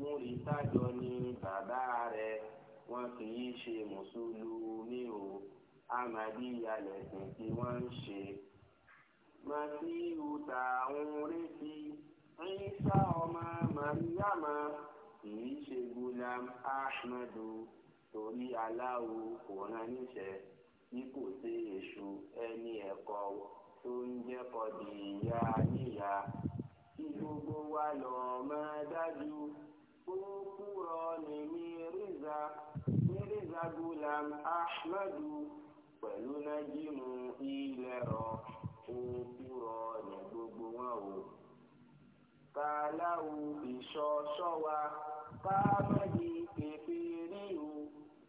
múri tájọ ni bàbá rẹ̀ wọn kì í ṣe mùsùlùmí o amadi lẹ̀sìn tí wọ́n ń ṣe. masiu tààrùn retí Ìsá ọmọ mariama kì í ṣe gulam ahmadu torí aláwo kò rán níṣẹ́ bí kò sí èṣù ẹni ẹ̀kọ́ tó ń jẹ́ kọ́dìyà níyà kí gbogbo wa lọ́ọ́ máa dájú. Bókúrọ̀nì Mírízà Mírízà Gulam Ahmadu pẹ̀lú Nájímù Ilẹ̀rọ̀ Bókúrọ̀nì gbogbo wọn o. Kàláwù ìṣọ́ ṣọ́wa Fámẹ́lì pèpè ríru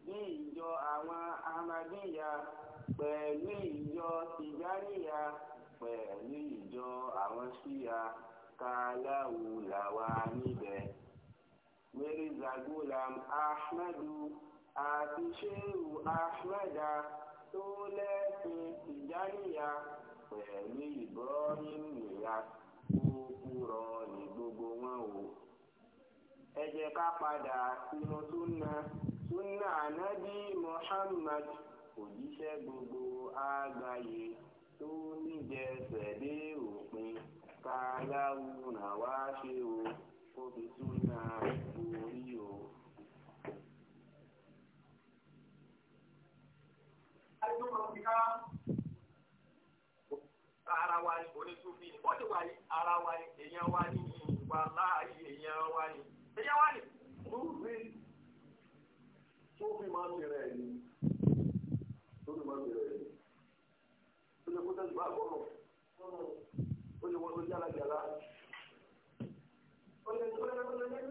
ní ìjọ àwọn Amadíyà pẹ̀lú ìjọ Tìjáníyà pẹ̀lú ìjọ àwọn Ṣíyà kàláwù làwa níbẹ̀. mirza gulam ahmadu àti shehu ahmada tó lẹ́sìn tìjáníyà pẹ̀lú ibrahim nìyà kó kúrọ ní gbogbo wọn o. ẹ jẹ́ ká padà sínú ànábì muhammad òjíṣẹ́ gbogbo àgbáyé tó níjẹsẹ̀ dé òpin ká láwùrán wá ṣe o. olùsúnà orí o. ara wa ni onísùnfì ó ti wà yìí ara wa ni èèyàn wa ni ìwà láàyè èèyàn wa ni èèyàn wa ni. lórí sófin máa ń bẹ̀rẹ̀ ẹ̀ ni sófin máa ń bẹ̀rẹ̀ ẹ̀ ni ó lè kó tẹ̀síwá ó lè wọ́n tó jálajàla.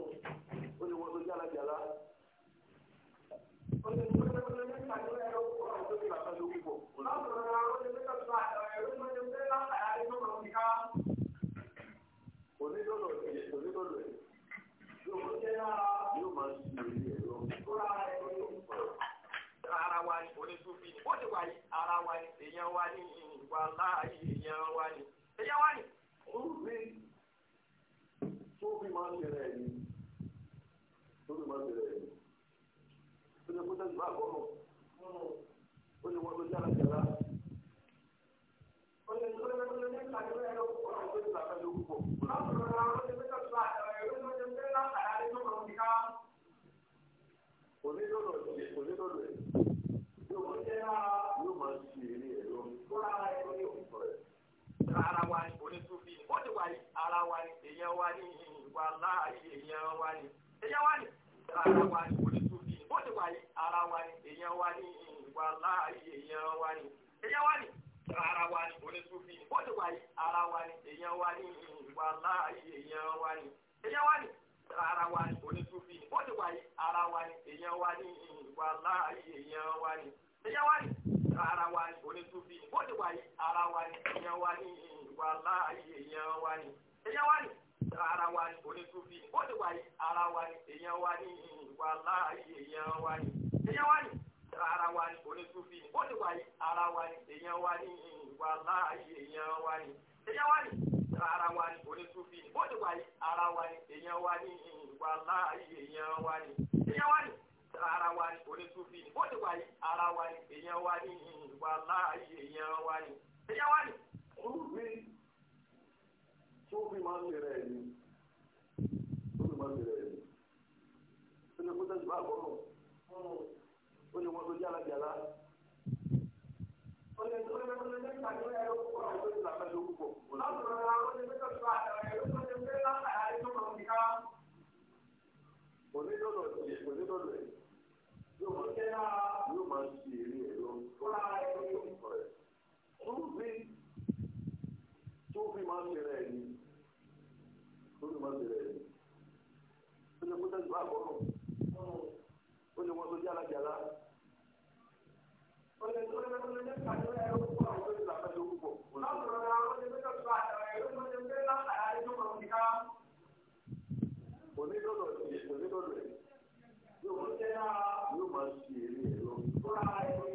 ó ní wọ́n tó jára jàlá. ó ní wọ́n tó jára jàlá ó ní wọ́n tó jára jàlá onídọ́lọ̀ ẹ̀ onídọ́lọ̀ ẹ̀ yóò jẹ́ lára yóò máa ṣe ìrírí ẹ̀ lọ. ara wa ni onísùnfì ni ó ti wà ara wa ni èèyàn wa ni ìwà láàyè èèyàn wa ni èèyàn wa ni. ó rí tóbi máa ń ṣe rẹ̀ yìí máa bẹ̀rẹ̀ ẹ̀ ó lè kó tẹ̀sí bá àkọ́kọ́ ó lè wọ́n tó jára jára. ó lè tó lè tó lè ní ìlànà ìwé ẹ̀rọ púpọ̀ náà tó lè làkà ló púpọ̀. láwùjọ náà ó lè fẹ́ tẹ̀sí bá àkàrà ẹ̀rọ ló lè fẹ́ látàrà ẹ̀ tó kàn kíkà. kò ní lọ́dọ̀ ẹ̀ kò ní lọ́dọ̀ ẹ̀ yóò máa ṣe yóò máa ṣe eré ẹ̀ lọ. kó rárá ẹ̀ ló ní òkùnkùn rẹ̀. ara wa ni onítúbí wọ́n ti wà ara wa ni èèyàn wa ni ìwà láàyè èèyàn wa ni èèyàn wa ni. ara wa ni olùtúbi ó ti wà ní ara wa ni èèyàn wa ní ìwà láàyè èèyàn wa ni èèyàn wa ni ara wa ni ó wà ní ara wa ni èèyàn wa ní ìwà láàyè èèyàn wa ni èèyàn wa ni ara wa ni ó wà ní ara wa ni èèyàn wa ní ìwà láàyè èèyàn wa ni èèyàn wa ni ara wa ara wa ni onísùnfì ó ti wà ara wa ni èèyàn wa ni ìwà láàyè èèyàn wa ni èèyàn wa ni ara wa ni ó ti ara wa ni èèyàn wa ni láàyè èèyàn wa ni èèyàn wa ni ara wa ni ó ti ara wa ni èèyàn wa ni láàyè èèyàn wa ni èèyàn wa ni ara wa ni ó ti ara wa ni èèyàn wa ni láàyè èèyàn tí ó fi máa ń tẹ̀rẹ̀ ẹ̀ ní ó fi máa ń tẹ̀rẹ̀ ẹ̀ ní ó ní kótó ìgbà àkọ́kọ́ ó ní wọ́n tó yára jàlá. ó ní tó lé lé lé tàbí ó yẹ kó kó àwọn tó ti làbẹ́ ló púpọ̀. láti rọra ó ní tó ti bá àtàrà ẹ̀ ló ti fẹ́ látàrà ẹ̀ tó máa ń kíká. kò ní lọ́dọ̀ ẹ̀ kò ní lọ́dọ̀ ẹ̀ yóò máa ń ṣe eré ẹ̀ lọ. ó lára ẹ̀ ló ń sọ̀rọ̀ ẹ̀ tó fi máa ń ṣẹlẹ̀ ẹ̀yìn tó fi máa ń ṣẹlẹ̀ ẹ̀yìn ó lè kó tẹ̀sí bá àkọ́kọ́ ó lè wọ́n tó jálajàla ó lè tó lè tó lè ní ìpàdé ẹ̀rọ ẹ̀ yóò máa ṣe eré ẹ̀rọ.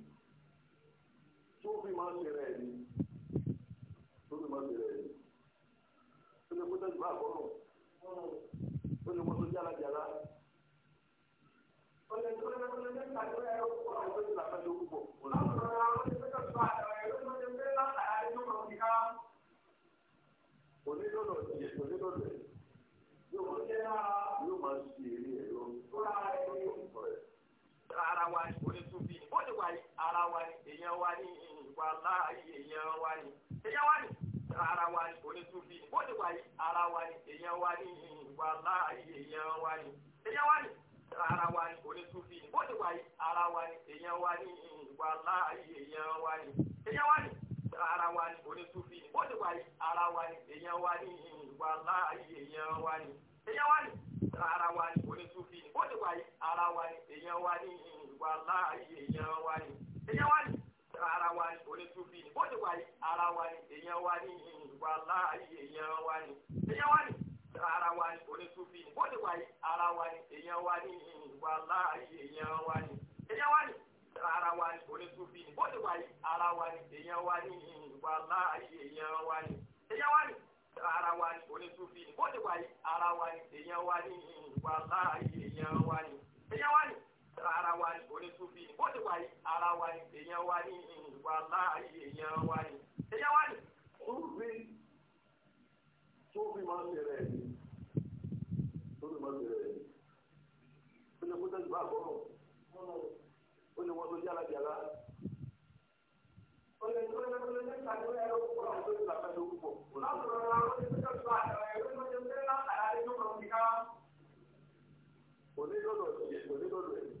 tó fi máa ń ṣe rẹ̀ ni tó fi máa ń ṣe rẹ̀ ni tó lè kó tẹ̀sí bá àbọ̀rọ̀ tó lè kó tó jára jára. ọ̀lẹ́ tó lè kó lè ní ìtàgé rẹ̀ ó kó àwọn tó ti yóò máa ṣe eré ẹ̀ lọ. ara wa ni onítúbí ó wa ni ara wa ni èèyàn wa ni wàláhì èèyàn wa ni èèyàn wa ni ara wa ni onítúbí ni bóde wà yìí ara wa ni èèyàn wa ni wàláhì èèyàn wa ni èèyàn wa ni ara wa ni onítúbí ni bóde wà yìí ara wa ni èèyàn wa ni wàláhì èèyàn wa ni èèyàn wa ni ara wa ni onítúbí ni bóde wà yìí ara wa ni èèyàn wa ni wàláhì èèyàn wa ni èèyàn wa ni ara wa ni onítúbí ni bóde wà yìí ara wa ni èèyàn wa ni wàláhì èèyàn wa ni èèyàn wa ni ara wa ni onítúbí ni bó ti wà yìí ara wa ni èèyàn wa ni ìwà láàyè èèyàn wa ni èèyàn wa ni ara wa ni onítúbí ni bó ti wà yìí ara wa ni èèyàn wa ni ìwà láàyè èèyàn wa ni èèyàn wa ni ara wa ni onítúbí ni bó ti wà yìí ara wa ni èèyàn wa ni ìwà láàyè èèyàn wa ni èèyàn wa ni ara wa ni onítúbí ni bó ti wà yìí ara wa ni èèyàn wa ni ìwà láàyè èèyàn wa ni èèyàn wa ni ara wa ni onísùnfì ni bó ti wà yìí ara wa ni èèyàn wa ni ìwà láàyè èèyàn wa ni èèyàn wa ni. ó rí tó fi máa ń bẹ̀rẹ̀ ẹ̀ tó fi máa ń bẹ̀rẹ̀ ẹ̀ ó lè kó tẹ̀sí bá gbọ́dọ̀ ó lè wọ́n tó yára yàrá. ó lè tó lè tó lè ká ní ẹ̀rọ púpọ̀ náà tó ti làbẹ́ ló púpọ̀. láti rọra ó ti tó tẹ̀sí bá ẹ̀rọ tó ti ń tẹ́lá àyà rẹ̀ tó kọ̀ ọ́ fi ká. kò ní lọ́dọ̀ ẹ̀ kò ní lọ́dọ̀ ẹ̀.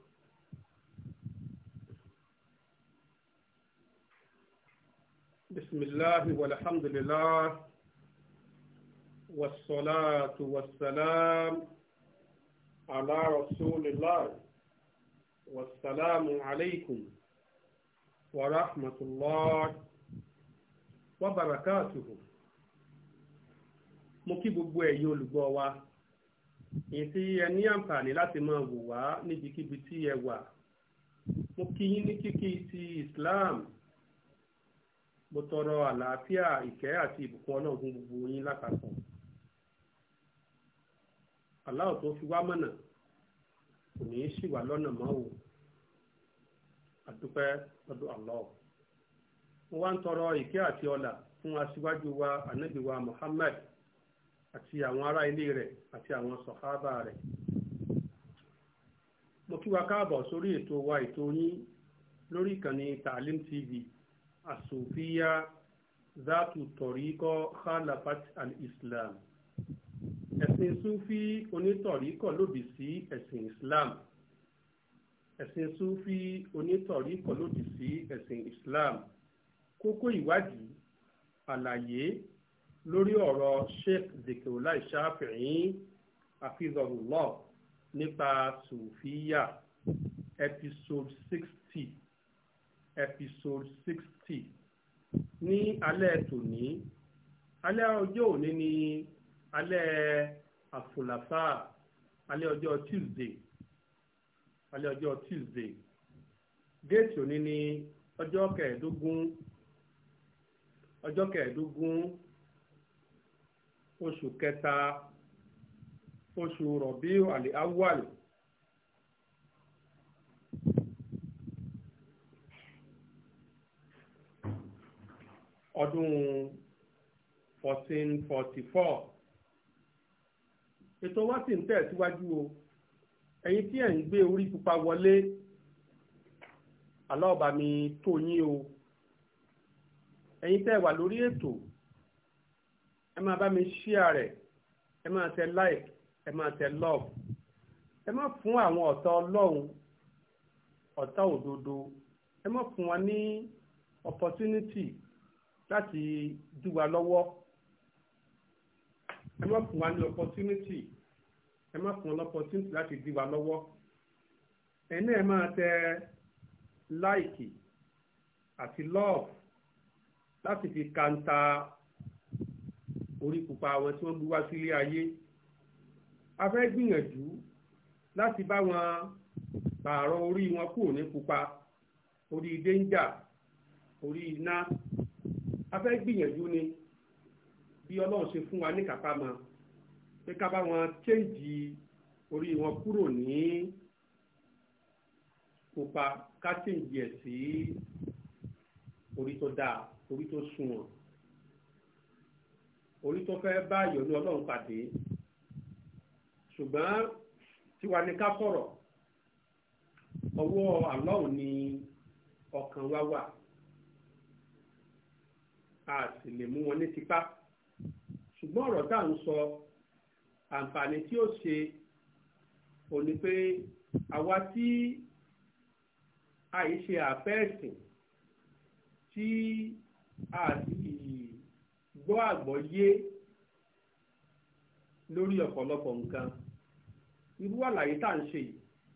بسم الله والحمد لله والصلاة والسلام على رسول الله والسلام عليكم ورحمة الله وبركاته mo kí gbogbo ẹ̀yin olùgbọ́ wa èyí tí ẹ ní àǹfààní láti máa wò wá níbikíbi tí ẹ wà mo kí yín ní kíkí ti Islam mo tọrọ àlàáfíà ìkẹ́ àti ìbùkún ọlọ́run gbogbo yín lápapọ̀ aláwọ̀ tó fi wá mọ̀nà kò ní í ṣì wá lọ́nà mọ́ o àdúpẹ́ lọ́dọ̀ Allah mo wá ń tọrọ ìkẹ́ àti ọlà fún aṣíwájú wa ànábì wa àti àwọn ará ilé rẹ̀ àti àwọn sọ̀hábà rẹ̀ mo kí wa káàbọ̀ sórí ètò wa ètò yín TV الصوفية ذات طريقة خالفت الإسلام ẹ̀sìn súfí onítọ̀ríkọ̀ lòdì sí ẹ̀sìn Islam ẹ̀sìn súfí onítọ̀ríkọ̀ lòdì sí ẹ̀sìn Islam kókó ìwádìí àlàyé lórí ọ̀rọ̀ Sheikh Dhikrullah Shafi'i afizahullah nípa sùfíyà episode sixty episode sixty. thirty ní alẹ́ tòní alẹ́ ọjọ́ òní ni alẹ́ àfòlàfà alẹ́ ọjọ́ tuesday alẹ́ ọjọ́ tuesday òní ni ọjọ́ kẹẹ̀ẹ́dógún ọjọ́ kẹẹ̀ẹ́dógún oṣù kẹta oṣù rọ̀bí àlè ọdún 1444 ètò wa sì ń tẹ̀síwájú o ẹ̀yin tí ẹ̀ ń gbé orí pupa wọlé aláọ̀bá mi tó yín o ẹ̀yin tẹ́ wà lórí ètò ẹ máa bá mi ṣíà rẹ̀ ẹ máa tẹ like ẹ máa tẹ love ẹ má fún àwọn ọ̀tá ọlọ́run ọ̀tá òdodo ẹ má fún wọn ní opportunity láti dí wa lọ́wọ́ ẹ má fún wa ní opportunity ẹ má fún wa ní opportunity láti dí wa lọ́wọ́ ẹ náà ẹ máa tẹ láìkì àti lọ́ọ̀fù láti fi kanta orí pupa àwọn tí wọ́n gbé wá sílé ayé a fẹ́ gbìyànjú láti bá wọn pààrọ̀ orí wọn kúrò ní pupa orí danger, orí iná a fẹ́ gbìyànjú ni bí ọlọ́run ṣe fún wa ní kápá mọ́ pé ká bá wọn chéǹjì orí wọn kúrò ní pupa ká chéǹjì ẹ̀ sí orí tó dáa orí tó sunwọ̀n orí tó fẹ́ bá ìyọ̀nú ọlọ́run pàdé ṣùgbọ́n tiwa ni ká sọ̀rọ̀ ọwọ́ àlọ́ọ̀ ni ọkàn wa wà a sì lè mú wọn ní tipá ṣùgbọ́n ọ̀rọ̀ tá à ń sọ àǹfààní tí ó ṣe ò ní pé àwa tí àìṣe àfẹ́ẹ̀sìn tí a sì gbọ́ àgbọ́yé lórí ọ̀pọ̀lọpọ̀ nǹkan irú àlàyé tá à ń ṣe yìí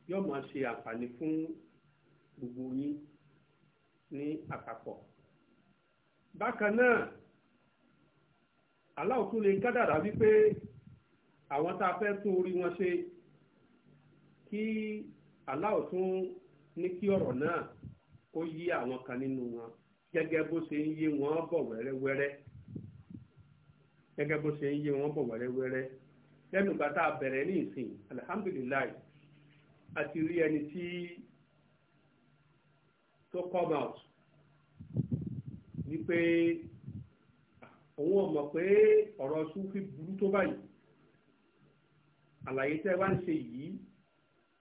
yóò máa ṣe àǹfààní fún gbogbo yín ní àpapọ̀. bákan náà aláwòtún lè kádàrá wípé àwọn tá a fẹ́ tún orí wọn ṣe kí aláwòtún ní kí ọ̀rọ̀ náà kó yí àwọn kan nínú wọn gẹ́gẹ́ bó ṣe ń wọn bọ̀ wẹ́rẹ́wẹ́rẹ́ gẹ́gẹ́ bó ṣe a bẹ̀rẹ̀ ní ìsìn alihamdulilayi a ti rí ẹni tí out ni pé òun ò mọ̀ pé ọ̀rọ̀ súnfì burú tó báyìí àlàyé tẹ́ wá ń ṣe yìí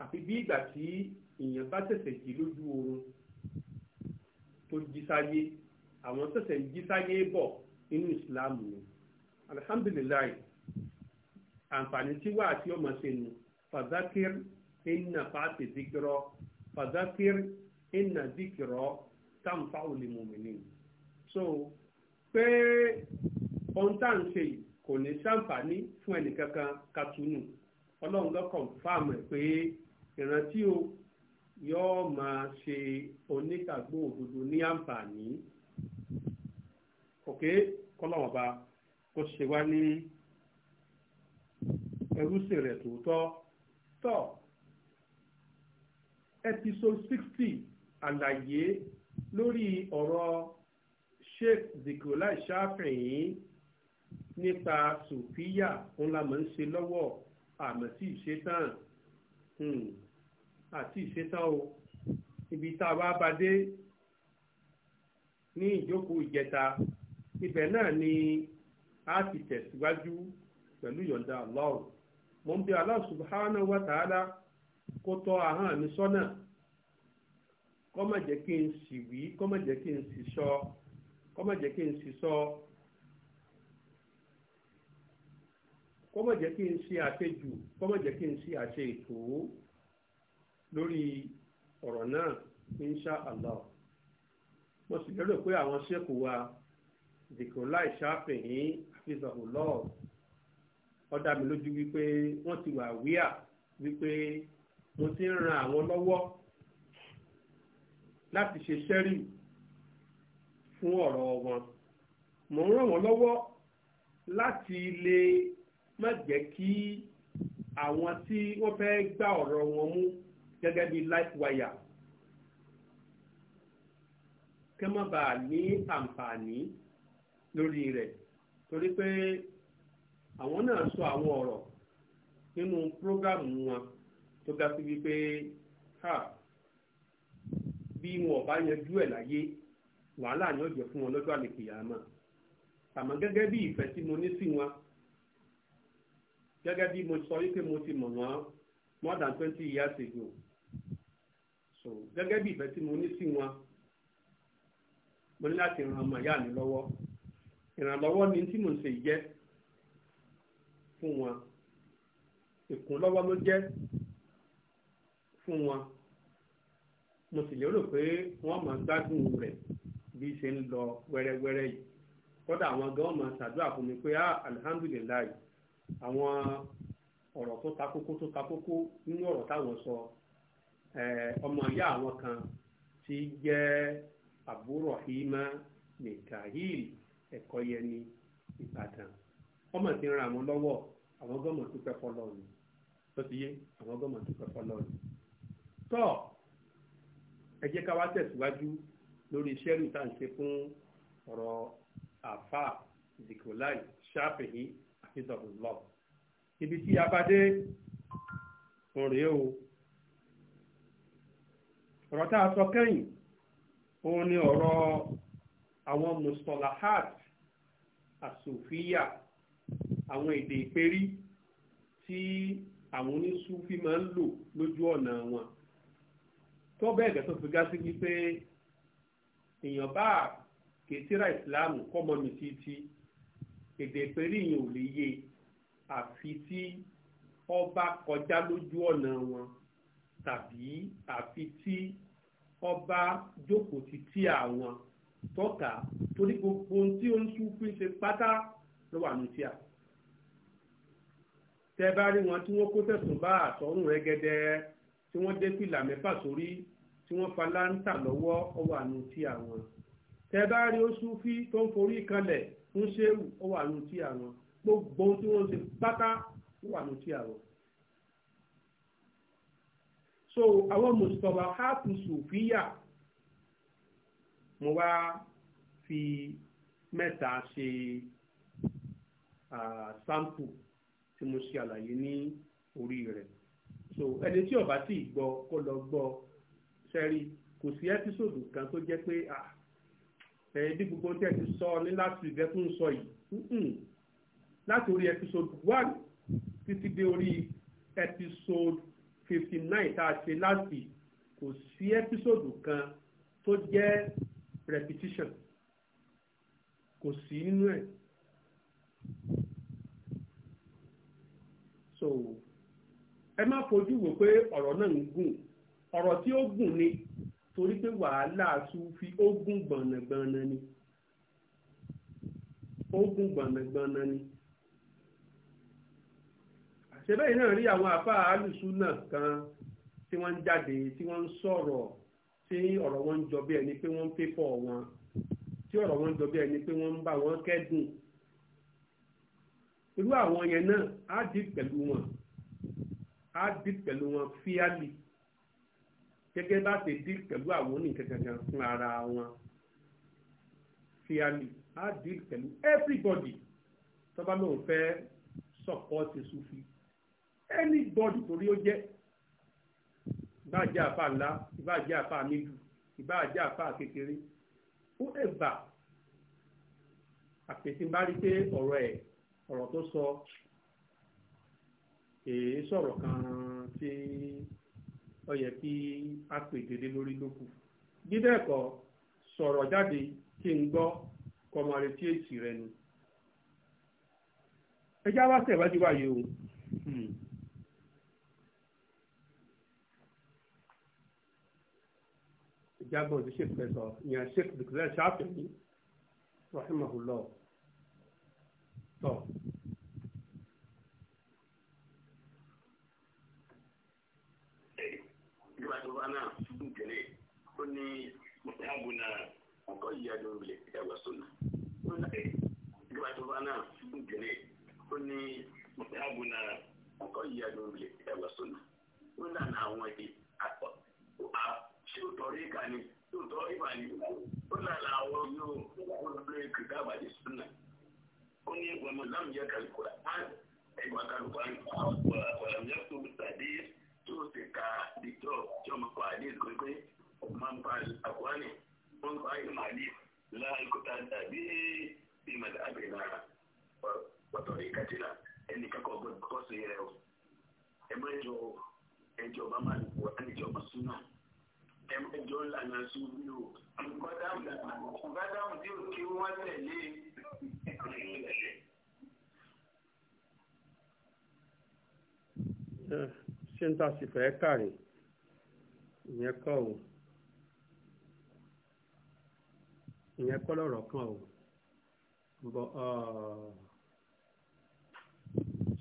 àfi bí ìgbà tí èèyàn bá ṣẹ̀ṣẹ̀ jí lójú oorun tó jí sáyé àwọn ṣẹ̀ṣẹ̀ ń jí sáyé bọ̀ nínú ìsìláàmù ni alihamdulilayi àǹfààní tí wà àti ọmọ ṣe nu fàdákìr ìnà fàtẹ̀ dìkìrọ fàdákìr ìnà dìkìrọ táǹfà òlìmọ̀mìnì so pé ohun tá à ń ṣe yìí kò ní ṣàǹfààní fún ẹnìkankan katunu ọlọ́run ló kọ̀ǹfàmù ẹ̀ pé ìrántí o yóò máa ṣe onígbàgbọ́ òdodo ní àǹfààní òkè kọ́lọ́wọ́n ọba kó ṣe wá ní ẹrúsìn rẹ̀ tòótọ́ tọ́ episode sixty àlàyé lórí ọ̀rọ̀ sheikh zikrulai ṣáfìyí nípa sofiya òun la mọ̀ ń ṣe lọ́wọ́ àmọ́ tí ì ṣe tán àti hmm. ìṣetán o ibi tá a wá bá dé ní ìjókòó ìjẹta ibẹ̀ náà ni a ti tẹ̀síwájú pẹ̀lú yọ̀ǹda Allah mo ń bi Allah subhanahu wa ta'ala kó tọ́ ahọ́n mi sọ́nà kó má jẹ́ kí n sì wí kó má jẹ́ kí n sì sọ. So kó má jẹ́ kí n sì sọ kó má jẹ́ kí n ṣe àṣejù kó má kí n ṣe àṣe ètò lórí ọ̀rọ̀ náà insha allah mo sì lérò pé àwọn ṣẹ́kù wa zikrulai ṣàfihàn àfihàn ó dá mi lójú wípé wọ́n ti wà wíà wípé mo ti ń ran àwọn lọ́wọ́ láti ṣe ṣẹ́rìí fún ọ̀rọ̀ wọn mò ń ràn wọ́n lọ́wọ́ láti lè má jẹ́ kí àwọn tí wọ́n fẹ́ gbá ọ̀rọ̀ wọn mú gẹ́gẹ́ bí life wire kí wọ́n bá ní àǹfààní lórí rẹ̀ torí pé àwọn náà sọ àwọn ọ̀rọ̀ nínú prógámù wọn tó ga sí wípé ha bí wọn ò bá yanjú ẹ̀ láyé wàhálà ni ó jẹ́ fún wọn lọ́jọ́ àlèkìyàmọ́ àmọ́ gẹ́gẹ́ bí ìfẹ́ tí mo ní sí wọn gẹ́gẹ́ bí mo sọ wípé mo ti mọ̀ wọ́n more than twenty years ago so gẹ́gẹ́ bí ìfẹ́ tí mo ní sí wọn mo ní láti ran ọmọ ìyá mi lọ́wọ́ ìrànlọ́wọ́ ni tí mò ń ṣe jẹ́ fún wọn ìkúnlọ́wọ́ ló jẹ́ fún wọn mo sì lérò pé wọ́n máa gbádùn rẹ̀. bí ṣe ń lọ wẹ́rẹ́wẹ́rẹ́ yìí kódà àwọn gan máa ṣàdúrà fún mi pé ah alihamudulilayi àwọn ọ̀rọ̀ tó ta kókó tó ta kókó nínú ọ̀rọ̀ táwọn sọ ọmọ ìyá àwọn kan ti jẹ́ àbúrò hima mikahil ẹ̀kọ́ yẹn ní ìbàdàn ọmọ ti ra àwọn lọ́wọ́ àwọn gọ́mọ̀ dúpẹ́ tó ti yé lórí sẹ́rù tá à ń ṣe fún ọ̀rọ̀ àfà zikolai ṣáfìhí àti dọ̀bùlọ̀ ibi tí a bá rèé o ọ̀rọ̀ tá a sọ kẹ́yìn òun ni ọ̀rọ̀ àwọn mustalahat àsòfíyà àwọn èdè ìpérí tí àwọn onísúfí máa ń lò lójú ọ̀nà wọn tó bẹ́ẹ̀ gẹ́tọ́ fi gá sí wípé èèyàn bá kẹtìrà ìsìláàmù kọ́mọ mi títí èdè ìpẹ́rẹ́ yìí ò lè yé àfi tí ọba kọjá lójú ọ̀nà wọn tàbí àfi tí ọba jókòó ti tí àwọn tọ́ka torí gbogbo ohun tí ó ń súnfún ṣe pátá ló wà ní tíà tẹ bá rí wọn tí wọ́n kó tẹ̀sùn bá àtọrùn rẹ́gẹ́dẹ́ tí wọ́n dé fìlà mẹ́fà sórí tí wọ́n fa láńtà lọ́wọ́ ó wà nù tí àwọn tẹ bá rí oṣù fi tó ń forí kanlẹ̀ fún ṣéwù ó nù tí àwọn gbogbo tí wọ́n ṣe pátá ó nù tí àwọn. so àwọn mùsùlùmí háàpù sùfíyà mo wá fi mẹ́ta ṣe sample tí mo ṣe àlàyé ní orí rẹ̀ so ẹni tí ó bá ti gbọ́ kó lọ gbọ́ sẹ́rí kò sí ẹ́písòdù kan tó jẹ́ pé ẹ̀yìn bí gbogbo tẹ̀ ti sọ ní láti ìgbẹ́ tó ń sọ yìí láti orí ẹ́písòdù one títí dé orí ẹ́písòdù fifty nine tá a ṣe láti kò sí ẹ́písòdù kan tó jẹ́ repetition kò sí nínú ẹ̀. so ẹ má fojú wò pé ọ̀rọ̀ náà ń gùn ọ̀rọ̀ tí ó gùn ni torí pé wàhálà sufi ó gùn gbọ̀nàgbọ̀nà ni ó gùn gbọ̀nàgbọ̀nà ni àṣebẹ́yìn náà rí àwọn àfáà alùsùn náà kan tí wọ́n ń jáde tí wọ́n ń sọ̀rọ̀ tí ọ̀rọ̀ wọn ń jọ bí ẹni pé wọ́n ń pépọ̀ wọn tí ọ̀rọ̀ wọn ń jọ bí ẹni pé wọ́n ń bá wọn kẹ́dùn irú àwọn yẹn náà á dì pẹ̀lú wọn á dì pẹ̀lú wọn fíálì gẹ́gẹ́ bá ṣe díl pẹ̀lú àwọn oníkankankan fún ara wọn fíàlì á díl pẹ̀lú everybody tó bá lóun fẹ́ sọ̀pọ́ọ̀tì sufi anybody torí ó jẹ́ ìbáàjẹ́ àfa ńlá ìbáàjẹ́ àfa méjì ìbáàjẹ́ àfa kékeré ó ẹ̀bà àpèsè bá rí pé ọ̀rọ̀ ẹ̀ ọ̀rọ̀ tó sọ èé sọ̀rọ̀ kan tí ó yẹ kí a pè dédé lórí lókù bí bẹ́ẹ̀ kọ́ sọ̀rọ̀ jáde kí n gbọ́ kọmọ retí èsì rẹ ni ẹ já wá tẹ̀wájú báyìí o. Hmm. ìjábọ̀ ti ṣe fẹ́ sọ ìyẹn ṣe fìdíkìlẹ̀ ṣáfẹ́ ní rahimahullah tọ́. rana sugu kɛlɛ ko ni mutabu na mɔgɔ yiya don bilen i ka wa sunna ko na ɛ gabatu rana sugu kɛlɛ ko ni mutabu na mɔgɔ yiya don bilen i ka wa sunna ko na na wɔn di a kɔ ko a siw tɔɔrɔ i kan ni siw tɔɔrɔ i b'a ni ko na na wɔn y'o ko n'o ye kitaba di ni wa ma lamu yɛ kalikura an ɛ wa kalikura an wa wa tó ti ka dìtọ́ tí ọmọ pa àdéhùn kan pé máa ń pa àkúránì ó ń pa ìmọ̀ àdéhùn láìkúta tàbí ìmọ̀ àbẹ̀là ọ̀tọ̀ ìkàtìlà ẹnì kakọ̀ gbọ́dọ̀ kọ́ sí rẹ̀ o ẹ má jọ ẹjọ́ bá máa ń wọ ẹnìjọ́ bá súnà ẹ má jọ ńlànà sùúrù o. bádámù tí ó kí wọ́n tẹ̀lé. Yeah ṣé ń ta sì fẹ́ kàrí ìyẹn kọ́ o ìyẹn kọ́ lọ́rọ̀ kan o bọ́ uh,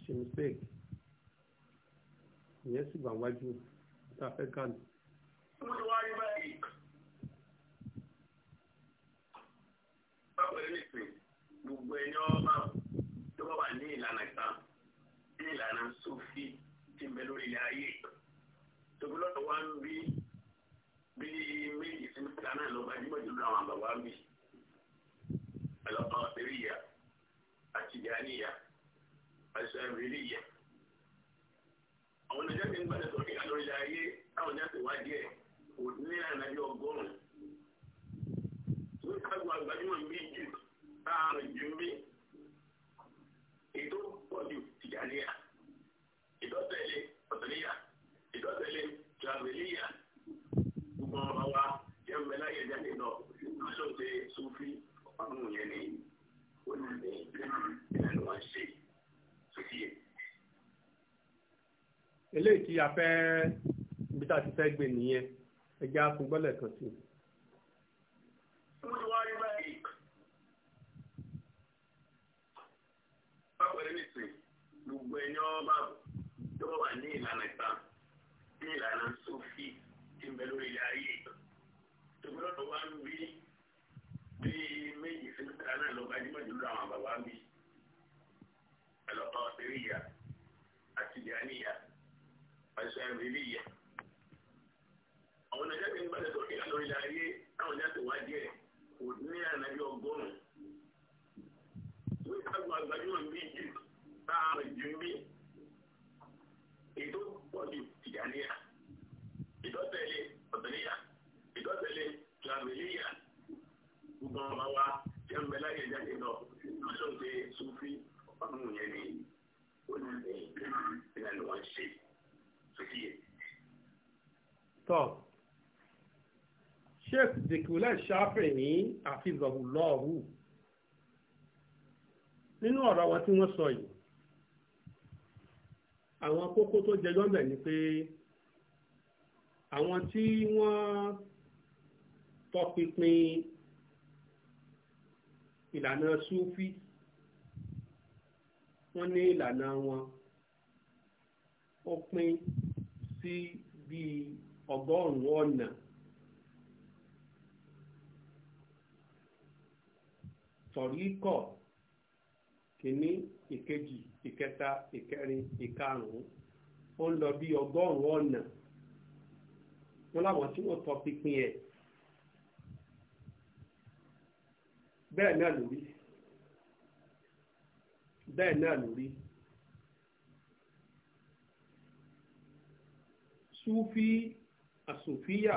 ṣe mistake ìyẹn sì wà wájú tá a fẹ́ kàrí. Gbogbo ẹni ọba tó bá wà ní ìlànà ìta, ní ìlànà sófì ti ń bẹ lórí ilẹ̀ ayé tóbi lọ́dọ̀ wá ń bí bí méjì sí mẹ́ta náà lọ gbajúmọ̀ jù lọ àwọn bàbá mi ẹlọ́kàn ṣẹ̀ríyà àtìjáníyà àṣẹ̀ríyà àwọn ẹ̀jẹ̀ ti ń gbàdẹ̀ sọ̀rọ̀ kíkà lórí ilẹ̀ ayé táwọn ẹ̀jẹ̀ ti wá díẹ̀ kò ní ànájú ọgọ́rùn-ún tó ń kájú àgbájúmọ̀ ń bí jù táàrùn jù ń bí ètò pọ̀jù tìjáníyà ìdọ́tẹ̀lé ọ̀tẹ̀lẹ́yà ìdọ́tẹ̀lé tìrabẹ̀lẹ́yà gbogbo ọmọ wa jẹ́ ń bẹ láyé jáde lọ lọ́sọ̀tẹ̀ sufi ọ̀hún yẹn ni ó ní ní ìlànà wọn ṣe sufi yẹn. eléyìí tí a fẹ́ ibi tá a ti fẹ́ gbé nìyẹn ẹjẹ́ á fún gbọ́lẹ̀ kan sí gbogbo ẹni ọba tó wà ní ìlànà kan ní ìlànà sófì tí ń bẹ lórí ilé ayé ṣùgbọ́n ọ̀rọ̀ wa ń bí bí méjì sí mẹ́ta náà lọ gbajúmọ̀ jùlọ àwọn bàbá ń bí ẹlọ́pàá ọ̀sẹ̀ríyà àti ìyáníyà ọ̀sẹ̀ ìrìlíyà. àwọn ọ̀nà jáde ń gbàdé sókè lórí ilé ayé táwọn jáde wá díẹ̀ kò ní ànábì ọgọ́rùn-ún. wíwá gbàgbàjúmọ̀ ń pọ́lì tìjàníyà ìdọ́tẹ̀lé ọ̀tẹ̀lẹ́yà ìdọ́tẹ̀lé tìlàmìlẹ́yà gbogbo ọmọ wa jẹ́ ń bẹ láyé jáde lọ lọ́sọ̀ ṣe sufi ọ̀hún yẹn ni ó ní ìlànà wọn ṣe sókè yẹn. tọ́ sheikh dikule shafe ní àfihàn lọ́ọ̀hù nínú ọ̀rọ̀ wọn tí wọ́n sọ yìí àwọn kókó tó jẹ lọ́bẹ̀ ni pé àwọn tí wọ́n tọpinpin ìlànà súfì wọ́n ní ìlànà wọn ó pín sí bíi ọgọ́rùn-ún ọ̀nà tọ̀ríkọ̀ kìíní ìkejì ìkẹta ìkẹrin ìkarùn-ún ó ń lọ bí ọgọ́rùn-ún ọ̀nà wọn láwọn tí wọ́n tọ pinpin ẹ̀ bẹ́ẹ̀ náà lórí bẹ́ẹ̀ náà lórí súfí àsòfíà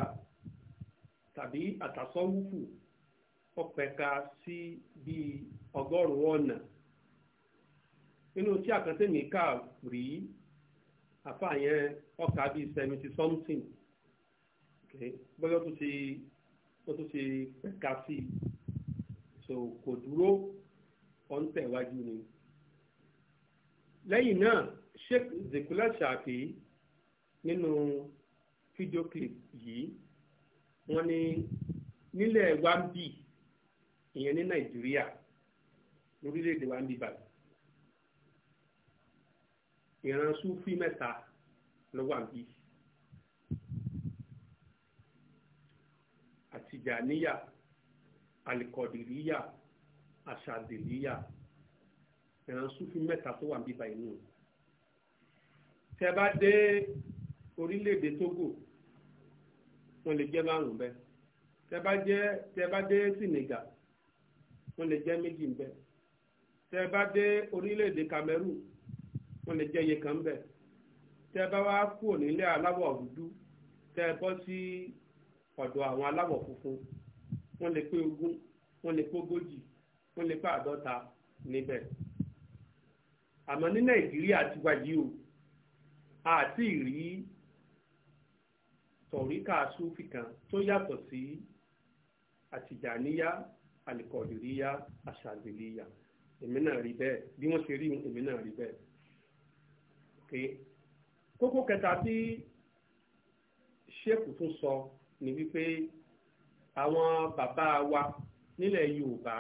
tàbí àtàsọ́wùfù ọ̀pẹ̀ka sí bíi ọgọ́rùn ọ̀nà nínú tí àkàntẹ́mì kà rí àfa yẹn ọkà bíi seventy something bọ́lá tó ti tó tó ti pẹ̀ka sí i so kò dúró ọ̀ ń tẹ̀wájú ni. lẹ́yìn náà Sheikh Zikula Shafi nínú fídíò clip yìí wọ́n ní nílẹ̀ wambi ìyẹn ní Nàìjíríà lórílẹ̀‐èdè wambi báyìí ìran súfì mẹ́ta ló wà bí àtìjàníyà alikọdìríyà àṣàdìríyà ìran súfì mẹ́ta tó wà bí báyìí nù. tẹ́ bá dé orílẹ̀-èdè Tógò wọ́n lè jẹ́ márùn-ún bẹ́ẹ̀ tẹ́ bá dé tẹ́ bá dé Senegal wọ́n lè jẹ́ méjì bẹ́ẹ̀ tẹ́ bá dé orílẹ̀-èdè Cameroon wọ́n lè jẹ́ iye kan bẹ̀ tẹ́ bá wá kúrò nílé aláwọ̀ dúdú tẹ́ bọ́ sí ọ̀dọ̀ àwọn aláwọ̀ funfun wọ́n lè pé ogún wọ́n lè pé ogójì wọ́n lè pé àádọ́ta níbẹ̀ àmọ́ ní nàìjíríà ti wáyé o àti ìrí tọ̀ríkà súfì kan tó yàtọ̀ sí àtìjàníyá àlìkọ̀dìríyá àṣàbìlíyà èmi náà rí bẹ́ẹ̀ bí wọ́n ṣe rí èmi náà rí bẹ́ẹ̀ okay kókó kẹta tí ṣéèkù tún sọ ni wípé àwọn bàbá wa nílẹ̀ Yorùbá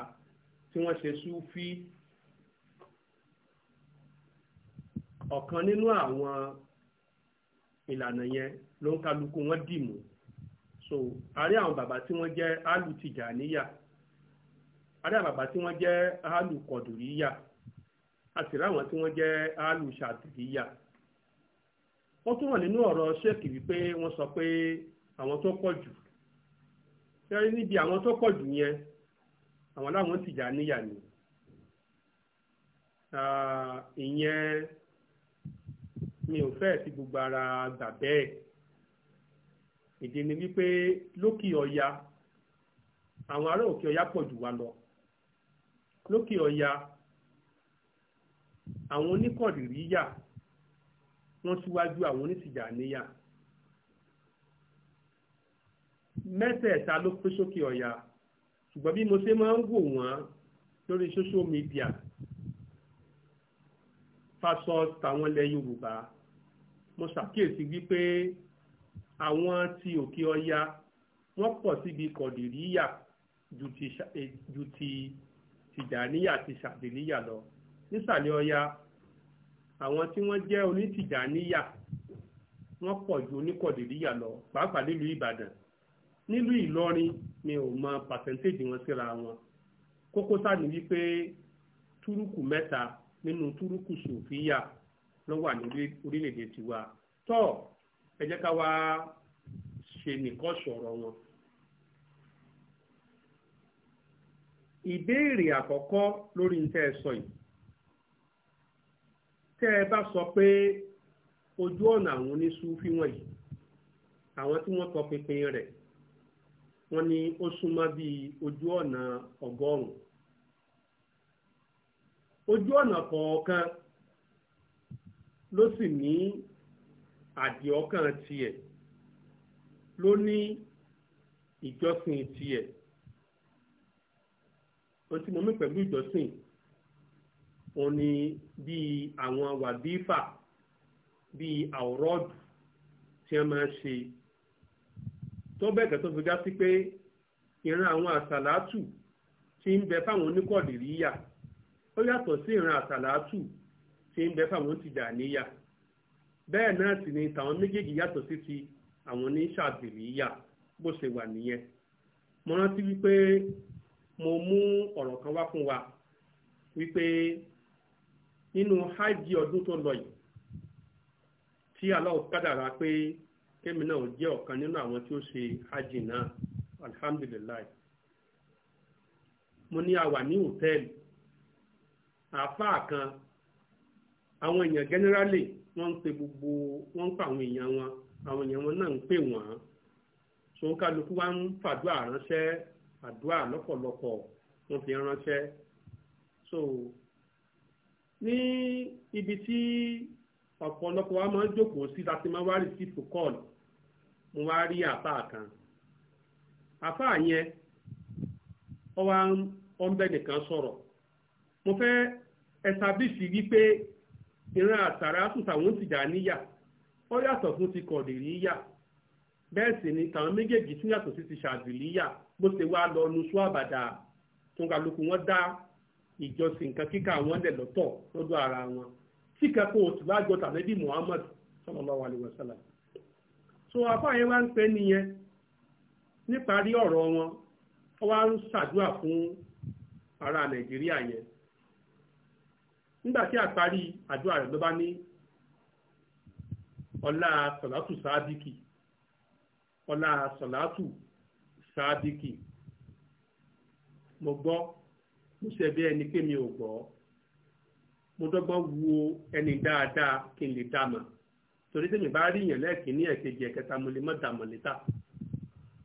tí wọ́n ṣe súfí ọ̀kan nínú àwọn ìlànà yẹn ló ń kálukú wọn dì so àrí àwọn bàbá tí wọ́n jẹ́ alùtìjà níyà àrí àwọn bàbá tí wọ́n jẹ́ alùkọ̀dùríyà a sì ráwọn tí wọ́n jẹ́ alu ṣàtìlíyà wọ́n tún wà nínú ọ̀rọ̀ ṣéèkì wípé wọ́n sọ pé àwọn tó pọ̀ jù fẹ́rẹ́ níbi àwọn tó pọ̀ jù yẹn àwọn láwọn Tìjàníyà ni ìyẹn mi ò fẹ́ sí gbogbo ara gbà bẹ́ẹ̀ ìdí ni wípé lókè ọ̀ya àwọn ará òkè ọ̀ya pọ̀ jù wá lọ lókè ọ̀ya àwọn oníkọ̀dìríyà wọ́n síwájú àwọn onítìjàníyà mẹ́tẹ̀ẹ̀ta ló pé sókè ọ̀yà ṣùgbọ́n bí mo ṣe máa ń wò wọ́n lórí social media fásọs tàwọn ilẹ̀ Yorùbá mo ṣàkíyèsí wípé àwọn ti òkè ọya wọ́n pọ̀ síbi kọ̀dìríyà ju ti tìjàníyà lọ nísàlẹ̀ ọya àwọn tí wọ́n jẹ́ onítìjàníyà wọ́n pọ̀ ju oníkọ̀dìríyà lọ pàápàá nílùú ìbàdàn nílùú ìlọrin mi ò mọ pàṣẹ́ntéèjì wọn síra wọn kókó sáà ní wípé túrúkù mẹ́ta nínú túrúkù sòfíà ló wà ní orílẹ̀-èdè tiwa tọ́ ẹ jẹ́ ká wá ṣe nìkan sọ̀rọ̀ wọn. ìbéèrè àkọ́kọ́ lórí ní tẹ́ ẹ sọ yìí tẹ́ ẹ bá sọ pé ojú ọ̀nà àwọn oníṣúfí wọ̀nyí àwọn tí wọ́n tọpinpin rẹ̀ wọ́n ní ó súnmọ́ bíi ojú ọ̀nà ọgọ́rùn-ún ojú ọ̀nà kọ̀ọ̀kan ló sì ní àdìọ́kàn tiẹ̀ ló ní ìjọsìn tiẹ̀ ohun tí mo mú pẹ̀lú ìjọsìn òun ni bíi àwọn wàdífà bíi àwòrọ́dù tí wọ́n máa ń ṣe tó bẹ́ẹ̀ kẹ́ tó fi já sí pé ìran àwọn àsàlátù tí ń bẹ fáwọn oníkọ̀dìríyà ó yàtọ̀ sí ìran àsàlátù tí ń bẹ fáwọn onítìjàníyà bẹ́ẹ̀ náà sì ni tàwọn méjèèjì yàtọ̀ sí ti àwọn oníṣàbìríyà bó ṣe wà nìyẹn mo rántí wípé mo mú ọ̀rọ̀ kan wá fún wa wípé nínú hajj ọdún tó lọ yìí tí Allah kádàrá pé kémi náà jẹ́ ọ̀kan nínú àwọn tí ó ṣe hajj náà alhamdulilayi mo ní a wà ní hòtẹ́ẹ̀lì àáfàá kan àwọn èèyàn generally wọ́n ń pe gbogbo wọ́n ń pa àwọn èèyàn wọn àwọn èèyàn wọn náà ń pè wọ́n so kálukú wa ń fàdúrà ránṣẹ́ àdúrà lọ́pọ̀lọpọ̀ wọ́n fi ránṣẹ́ so ní ibi tí ọ̀pọ̀lọpọ̀ wa máa ń jókòó sí láti máa wá rìsíìpù kọ́ọ̀lù mo wá rí àpá kan àpá yẹn ọ wá ń bẹ nìkan sọ̀rọ̀ mo fẹ́ ẹ̀sàbíṣì wípé ìran àtàrà àtúntàwọn tìjà níyà ó yàtọ̀ fún ti ni tàwọn méjèèjì tún yàtọ̀ sí ti bó ṣe wá lọ nu wọn dá ìjọsìn nǹkan kíkà wọn dẹ̀ lọtọ lọ́dọ̀ ara wọn tí kẹ́kọ̀ọ́ òtù bá jọ tàbí Muhammad sallallahu alaihi wasallam so afáàyè wá ń pè nìyẹn níparí ọrọ wọn wọ́n wá ń ṣàdúrà fún ara Nàìjíríà yẹn nígbà tí àparí ló bá ní ọlá sáàdìkì ọlá sáàdìkì mo gbọ́ túṣẹ̀ bí ẹni pé mi ò gbọ́ mo dọ́gbọ́n wo ẹni dáadáa kí n lè dá mọ̀ torí tèmi bá rí yàn lẹ́ẹ̀kínní ẹ̀kejì ẹ̀kẹta mo lè mọ̀ dàmọ̀ létà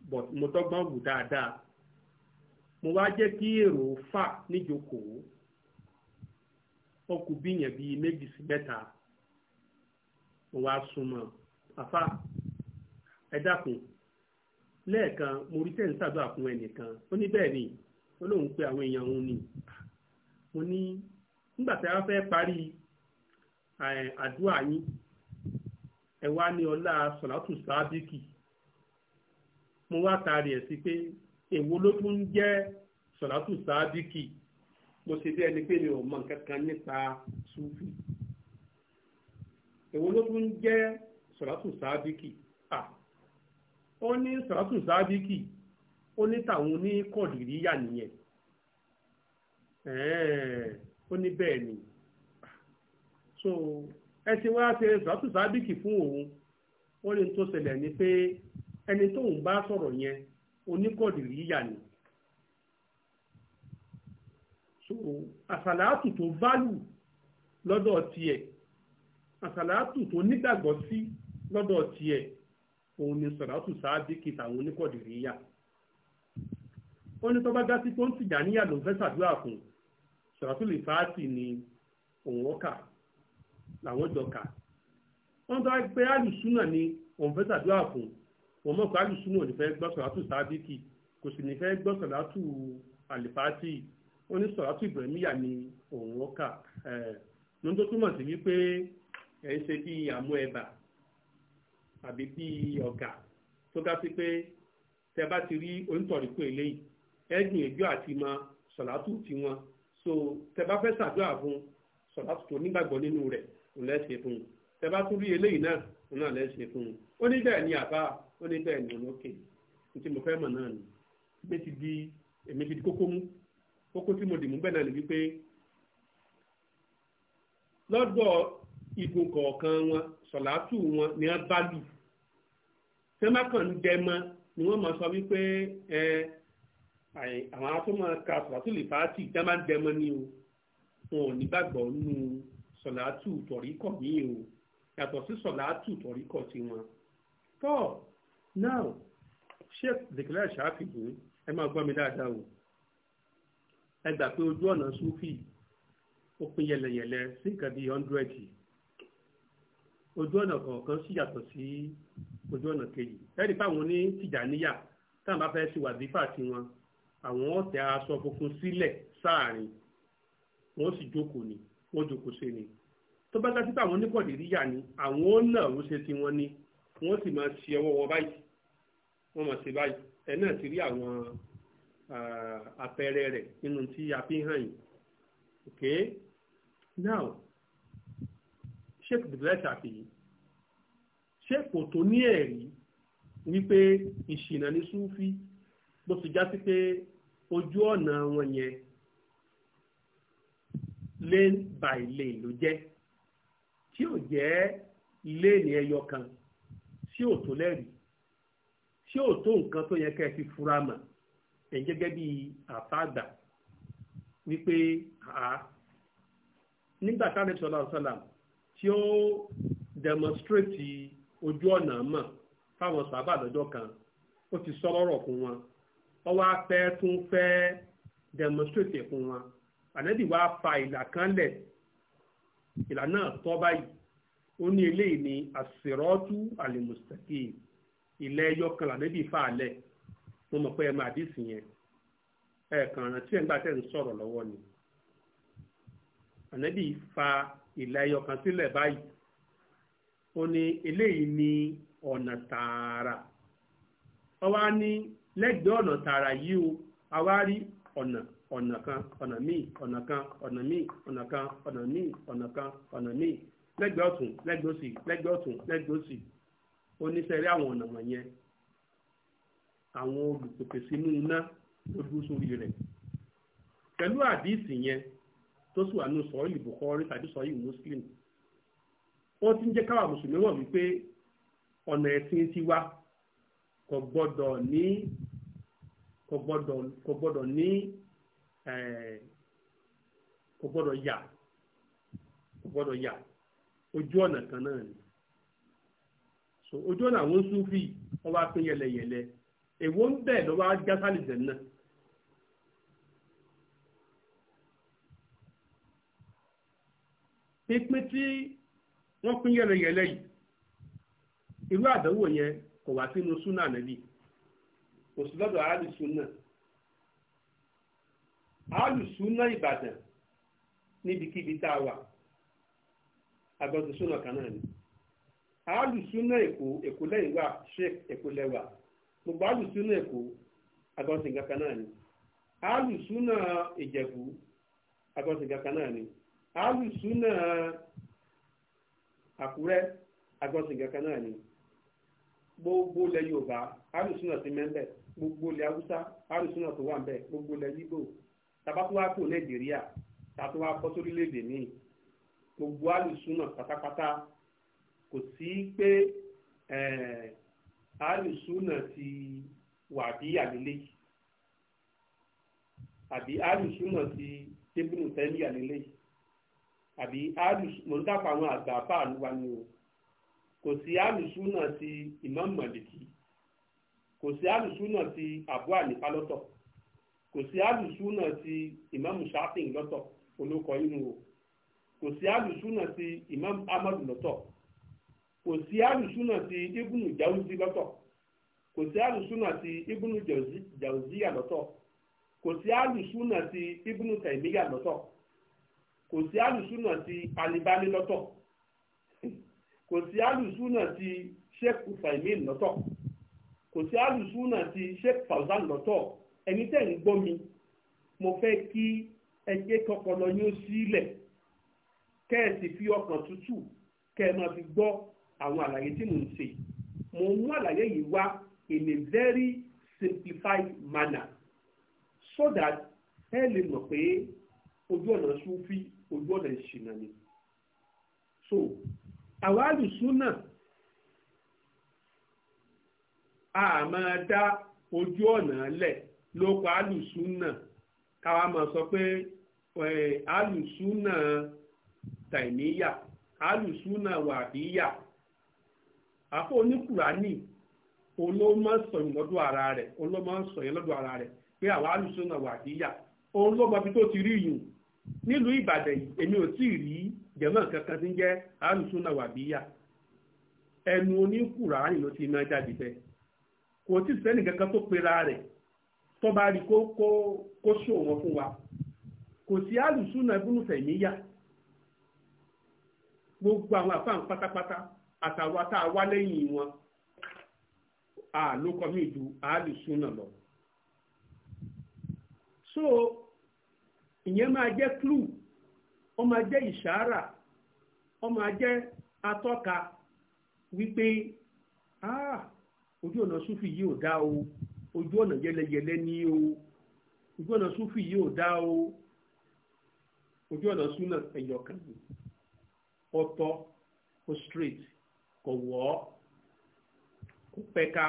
but mo dọ́gbọ́n wù dáadáa mo wá jẹ́ kí èrò fà níjókòó ọkù bíyàn bíi méjì sí mẹ́ta mo wá súnmọ́ àfa ẹ dákun lẹ́ẹ̀kan mo rí tẹ̀ ń ṣàdúrà fún ẹnìkan ó ní bẹ́ẹ̀ ni ó lóun pe àwọn èèyàn òun ni mo ní nígbà tí a fẹ́ parí àdúrà yín ẹ wá ní ọlá sọ̀látù sábíkì mo wá taari ẹ̀ sí pé èwo ló tún jẹ́ sọ̀látù sábíkì mo ṣe bí ẹni pé mi ò mọ nǹkan kan nípa súfì èwo ló tún jẹ́ sọ̀látù sábíkì ó ní sọ̀látù sábíkì ó ní tàwọn oníkọ̀dìríyà nìyẹn ó ní bẹ́ẹ̀ ni so ẹ ti wá ṣe zọ́tù sábìkì fún òun wọ́n ní tó ṣẹlẹ̀ ni pé ẹni tóun bá sọ̀rọ̀ yẹn oníkọ̀dìríyà ni so àsàlátù tó válù lọ́dọ̀ tiẹ̀ àsàlátù tó nígbàgbọ́ sí lọ́dọ̀ tiẹ̀ òun ni sọ̀rọ̀ àtúnṣe àbíkì tàwọn oníkọ̀dìríyà ó ní tó bá dá sí tó ń tìjà níyà ló fẹ́ ṣàdúrà fún ṣàtúlì fáàtì ni òun ọkà làwọn jọ kà wọ́n tó pé alùsùnà ni òun fẹ́ ṣàdúrà fún wọ́n mọ̀ pé alùsùnà ò ní fẹ́ gbọ́ sọ̀ràtù sábíkì kò sì ní fẹ́ gbọ́ sọ̀ràtù àlìfáàtì ó ní sọ̀ràtù ìbẹ̀míyà ni òun ọkà ló ń tó túmọ̀ sí wípé ẹ̀ ń ṣe bí àmú ẹ̀bà àbí bí ọ̀gà tó ga sí pé tẹ bá ti rí onítọ̀rí pé eléyìí ẹ gbìyànjú àti mọ sọ̀látù tiwọn so tẹ bá fẹ́ ṣàdúrà fún sọ̀látù tó nígbàgbọ́ nínú rẹ̀ òun lẹ́ ṣe fún un tẹ bá tún rí eléyìí náà òun náà lẹ́ fún un ó ní bẹ́ẹ̀ ni àbá ó ní bẹ́ẹ̀ ni òun òkè ní tí mo fẹ́ mọ̀ náà ni èmi ti di èmi ti di kókó mú kókó tí mo dì mú bẹ́ẹ̀ náà ni wípé lọ́dọ̀ igun kọ̀ọ̀kan wọn sọ̀látù wọn ni wọ́n bá lù tẹ́mákàn ń dẹ mọ́ ni wọ́n mọ̀ sọ wípé ẹ àwọn atúmọ̀ ka sọ̀látù lè fàátì dá máa ń dẹmọ o wọn ò nígbàgbọ́ nínú sọ̀látù tọ̀ríkọ̀ míì o yàtọ̀ sí sọ̀látù tọ̀ríkọ̀ tiwọn. tọ́ náà sheikh declare ṣáfìhù ẹ máa gbọ́ mi dáadáa o ẹ gbà pé ojú ọ̀nà súfì ó pín yẹlẹyẹlẹ sí nǹkan bíi hundredi ojú ọ̀nà kọ̀ọ̀kan sì yàtọ̀ sí ojú ọ̀nà kejì ẹ̀rí fáwọn oní tìjà níyà táwọn bá fẹ́ ṣe wàdífà tiwọn àwọn ọ̀tẹ̀ aṣọ funfun sílẹ̀ sáàrin wọ́n sì jókòó ni wọ́n jókòó ṣe ni tó bá dá sí pé àwọn oníkọ̀dìríyà ni àwọn ó nà ó ṣe ti wọn ni wọ́n sì máa ṣe ọwọ́ wọn báyìí wọ́n máa ṣe báyìí ẹ̀ náà ti rí àwọn àpẹẹrẹ rẹ̀ nínú tí a fi hàn yìí okay now sheikh bidlai ṣàfihàn ṣé kò tó ní ẹ̀rí wípé ìṣìnà ní súfí bó ti já sí pé ojú ọ̀nà wọn yẹn lane by lane ló jẹ́ tí ò jẹ́ lane ẹyọ kan tí ò tó lẹ́rìí tí ò tó nǹkan tó yẹ kẹ́ ẹ fi fura mọ̀ ẹ̀ ń gẹ́gẹ́ bí àfáàgbà wípé àá nígbà táwọn ẹ̀sọ́ làwùsọ̀là tí ó demonstrate ojú ọ̀nà mọ̀ fáwọn sábà lọ́jọ́ kan ó ti sọ lọ́rọ̀ fún wọn ọwọ́ afẹ́ tún fẹ́ demonstrate fún wọn ànábì wá fa ìlà kan lẹ̀ ìlà náà tọ́ báyìí ó ní eléyìí ní àsìrọ́tú àlìmùsítàkì ilẹ̀ ẹyọ kan lànàbì fà lẹ̀ mo mọ̀ pé ẹ máa dì sí yẹn ẹ̀ẹ̀kan rántí ẹ̀ ń gbà tẹ̀ ń sọ̀rọ̀ lọ́wọ́ ni ànábì fa ìlà ẹyọ kan sílẹ̀ báyìí ó ní eléyìí ní ọ̀nà tààrà ọwọ́ á ní lẹ́gbẹ̀ẹ́ ọ̀nà tààrà yìí o àwárí ọ̀nà ọ̀nà kan ọ̀nà míì ọ̀nà kan ọ̀nà míì ọ̀nà kan ọ̀nà míì ọ̀nà kan ọ̀nà míì lẹ́gbẹ̀ẹ́ ọ̀tún lẹ́gbẹ̀ẹ́ òsì lẹ́gbẹ̀ẹ́ ọ̀tún lẹ́gbẹ̀ẹ́ òsì oníṣẹ́rí àwọn ọ̀nà wọ̀nyẹn àwọn olùpèpè sínú iná ló dúró sórí rẹ̀ pẹ̀lú àdíìsì yẹn tó sì wà tàbí Muslim ó ti ń jẹ́ káwa mùsùlùmí wọ̀ wípé ọ̀nà ẹ̀sìn tiwa kò gbọ́dọ̀ ní kò gbọ́dọ̀ ni yà kò gbọ́dọ̀ yà ojú ọ̀nà kan náà ni so ojú ọ̀nà àwọn súfì wọ́n wá pín yẹlẹyẹlẹ èwo ń bẹ̀ lọ́wọ́ jásálìjẹ̀ náà. pínpín tí wọ́n pín yẹlẹyẹlẹ yìí irú àdánwò yẹn kò wá sínú súnà nàbì kò sí lọ́dọ̀ alùsùnà alùsùnà ìbàdàn níbikíbi tá a wà agbọ́dọ̀ ekulewa kan náà ni alùsùnà èkó èkó lẹ́yìn wà sheik èkó lẹ́wà gbogbo alùsùnà èkó agbọ́sìn kankan náà ni alùsùnà náà gbogbo ilẹ̀ yorùbá alùsùnà ti mẹ́ńbẹ̀ gbogbo ilẹ̀ haúsá alùsùnà tó wà gbogbo ilẹ̀ yíbò tabatu nàìjíríà tàbí ta gbogbo alùsùnà pátápátá kò sí pé eh, alùsùnà ti wà bí àlélẹ́ àbí alùsùnà ti débùnù tẹ́lẹ̀ àlélẹ́ àbí alùsùnà mọ̀ ń dàpọ̀ àwọn àgbà báàlú wa ni o. kò sí alùsùnà ti Imam Màlìkì kò sí alùsùnà ti Abu Hanifa lọ́tọ̀ kò sí alùsùnà ti Imam Shafi'i lọ́tọ̀ olókọ inú o kò sí alùsùnà ti Imam Ahmad lọ́tọ̀ kò sí alùsùnà ti Ibnu Jawzi lọ́tọ̀ kò sí alùsùnà ti Ibnu Jawziya lọ́tọ̀ kò sí alùsùnà ti Ibnu Taymiya lọ́tọ̀ kò sí alùsùnà ti Albani lọ́tọ̀ kò sí alùsùnà ti sheikh ufaimin lọ́tọ̀ kò sí alùsùnà ti sheikh fauzan lọ́tọ̀ ẹni tẹ́ ń gbọ́ mi mo fẹ́ kí ẹgbẹ́ kọkọlọ yóò sílẹ̀ kẹ́ ẹ sì fi ọkàn tútù kẹ́ ẹ máa fi gbọ́ àwọn àlàyé tí mò ń ṣe mo mú àlàyé yìí wá in a very simplified manner so that ẹ lè mọ̀ pé ojú ọ̀nà súnfí ojú ọ̀nà ìṣìnà ni so àwálù súnà a máa dá ojú ọ̀nà lẹ̀ ló pa sọ pé àlù tàìmíyà àlù wàdíyà àfọ oníkùránì olóòmọ ara rẹ̀ ara rẹ̀ pé àwa àlù wàdíyà òun ló ti rí nílùú Ìbàdàn èmi ò tí ì jẹ̀mọ́ nǹkan nje ti ń jẹ́ bí wàbíyà ẹnu oníkùránì ló ti máa jáde bẹ́ẹ̀ kò tí sẹ́nì kankan tó pera rẹ̀ tó bá rí kó kó kó wọn fún wa kò sí gbogbo àwọn àfáàn pátápátá àtàwọn wá lẹ́yìn wọn lọ. so ìyẹn máa jẹ́ clue ó máa jẹ́ ìṣàárà ó máa jẹ́ atọ́ka wípé ojú ọ̀nà súfì yìí ò dá o ojú ọ̀nà yẹlẹyẹlẹ ní o ojú ọ̀nà súfì yìí ò dá o ojú ọ̀nà súnà ẹ̀yọ̀kan ọ̀tọ̀ kò straight kò wọ́ kò pẹ́ka.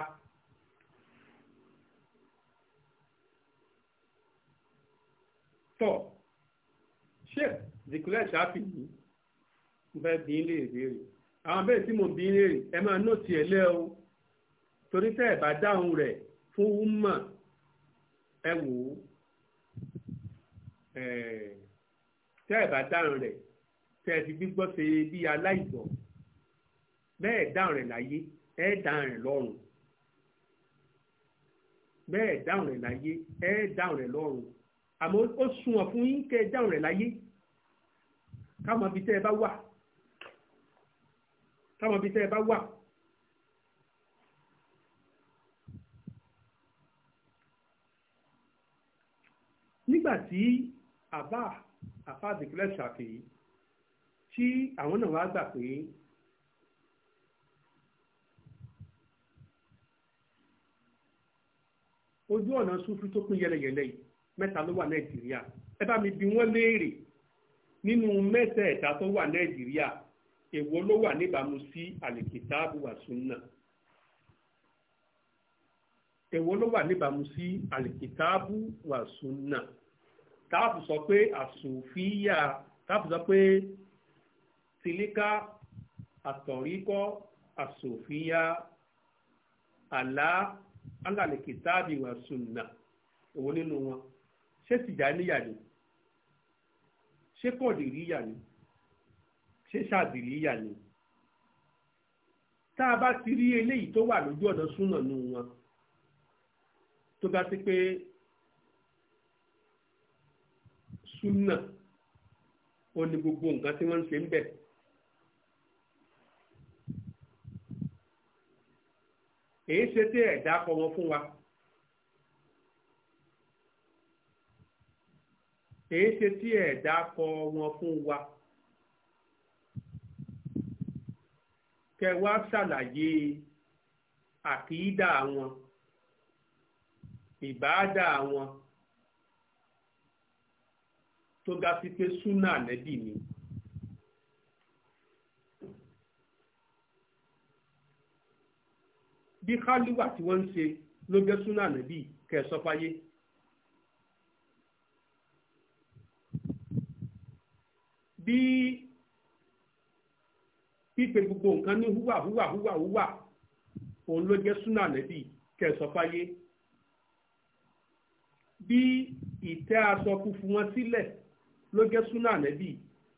tọ́ ṣé zikule ṣáfì yìí mo fẹ́ bí ilé ìbéèrè àwọn bẹ́ẹ̀ tí mo bí ilé rè ẹ máa nọ́ọ̀tì ẹ̀ lẹ́ o torí tẹ́ ẹ̀ bá dáhùn rẹ̀ fún wúmọ̀ ẹ wò ó tẹ́ ẹ̀ bá dáhùn rẹ̀ tẹ́ ẹ fi gbígbọ́ ṣe bí aláìgbọ́ bẹ́ẹ̀ dáhùn rẹ̀ láyé ẹ dáhùn rẹ̀ lọ́rùn bẹ́ẹ̀ dáhùn rẹ̀ láyé ẹ dáhùn rẹ̀ lọ́rùn àmọ́ ó sunwọ̀n fún yín kẹ́ ẹ dáhùn rẹ̀ láyé káwọn ibi tẹ́ ẹ bá wà káwọn ibi tẹ́ ẹ bá wà. nígbà tí àbá àfa àdìgúlẹ̀ ṣàfihì tí àwọn náà wá gbà pé ojú ọ̀nà súnfún tó pín yẹlẹyẹlẹ mẹ́ta ló wà nàìjíríà ẹ bá mi bi wọ́n léèrè nínú mẹ́tẹ̀ẹ̀ta tó wà nàìjíríà èwo ló wà níbàámu sí àlìkìtáàbù wa sunna èwo ló wà níbàámu sí àlìkìtáàbù wa sunna táàbù sọ pé àsòfíyà táàbù sọ pé tìlíkà àtọ̀ríkọ́ àsòfíyà àlá alàlìkìtáàbù wa sunna èwo nínú wọn ṣé tìjà níyà ṣé kọ̀dìríyà ni ṣé ṣàdìríyà ni tá a bá ti rí eléyìí tó wà lójú ọ̀nà súnà nù wọn tó bá ti pé súnà ó ní gbogbo nǹkan tí wọ́n ń ṣe ń bẹ̀. èyí ṣe tí ẹ̀dá kọ wọn fún wa. èyí ṣe tí ẹ̀dá kọ wọn fún wa kẹ wá ṣàlàyé àkìídà wọn ìbáàdà wọn tó ga sí pé súnà nẹ́bì ni. bí kálíwà tí wọ́n ń ṣe ló jẹ́ súnà nẹ́bì kẹsọ́fáyé. bí pípe gbogbo nǹkan ní húwà húwà húwà húwà òun ló jẹ́ súnà nẹ́bì kẹsọ̀ fáyé bí ìtẹ́ aṣọ funfun wọn sílẹ̀ ló jẹ́ súnà nẹ́bì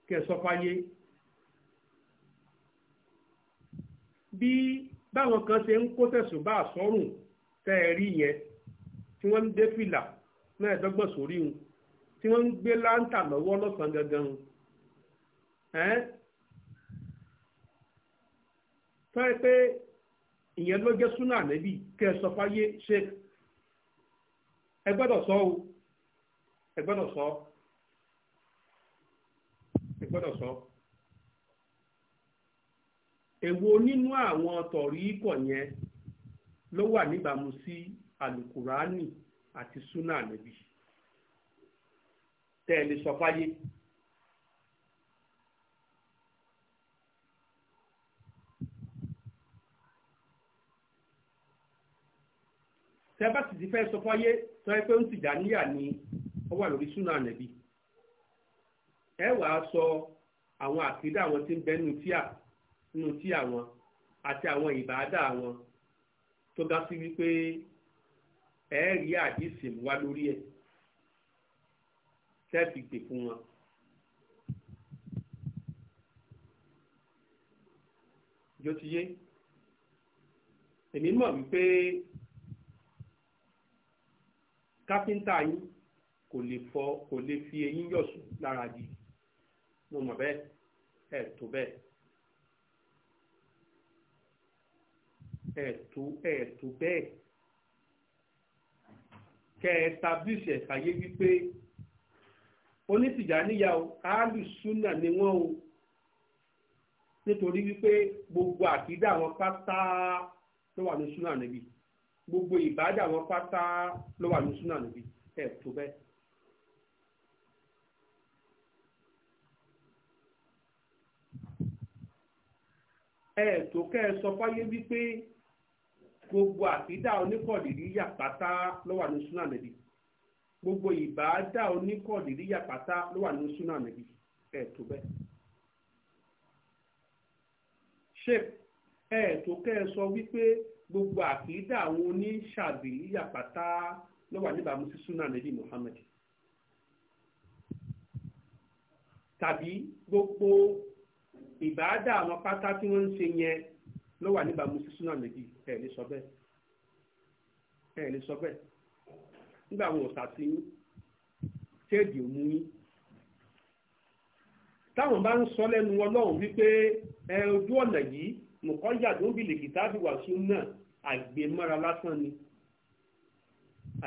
kẹsọ̀ fáyé bí báwọn kan ṣe ń kó tẹ̀sùn bá àsọ́rùn tẹ́ ẹ rí yẹn tí wọ́n ń dé fìlà náà ẹ̀dọ́gbọ̀n sórí wọn tí wọ́n ń gbé láńtà lọ́wọ́ lọ́sàn-án gangan wọn ẹ́ tọ́ ẹ pé ìyẹn ló jẹ́ súnà ànẹ́bì kẹ́ ẹ sọ fáyé sheik ẹ gbọ́dọ̀ sọ o ẹ gbọ́dọ̀ sọ ẹ gbọ́dọ̀ sọ èwo nínú àwọn tọ̀rí ikọ̀ yẹn ló wà níbàámu sí alukurani àti súnà ànẹ́bì tẹ́ ẹ lè sọ fáyé. tẹ́bá sì ti fẹ́ sọ fún ayé sọ pé ó ń tìjà níyà ni ó wà lórí súnà ànẹ́bí ẹ wàá sọ àwọn àkídà àwọn tí ń bẹ nínú tíà nínú tíà wọn àti àwọn ìbáadà wọn tó ga sí wípé ẹ rí àdìsí wá lórí ẹ tẹ́ẹ̀fì gbè fún wọn. yóò ti yé èmi mọ̀ wípé kápẹ́ńtà yín kò lè fọ kò lè fi eyín yọ̀sùn lára di mo mọ̀ bẹ́ẹ̀ ẹ̀ tó bẹ́ẹ̀ ẹ̀ tó ẹ̀ tó bẹ́ẹ̀ kẹ́ ẹ establish ẹ̀ fàyè wípé onítìjà níyà o alùsùnà ni wọ́n o nítorí wípé gbogbo àkídà àwọn pátá ló wà ní súnà níbi gbogbo ìbádà wọn pátá ló wà ní súnà níbi ẹ tó bẹ́ẹ̀. ẹ tó kẹ́ ẹ sọ fáyé wípé gbogbo àkídà oníkọ̀dìrí yà pátá ló wà ní súnà níbi gbogbo ìbádà oníkọ̀dìrí yà pátá ló wà ní súnà níbi ẹ tó bẹ́ẹ̀. ṣé ẹ tó kẹ́ ẹ sọ wípé. gbogbo àkìdá àwọn oníṣàbílíyà pátá ló wà níbàámu sí súnà nàbí Muhammad tàbí gbogbo ìbáàdà àwọn pátá tí wọ́n ń ṣe yẹn ló wà níbàámu sí súnà nàbí ẹ̀ lè sọ lè sọ nígbà mùkọ́jà tó bí bìlì kìtàbí wà sún náà àgbèmọ́ra lásán ni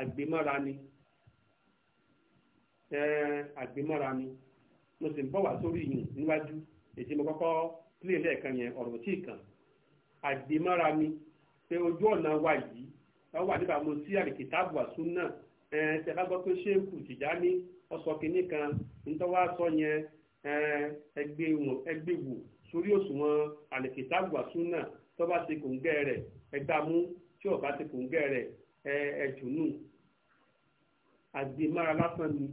àgbèmọ́ra ni àgbèmọ́ra ni mo sì ń bọ̀ sórí yìí níwájú èsì mọ́ kọ́kọ́ pílè lẹ́ẹ̀kan yẹn ọ̀rọ̀ tí ì kàn ni pé ojú ọ̀nà wa yìí wọ́n wà nípa mo sí wà náà bá gbọ́ pé ọ̀sọ̀ ń tọ́wọ́ sọ yẹn ẹgbẹ́ wò sórí òṣùwọ̀n àlèkìtàgbù àsúnà tó bá ṣe kòǹgẹ́ rẹ̀ ẹgbàmú tí ò bá ṣe kòǹgẹ́ rẹ̀ ẹ̀jùnú àgbèmára lásán ni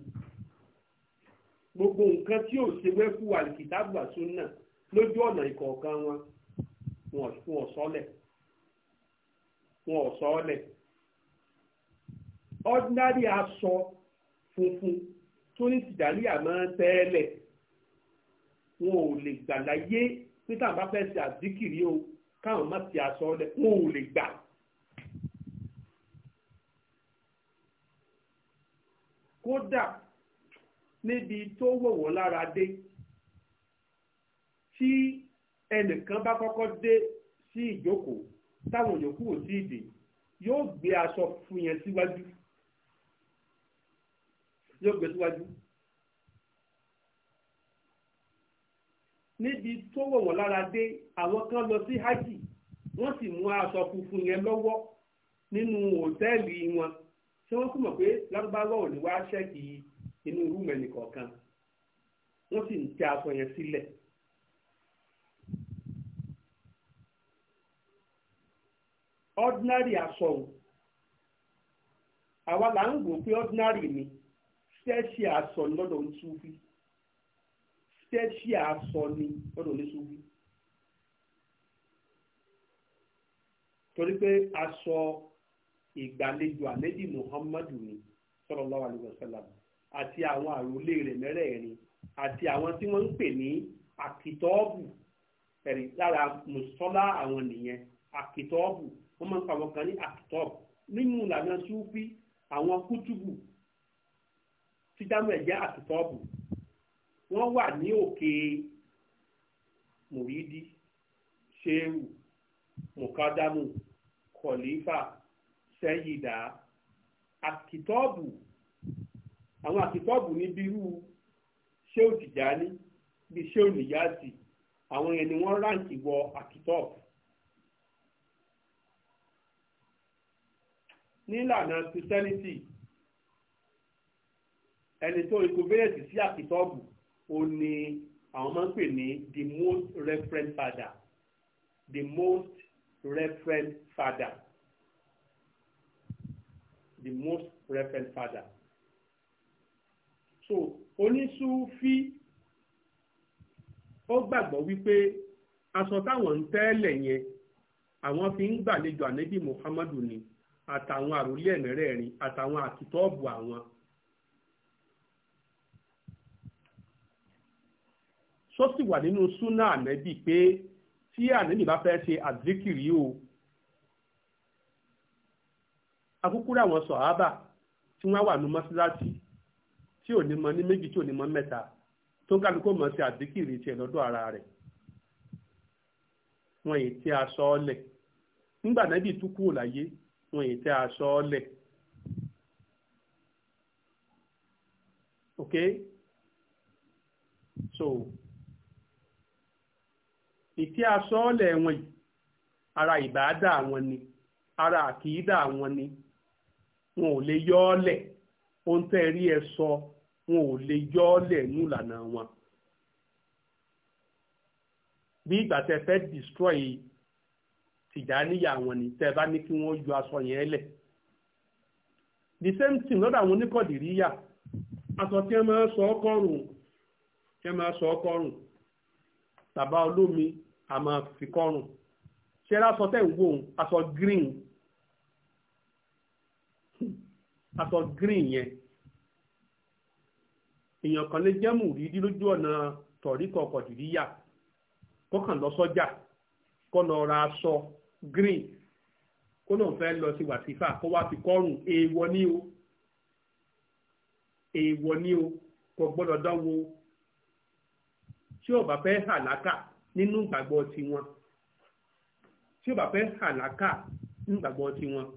gbogbo nǹkan tí ò ṣe wẹ́kú àlèkìtàgbù àsúnà lójú ọ̀nà ìkọ̀ọ̀kan wọn wọn sọ́lẹ̀ wọn sọ́lẹ̀ ordinary aṣọ funfun tó ní tìjàlíà máa ń tẹ́lẹ̀ wọn ò lè gbà láyé pé táwọn bá fẹ́ ṣe àdíkìrí o káwọn má ti aṣọ lẹ wọn ò lè gbà. kódà níbi tó wọ̀wọ̀ lára dé tí ẹnìkan bá kọ́kọ́ dé sí ìjókòó táwọn yòókù ò sí ìdè yóò gbé aṣọ fún yẹn síwájú yóò gbé síwájú. Si níbi tó wọ̀ wọ́n lára dé àwọn kan lọ sí hajj wọ́n sì mú aṣọ funfun yẹn lọ́wọ́ nínú hòtẹ́ẹ̀lì wọn ṣé wọ́n túmọ̀ pé lárúbáwá ò ní wá ṣẹ́ẹ̀kì inú rúùmù ẹnì wọ́n sì ń tẹ aṣọ yẹn sílẹ̀. ordinary aṣọ o àwa là ń wò pé ordinary ni ṣẹ́ẹ̀ṣì aṣọ lọ́dọ̀ ń túbí tẹ́sí àsọ ni lọ́dọ̀ ní ṣubú torí pé aṣọ ìgbàlejò àlejì muhammadu ni sallallahu alaihi wasallam àti àwọn àròlé rẹ̀ mẹ́rẹ̀ẹ̀rin àti àwọn tí wọ́n ń pè ní àkìtọ́ọ̀bù ẹ̀rí lára mùsọ́lá àwọn nìyẹn àkìtọ́ọ̀bù wọ́n máa ń pa àwọn kan ní àkìtọ́ọ̀bù nínú ìlànà súfì àwọn kútùbù tí dámọ̀ ẹ̀ jẹ́ àkìtọ́ọ̀bù wọ́n wà ní òkè mùrídì ṣéwù mùkádámù kọ̀lífà sẹ́yìdá àkìtọ́ọ̀bù àwọn àkìtọ́ọ̀bù ní bírú ṣéwù tìjáni bí ṣéwù nìyáàtì àwọn yẹn ni wọ́n ráǹkì wọ àkìtọ́ọ̀bù. nílànà Christianity ẹni tó ikú bẹ́rẹ̀ sí sí àkìtọ́ọ̀bù ó ní àwọn máa ń pè ní the most reverend father the most reverend father the most reverend father so onísúfí ó gbàgbọ́ wípé aṣọ táwọn ń tẹ́lẹ̀ yẹn àwọn fi ń gbàlejò ànábì muhammadu ni àtàwọn àròlé ẹ̀mẹ́rẹ́ẹ̀rin àtàwọn àtìtọ́ọ̀bù àwọn. sọ sì wà nínú súnà ànẹ́bì pé tí ànẹ́bì bá fẹ́ ṣe àdíkìrí o akúkúrú àwọn sọ̀hábà tí wọ́n wà ní mọ́síláàtì tí ò ní mọ ní méjì tí ò ní mọ mẹ́ta tó ń kálukú mọ̀ sí àdíkìrí tiẹ̀ lọ́dọ̀ ara rẹ̀ wọ́n yìí tẹ́ aṣọ ọ̀lẹ̀ nígbà ànẹ́bì tún kúrò láyé wọ́n yìí tẹ́ aṣọ ọ̀lẹ̀ ok so ìtí asọ́ọ̀lẹ̀ wọn yìí ara ìbáàdà wọn ni ara àkìídà wọn ni wọn ò lè yọ ọ́ lẹ̀ ohun tẹ́ ẹ rí ẹ sọ wọn ò lè yọ ọ́ lẹ̀ ní wọn. bí ìgbà tẹ́ fẹ́ destroy tìjáníyà wọn ni tẹ́ bá ní kí wọ́n yọ aṣọ yẹn lẹ̀. the same thing lọ́dọ̀ àwọn oníkọ̀dìríyà aṣọ tí wọ́n máa sọ ọ́ kọ́rùn-ún tí sọ ọ́ kọ́rùn-ún bàbá olómi a máa fi kọ́rùn ṣe rá aṣọ tẹ́ ń wò aṣọ green aṣọ green yẹn èèyàn kan lè jẹ́ mùrídí lójú ọ̀nà tọ̀ríkọ̀ kọ̀dìríyà kọ́kàn lọ sọ́jà kó lọ ra aṣọ green kó lóun fẹ́ lọ sí wàsífà kó wá fi kọ́rùn èèwọ̀ ni o èèwọ̀ ni o kò gbọ́dọ̀ dánwò tí ò bá fẹ́ hàlákà nínú ìgbàgbọ́ tiwọn tí ó bá fẹ́ hàlákà nínú ìgbàgbọ́ tiwọn.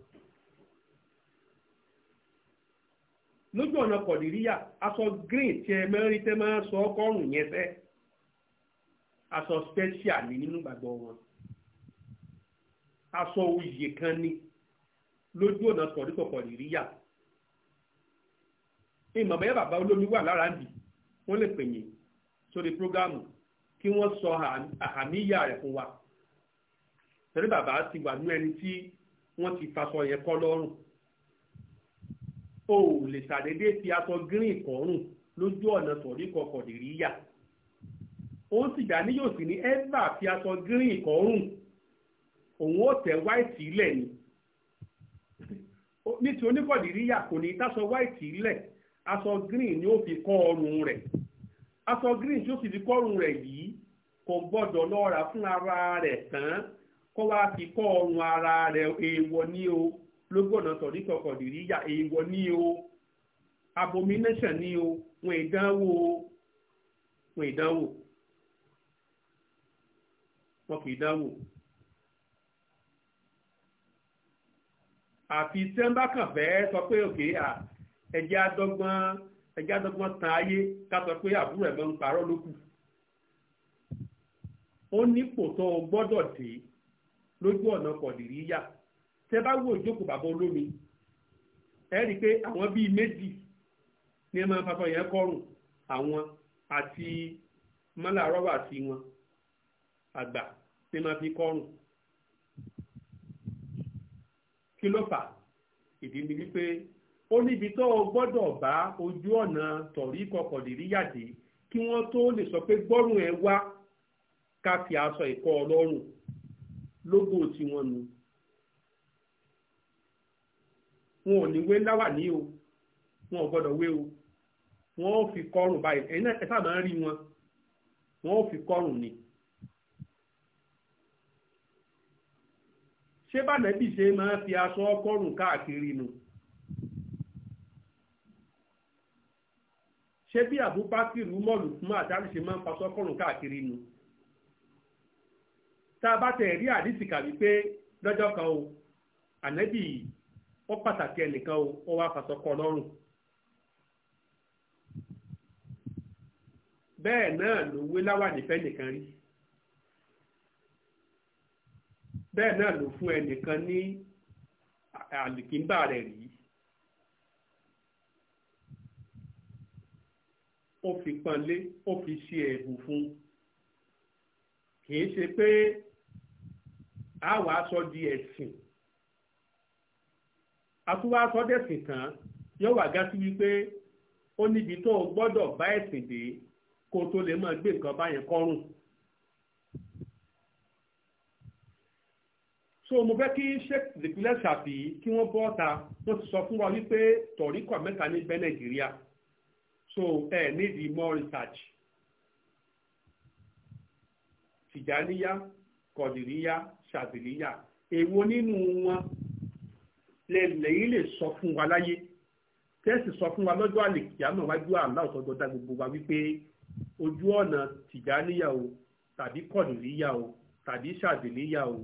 lójú ọ̀nà kọ̀dìríyà aṣọ green tí ẹ mẹ́rin tẹ́ máa ń sọ ọkọ̀rùn yẹn fẹ́ aṣọ special ni nínú ìgbàgbọ́ wọn aṣọ oyè kan ni lójú ọ̀nà kọ̀dìkọ̀ kọ̀dìríyà ìmọ̀ bẹ́ẹ̀ bàbá olómi wà lára ń bì wọ́n lè pè yín sórí prógáàmù kí wọ́n sọ àhàmíyà rẹ̀ fún wa torí bàbá ti wà nú ẹni tí wọ́n ti faṣọ yẹn kọ́ lọ́rùn o lè sàdédé fi aṣọ green kọ́rùn lójú ọ̀nà sọ̀rí kọkọ̀ lè rí yà ó sì dá ní yóò sì ní ẹ́fà fi aṣọ green kọ́rùn òun ó tẹ̀ white lẹ̀ ni ní ti oníkọ̀dìrí yà kò ní táṣọ white ilẹ̀ aṣọ green ni ó fi kọ́ ọrùn rẹ̀. aṣọ green tí ó sì fi kọ́rùn rẹ̀ yìí kò gbọ́dọ̀ lọ rà fún ara rẹ̀ tán kó wá fi kọ́ ọrùn ara rẹ̀ èèwọ̀ ní o lógbònà sọ̀rí kọkọ̀dìrí yà èèwọ̀ ní o abomination ní o wọn ìdánwò wọn ìdánwò wọn kì í dánwò. àfi sẹ́ńbà kan fẹ́ sọ pé òkè ẹ̀jẹ̀ adọ́gbọ́n ẹjẹ́ àdọ́gbọ́n tan ayé ká sọ pé àbúrò ẹ̀ mọ́ ń parọ́ ló kù ó nípò tó o gbọ́dọ̀ dé lójú ọ̀nà kọ̀dìríyà tẹ bá wo ìjókòó bàbá olómi ẹ rí i pé àwọn bíi méjì ní ẹ máa yẹn kọrùn àwọn àti mọ́làrọ́wà àti wọn àgbà ní máa fi kọrùn kí ló fà ìdí ni wípé ó níbi tó gbọ́dọ̀ bá ojú ọ̀nà tọ̀rí kọkàndínlíyàdé kí wọ́n tó lè sọ pé gbọ́rùn ẹ wá ka fi aṣọ ìkọ́ ọlọ́run lógo tiwọn nu wọn ò ní láwà ní o wọn ò wé o fi kọrùn ṣé bí Abubakar umolu fún àtàrí ṣe máa ń pa sọ́kọ̀rùn káàkiri nu tá a bá tẹ̀ rí àdìsí kà wípé lọ́jọ́ kan o ànábì ó pàtàkì ẹnìkan o ó wá fàṣọkọ lọ́rùn bẹ́ẹ̀ náà ló wé láwàní fẹ́nìkan rí bẹ́ẹ̀ náà ló fún ẹnìkan ní àlìkínbà rẹ̀ rí ó fi pọ́nlé ó fi ṣe ẹ̀bùn fún un kìí ṣe pé a wà aṣọ di ẹ̀sìn àtúwà aṣọ dẹ̀sìn tán yóò wà gá sí wípé ó níbi tó o gbọ́dọ̀ bá ẹ̀sìn dé kó o tó lè máa gbé nǹkan báyẹn kọ́rùn. so mo fẹ́ kí sheikh zikilẹ̀ kí wọ́n bọ́ ta wọ́n ti sọ fún wa wípé tọ̀ríkọ̀ mẹ́ta ní bẹ́ nàìjíríà so ẹ eh, need more research tìjàníyá kọ̀dìríyá ṣàdìríyá èwo nínú wọn lẹ́yìn lè sọ fún wa láyé tẹ́sì sọ fún wa lọ́jọ́ àlèkìyàmọ̀ wájú àlá ọ̀tọ́jọ́ dá gbogbo wa wípé ojú ọ̀nà tìjàníyà o tàbí kọ̀dìríyà o tàbí ṣàdìríyà o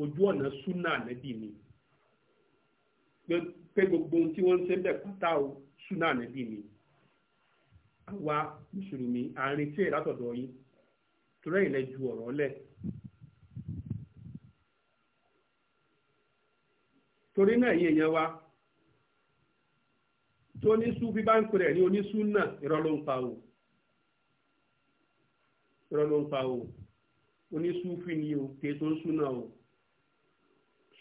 ojú ọ̀nà súnà nẹ́bì ni pé gbogbo ohun tí wọ́n ń ṣe ń bẹ̀ pátá o súnà nẹ́bì ni àwa mùsùlùmí à ń retí ẹ̀ látọ̀dọ̀ yín torí ẹ̀yin lẹ ju ọ̀rọ̀ lẹ̀. torí náà yìí èèyàn wa tó ní súfí bá ń pè ní onísú náà irọ́ ń pa o irọ́ ń pa o onísúfí ni o kì í tó ń súnà o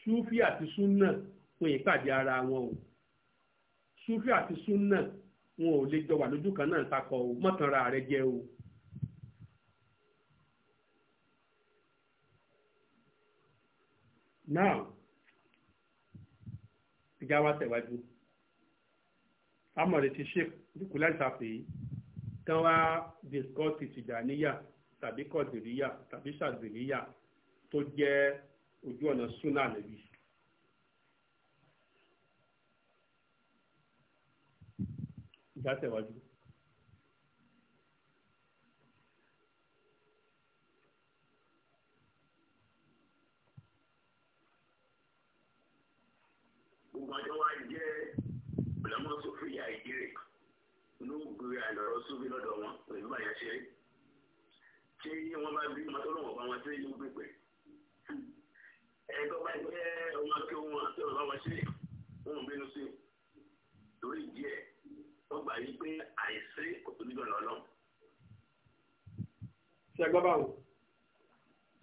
súfí àti súnà pín ìpàdé ara wọn o súfí àti súnà wọn ò lè jọ wà lójú kan náà papọ̀ o mọ́tànra rẹ jẹ́ o. now ìjà wa tẹ̀wájú amọ̀rẹ̀ ti ṣe ìkúlẹ̀ ìsàfihàn tí wọ́n á discourse Tìjàníyà tàbí kọ̀dìríyà tàbí ṣàdìríyà tó jẹ́ ojú ọ̀nà súnà nìyí. ìdásẹ̀wájú. gbogbo wa jẹ́ ọ̀làmọ́ sófìyà ìdírè ló gbé àlọ́rọ́ sófì lọ́dọ̀ wọn pẹ̀lú àyà ṣeré ṣé wọ́n bá bí ọmọ tó lọ́wọ́ bá wọn sí yóò gbégbé ẹ̀ẹ́dọ́ bá wọ́n gbà yí pé àìsí kòtò nígbà lọ́lọ́. ṣé ẹ gbọ́ báwo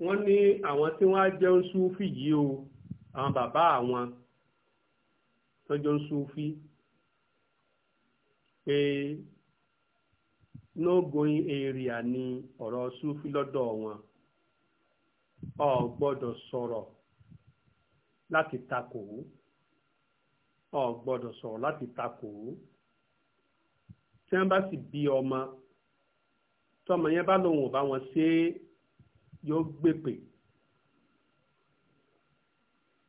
wọ́n ní àwọn tí wọ́n á jẹun súnfì yìí o àwọn bàbá àwọn tọ́jọ́ ń súnfì pé no going ni ọ̀rọ̀ súnfì lọ́dọ̀ wọn ò gbọ́dọ̀ sọ̀rọ̀ láti takò ó gbọ́dọ̀ sọ̀rọ̀ láti takò tí wọ́n bá sì bí ọmọ tọmọ yẹn bá lòun ò bá wọn ṣe yóò gbèpè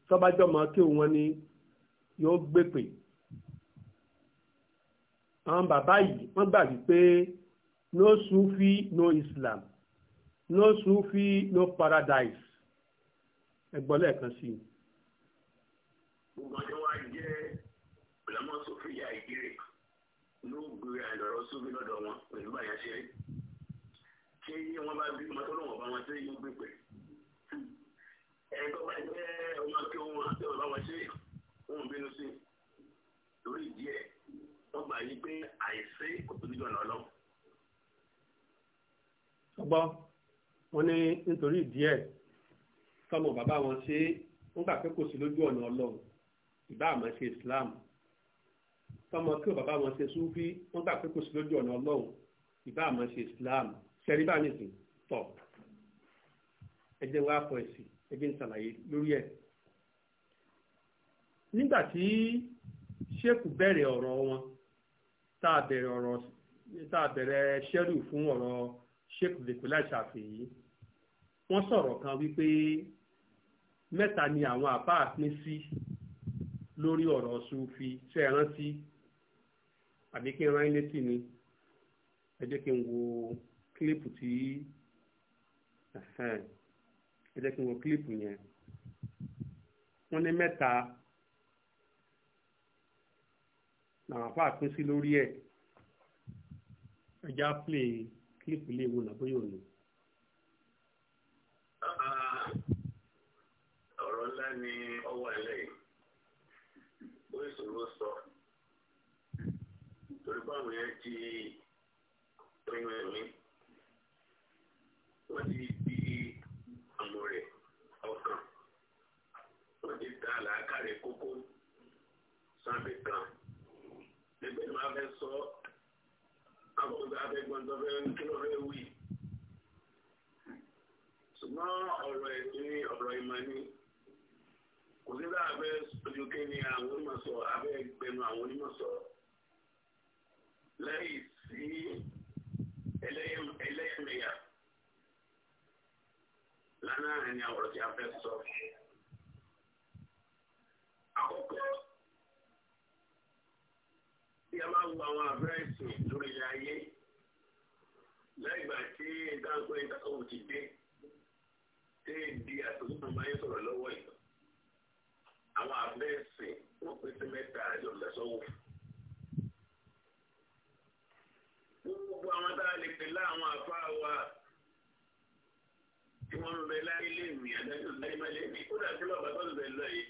tọ́bájọ́mọ kí wọ́n ní yóò gbèpè àwọn bàbá yìí wọ́n gbà wípé no sufi no islam no sufi no paradise ẹgbọ́n lẹ́ẹ̀kan sí i. yẹn lọ́rọ́ sóbí lọ́dọ̀ wọn pẹ̀lú báyẹn ṣe rí tí wọ́n bá bí ọmọ tó lọ́wọ́ bá wọn ṣe yóò gbé pẹ̀. ẹ̀kọ́ bá jẹ́ ọmọ kí wọn àti ọ̀bá wọn ṣe wọn bínú sí lórí ìdí ẹ̀ wọ́n gbà yí pé àìsí kò tó níjọ́ náà lọ. ọgbọ́ wọn ní nítorí ìdí ẹ̀ tọmọ bàbá wọn ṣe ń gbà pé kò sí lójú ọ̀nà ọlọ́run ìbá àmọ́ ṣe Islam tọmọ kí bàbá wọn ṣe súnfí wọn gbà pé kò sí lójú ọ̀nà ọlọ́run ìbá àmọ́ ṣe islam ṣẹ́rí bá mi sìn tọ̀ ẹ jẹ́ wá pọ̀ ẹ̀sìn ẹ jẹ́ ń ṣàlàyé lórí ẹ̀. nígbà tí ṣéèkù bẹ̀rẹ̀ ọ̀rọ̀ wọn tá a bẹ̀rẹ̀ ọ̀rọ̀ tá a bẹ̀rẹ̀ ṣẹ́rù fún ọ̀rọ̀ ṣéèkù lèkúlá ìṣàfihì wọ́n sọ̀rọ̀ kan wípé mẹ́ta ni àwọn àbá pín sí lórí ọ̀rọ̀ sufi ṣe rántí àbí kí n rán létí ni ẹ jẹ́ kí n wo kílípù tí ẹ jẹ́ kí n wo kílípù yẹn wọ́n ní mẹ́ta làwọn afá pín sí lórí ẹ̀ ẹja play kílípù lè wo làbóyò ni. ọ̀rọ̀ ńlá ni ọwọ́ ẹlẹ́yìn ó ìṣòro sọ torí báwọn yẹn ti pinnu ẹ̀mí wọ́n ti di àmọ́ rẹ̀ ọkàn wọ́n ti ta làákàrẹ̀ kókó sábẹ̀ kan ẹgbẹ́ ni wọ́n á fẹ́ sọ àwọn ọ̀gá abẹ́gbọ́n tó fẹ́ kí ló fẹ́ wí ṣùgbọ́n ọ̀rọ̀ ẹ̀sìn ní ọ̀rọ̀ ìmọ̀ ni kò sí láàbẹ̀ ojú kí ni àwọn onímọ̀ sọ abẹ́ gbẹnu àwọn onímọ̀ sọ̀rọ̀ lẹ́yìn sí ẹlẹ́yẹmẹ̀yà lánàá ni àwọn ọ̀rọ̀ tí a fẹ́ sọ. Àkọ́kọ́ tí a máa ń wo àwọn àfẹ́sìn lórí ilé ayé lẹ́gbàá tí ìdáǹkọ́ ìdáǹkọ́ ti dé tí di àtúntò máa ń sọ̀rọ̀ lọ́wọ́ ìgbà. Àwọn àfẹ́sìn wọ́n pèsè mẹ́ta àjọ ìdásọ́wọ́ gbogbo àwọn tá a lè pè láwọn àfa wa tí wọ́n ń bẹ láyé lè mí adájọ́ láyé má lè mí kódà tí lọ́ba tó ń bẹ lọ yìí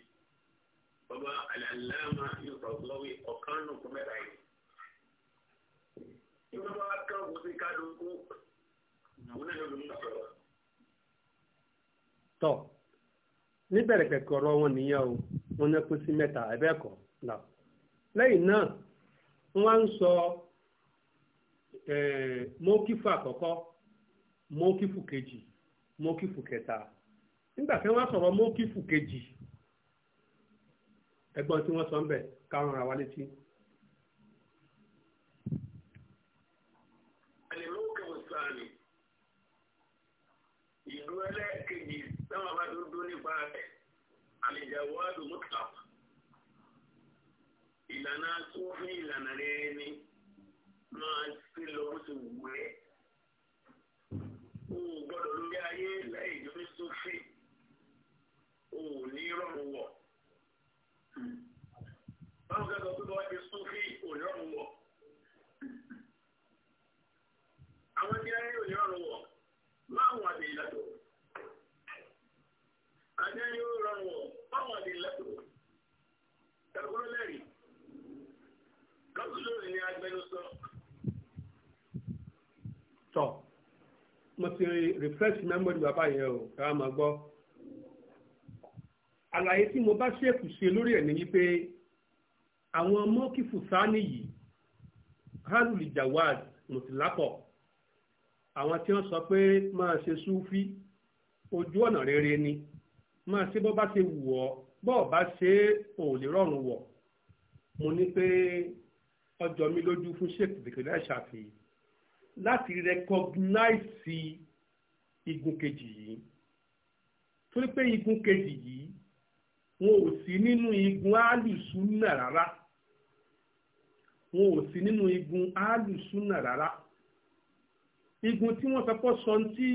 bàbá àlàlámà yóò sọ lọ́wọ́ ọ̀kan nù fún mẹ́ta yìí. tí wọ́n bá kán kó sí kálukú òun náà ló ń sọ̀rọ̀. tọ́ níbẹ̀rẹ̀ kẹ̀kẹ́ ọ̀rọ̀ wọn nìyẹn o wọ́n ní kó sí mẹ́ta ẹ̀bẹ́ kọ̀ lẹ́yìn náà wọ́n á ń sọ. Eh, mọ́kífù àkọ́kọ́ mọ́kífù kejì mọ́kífù kẹta nígbà tí wọ́n sọ̀rọ̀ mọ́kífù kejì ẹgbọ́n tí wọ́n sọ ń bẹ̀ káwọn ra wa létí. ìlú ẹlẹ́ẹ̀kejì táwọn bá dúdú nípa rẹ̀ àlejàwọ́ àdùnmọ́ta ìlànà tó fún ìlànà rẹ̀ ni. gan-an sí lọ bó refresh memory bàbá yẹn o ká máa gbọ́ àlàyé tí mo bá ṣèkù ṣe lórí ẹ̀ ní wípé àwọn mọ́kìfù sáni yìí haruli jawad mùsùlápọ̀ àwọn tí wọ́n sọ pé máa ṣe súfí ojú ọ̀nà rere ni máa ṣe bó bá ṣe wù ọ́ bó bá ṣe ò lè rọrùn wọ̀ mo ní pé ọjọ́ mi lójú fún sheikh bikira ṣàfi láti recognize igun kejì yìí torí pé igun kejì yìí wọn ò sí nínú igun alùsùnà rárá wọn ò sí nínú igun alùsùnà rárá igun tí wọ́n fẹpọ sọ tí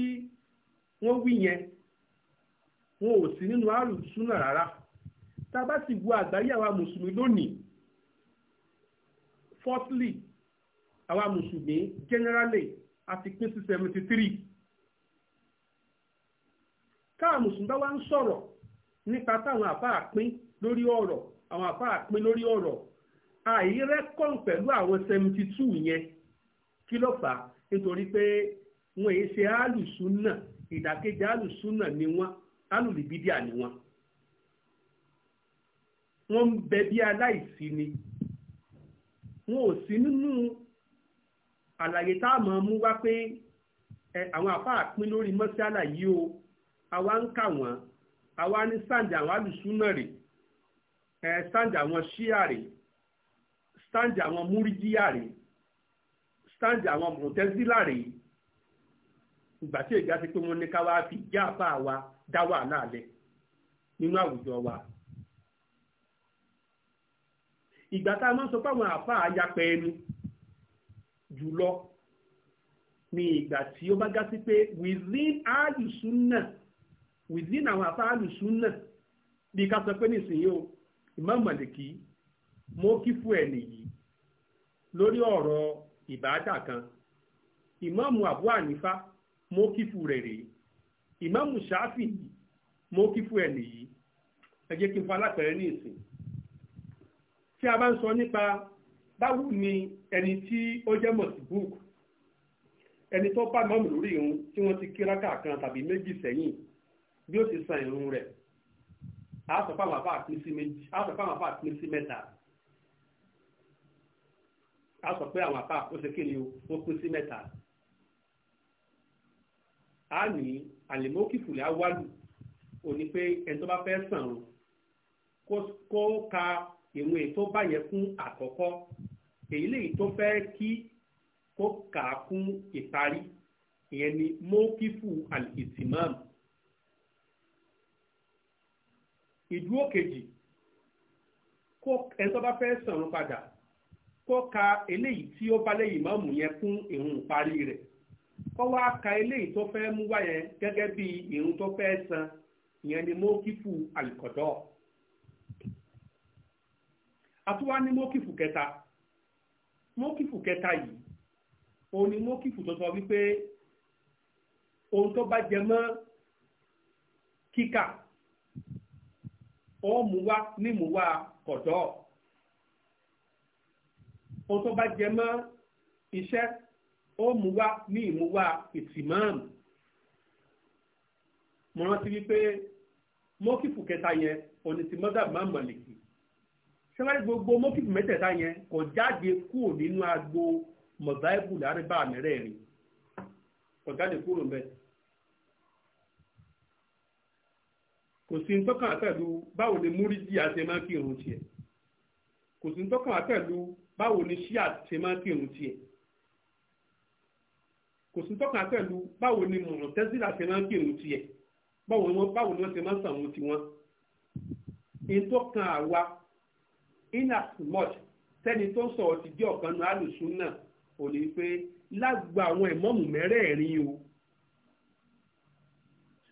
wọ́n wí yẹn wọn ò sí nínú alùsùnà rárá tá a bá sì wo àgbáyé àwa mùsùlùmí lónìí fourthly àwa mùsùlùmí generally a ti pín sí seventy three. káà mùsùlùmí bá wá ń sọ̀rọ̀ nípa táwọn àfáà lórí ọ̀rọ̀ àwọn àfáà lórí ọ̀rọ̀ àìrẹ́kọ̀n pẹ̀lú àwọn seventy yẹn kí ló fà á nítorí pé wọ́n èyí ṣe alùsùnà ìdàkejì ni wọn alùlìbídíà ni ni wọn ò sí nínú àlàyé mú wá pé àwọn o àwa ń kà wọ́n àwa ní sáǹdì àwọn alùsùnà rè ẹ sáǹdì àwọn ṣíà rè sáǹdì àwọn múrídíà rè sáǹdì àwọn mọ̀tẹ́sílà rè ìgbà tí ìgbà ti pé wọ́n ní ká wá fi ìjà àbá wa dá wàhálà lẹ̀ nínú àwùjọ wa ìgbà tá a máa ń sọ pé àwọn àfa àyapẹ ẹnu jùlọ ni ìgbà tí ó bá gá sí pé within alusunna within our afáàlù súnà bí ká sọ pé nísìnyí o Imam Maliki mo kí fún ẹ nìyí lórí ọ̀rọ̀ ìbáàdà kan Imam Abu Hanifa mo kí fún rẹ̀ rèé Imam Shafi mo kí fún ẹ nìyí ẹ jẹ́ kí n fa alápẹ̀rẹ̀ ní ìsìn tí a bá ń sọ nípa báwo ni ẹni tí ó jẹ́ mọ̀síbúùkù ẹni tó bá mọ́mù lórí irun tí wọ́n ti kí rákà tàbí méjì sẹ́yìn bí ó ti san ìrun rẹ̀ àásọ̀fáwọn àfà pín sí mẹ́ta àásọ̀ pé àwọn àfà ó ṣe kí ni ó pín sí mẹ́ta a ní àlèmókìfùlẹ̀ awálù òní pé ẹni tó bá fẹ́ sàn kó ka ìwọ̀n èyí tó bá yẹ fún àkọ́kọ́ èyí léyìí tó fẹ́ kí kó kà á kún ìparí ìyẹn ni mókìfù àlìkìtìmọ́ọ̀mù ìdúró kejì kó ẹni tó bá fẹ́ sọ̀rọ̀ padà kó ka eléyìí tí ó bá lẹ́yìn máàmù yẹn fún ìrun parí rẹ̀ kó wá ka eléyìí tó fẹ́ mú wá gẹ́gẹ́ bí ìrun tó fẹ́ san ìyẹn ni mókífù àlìkọ̀dọ́ àtúwá ní mókífù kẹta mókífù kẹta yìí òun ni mókífù tó sọ wípé ohun tó bá jẹ mọ́ kíkà ó mú wá ní mú wá kọ̀dọ́ ohun tó bá jẹ mọ́ iṣẹ́ ó mú wá ní ìmú wá ìtìmáàmù mo rántí wípé mọ́kìfù kẹta yẹn òní ti mọ́dà máa mọ̀lẹ́kì sẹ́wárí gbogbo mọ́kìfù mẹ́tẹ̀ẹ̀ta yẹn kò jáde kúrò nínú agbo mọ̀záìbù lárẹ́bà mẹ́rẹ̀ẹ̀rin kò jáde kúrò mẹ́rin. kò sí ń tọ́kàn àtẹ̀lú báwo ni múrídìí àti máa kí irun tiẹ̀ kò sí ń tọ́kàn àtẹ̀lú báwo ni ṣíà ṣe máa kí irun tiẹ̀ kò sí ń tọ́kàn àtẹ̀lú báwo ni mọ̀tẹ́sílà ṣe máa kí irun tiẹ̀ báwo ni wọ́n ṣe máa sàn wọn tiwọn ìtọ́kàn àwa in as much tẹ́ni tó ń sọ̀rọ̀ ti jẹ́ ọ̀kan nu alùsùn náà ò ní pé lágbo àwọn ìmọ̀mù mẹ́rẹ̀ẹ̀rin o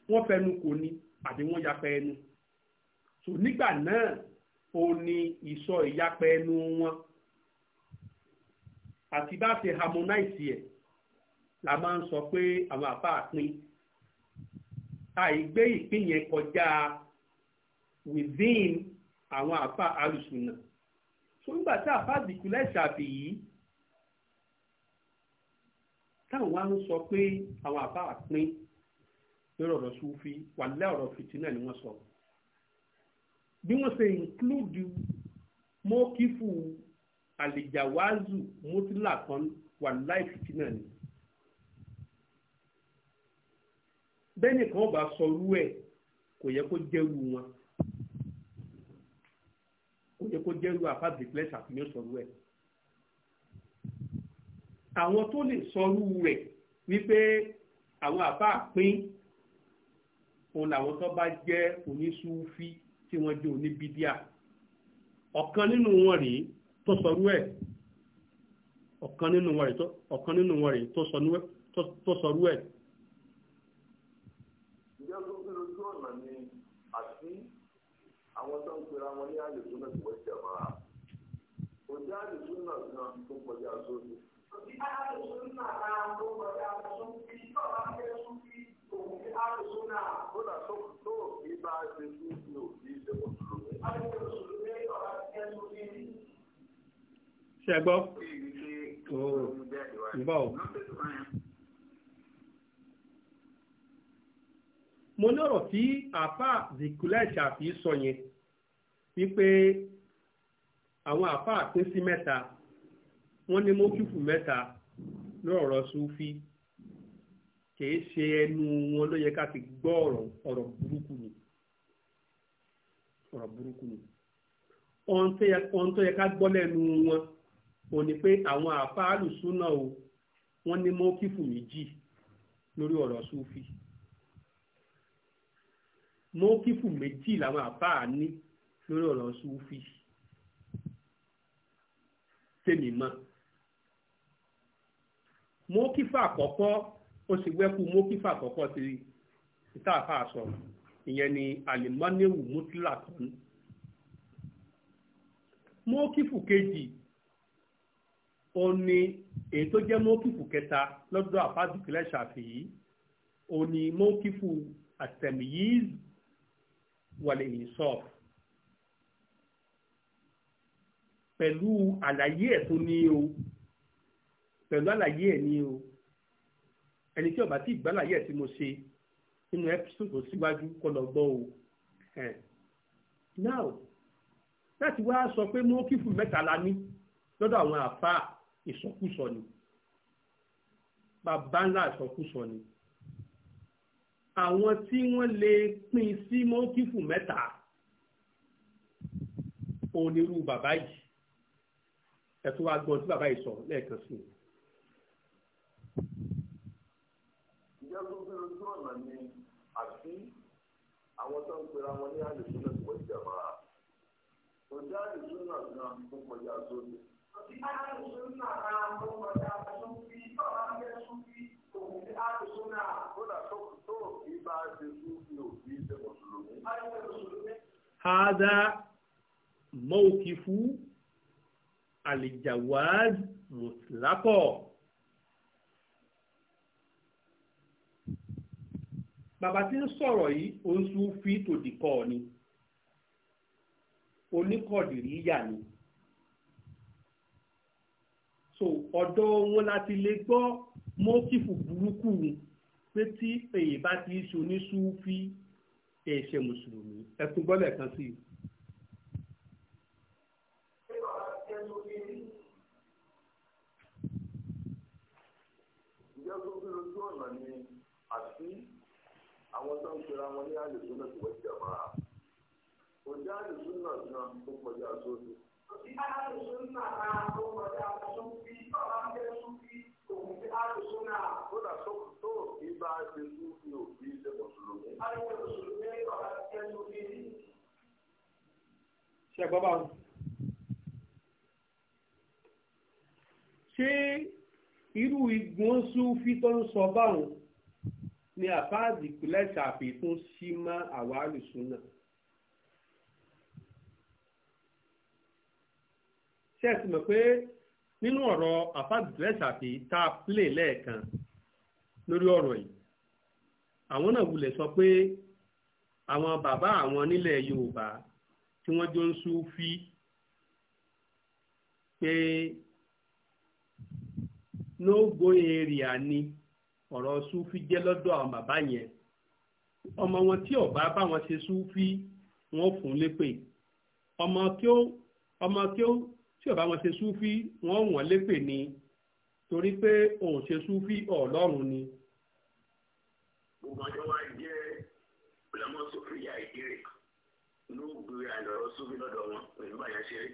wọ́n fẹnu kò ní àbí wọ́n yapa ẹnu so nígbà náà ó ní ìsọ ìyapa ẹnu wọn àti bá ṣe harmonize ẹ̀ la máa ń sọ pé àwọn àbá pín àìgbé ìpín yẹn kọjá within àwọn àbá alùsùnà so nígbà tí àbá dìkúlẹ̀ ṣàfihì táwọn wá ń sọ pé àwọn àbá pín lórí ọ̀rọ̀ sufi wàlẹ́ ọ̀rọ̀ fìtínà ni wọ́n sọ bí wọ́n ṣe include mọ́kífù àlìjàwázù mọ́tílà kan wàlẹ́ fìtínà ni. bẹ́ẹ̀ni kan bá sọrú ẹ̀ kò yẹ kó jẹ́rú wọn kò yẹ kó jẹ́rú àfáàdì pẹ́lẹ́sì àfihàn sọrú ẹ̀. àwọn tó lè sọrú rẹ̀ wípé àwọn àbá pín òun làwọn tó bá jẹ́ oníṣúfí tí wọ́n jẹ́ oníbídíà ọ̀kan nínú wọn rèé tó sọrú ẹ̀ ọ̀kan nínú wọn rèé tó sọrú ẹ̀. ìyá tó fi lójú ọ̀nà ni àti àwọn tó ń pera wọn ní àlejò náà ti wọ́n jẹ̀mọ́ a kò jẹ́ àlejò náà gan tó kọjá sóde. kò sí àlejò náà tó kọjá sóde àrùsùnà. kódà tó tó òbí bá ṣe fún mi òbí ṣe mùsùlùmí. àwọn mùsùlùmí ọ̀rọ̀ ẹ̀ ló ní. ṣe gbọ́. ǹbọ̀ o. mo ní ọ̀rọ̀ tí àáfàá zikulẹ̀ ṣàfi sọ yẹn wípé àwọn àáfàá pín sí mẹ́ta wọ́n ní mọ́kìfù mẹ́ta lọ́rọ̀ sufi kìí ṣe ẹnu wọn ló yẹ ká fi gbọ́ ọ̀rọ̀ ọ̀rọ̀ burúkú ni ọ̀rọ̀ burúkú ni ohun tó yẹ ká gbọ́ lẹ́nu wọn ò ní pé àwọn àfáàlù súnà o wọ́n ní mọ́kífù méjì lórí ọ̀rọ̀ súfì mọ́kífù méjì làwọn àfáà ní lórí ọ̀rọ̀ súfì tèmi mọ́ mọ́kífù àkọ́kọ́ ó sì wẹ́kú mókífà àkọ́kọ́ ti ìtàfà sọ ìyẹn ni alimọ́níwù mútílà kan mókífù kejì ó ní èyí tó jẹ́ mókífù kẹta lọ́dọ̀ àfáàdùkúlẹ̀ ṣàfihì ó ní mókífù àtẹ̀míyìz wàlẹ̀ ìsọ̀f pẹ̀lú àlàyé ẹ̀ tó ní o pẹ̀lú àlàyé ẹ̀ ní o ẹni tí ó bá ti gbàláyé tí mo ṣe nínú episode síwájú kó lọ gbọ́ o now láti wá sọ pé mo kí fún mẹ́ta la ní lọ́dọ̀ àwọn àfáà ìsọkúsọ ni bàbá ńlá ìsọkúsọ ni àwọn tí wọ́n lè pín sí mọ́kífù mẹ́ta onírú bàbá yìí ẹ̀tún wa gbọ́n tí bàbá yìí sọ lẹ́ẹ̀kan sí i. ìjẹ́ tó bí ojú ọ̀nà ni àti àwọn tó ń pera wọn ní àlùsùn náà pọ̀ ìjàmbá kò já àlùsùn náà gan tó kọjá sóde. òtí àlùsùn náà kan tó kọjá sófi tọ́lá ń bẹ sófi òun àlùsùn náà. kódà tó tó kí bá a ṣe sófi òbí ṣe mùsùlùmí. هذا موقف الجواز مطلقا bàbá tí ń sọ̀rọ̀ yìí òun sún fi tòdì kọ́ ni oníkọ̀dìrí yà ni so ọ̀dọ̀ wọn láti lè gbọ́ mọ́tífù burúkú pé tí èyí bá ti ṣe oníṣúfí ẹ̀ṣẹ̀ mùsùlùmí ẹkùn gbọ́lẹ̀ kan sí i. ìjọba ojú ọ̀nà ni àti àwọn tó ń pera wọn ní àlùsùn náà ti wọ́n jàmá kò jẹ́ àlùsùn náà ti hàn tó kọjá sóòtù. kò sí àlùsùn náà kan tó kọjá sóòtù bàbá ń bẹ sóòtù kò sí àlùsùn náà. kódà tó tó kí bá a ṣe sóòtù òbí ṣe mùsùlùmí. àwọn mùsùlùmí bàbá ń bẹ sóòtù. ṣe gbọ́ bá wọn. ṣé irú igun sùn fi tó ń sọ báwọn ni àfáàzì ìpínlẹ̀ ṣàfikún sí mọ́ àwárí súnà. ṣé ẹ sì mọ̀ pé nínú ọ̀rọ̀ àfáàzì ìpínlẹ̀ ṣàfi tá a plé lẹ́ẹ̀kan lórí ọ̀rọ̀ yìí àwọn náà wulẹ̀ sọ pé àwọn bàbá àwọn nílẹ̀ Yorùbá tí wọ́n jọ ń Súfí pé no go area ni ọ̀rọ̀ súfí jẹ́ lọ́dọ̀ àwọn bàbá yẹn ọmọ wọn tí ọba bá wọn ṣe súfí wọn fún lépè ọmọ tí ó ọmọ tí ó tí ọba wọn ṣe súfí wọn wọ́n lépè ni torí pé òun ṣe súfí ọlọ́run ni. gbogbo ọjọ́ wa jẹ́ ọlọ́mọ súfí yà ìdíre ló gbé àlọ́rọ̀ súfí lọ́dọ̀ wọn pẹ̀lú àyàṣeré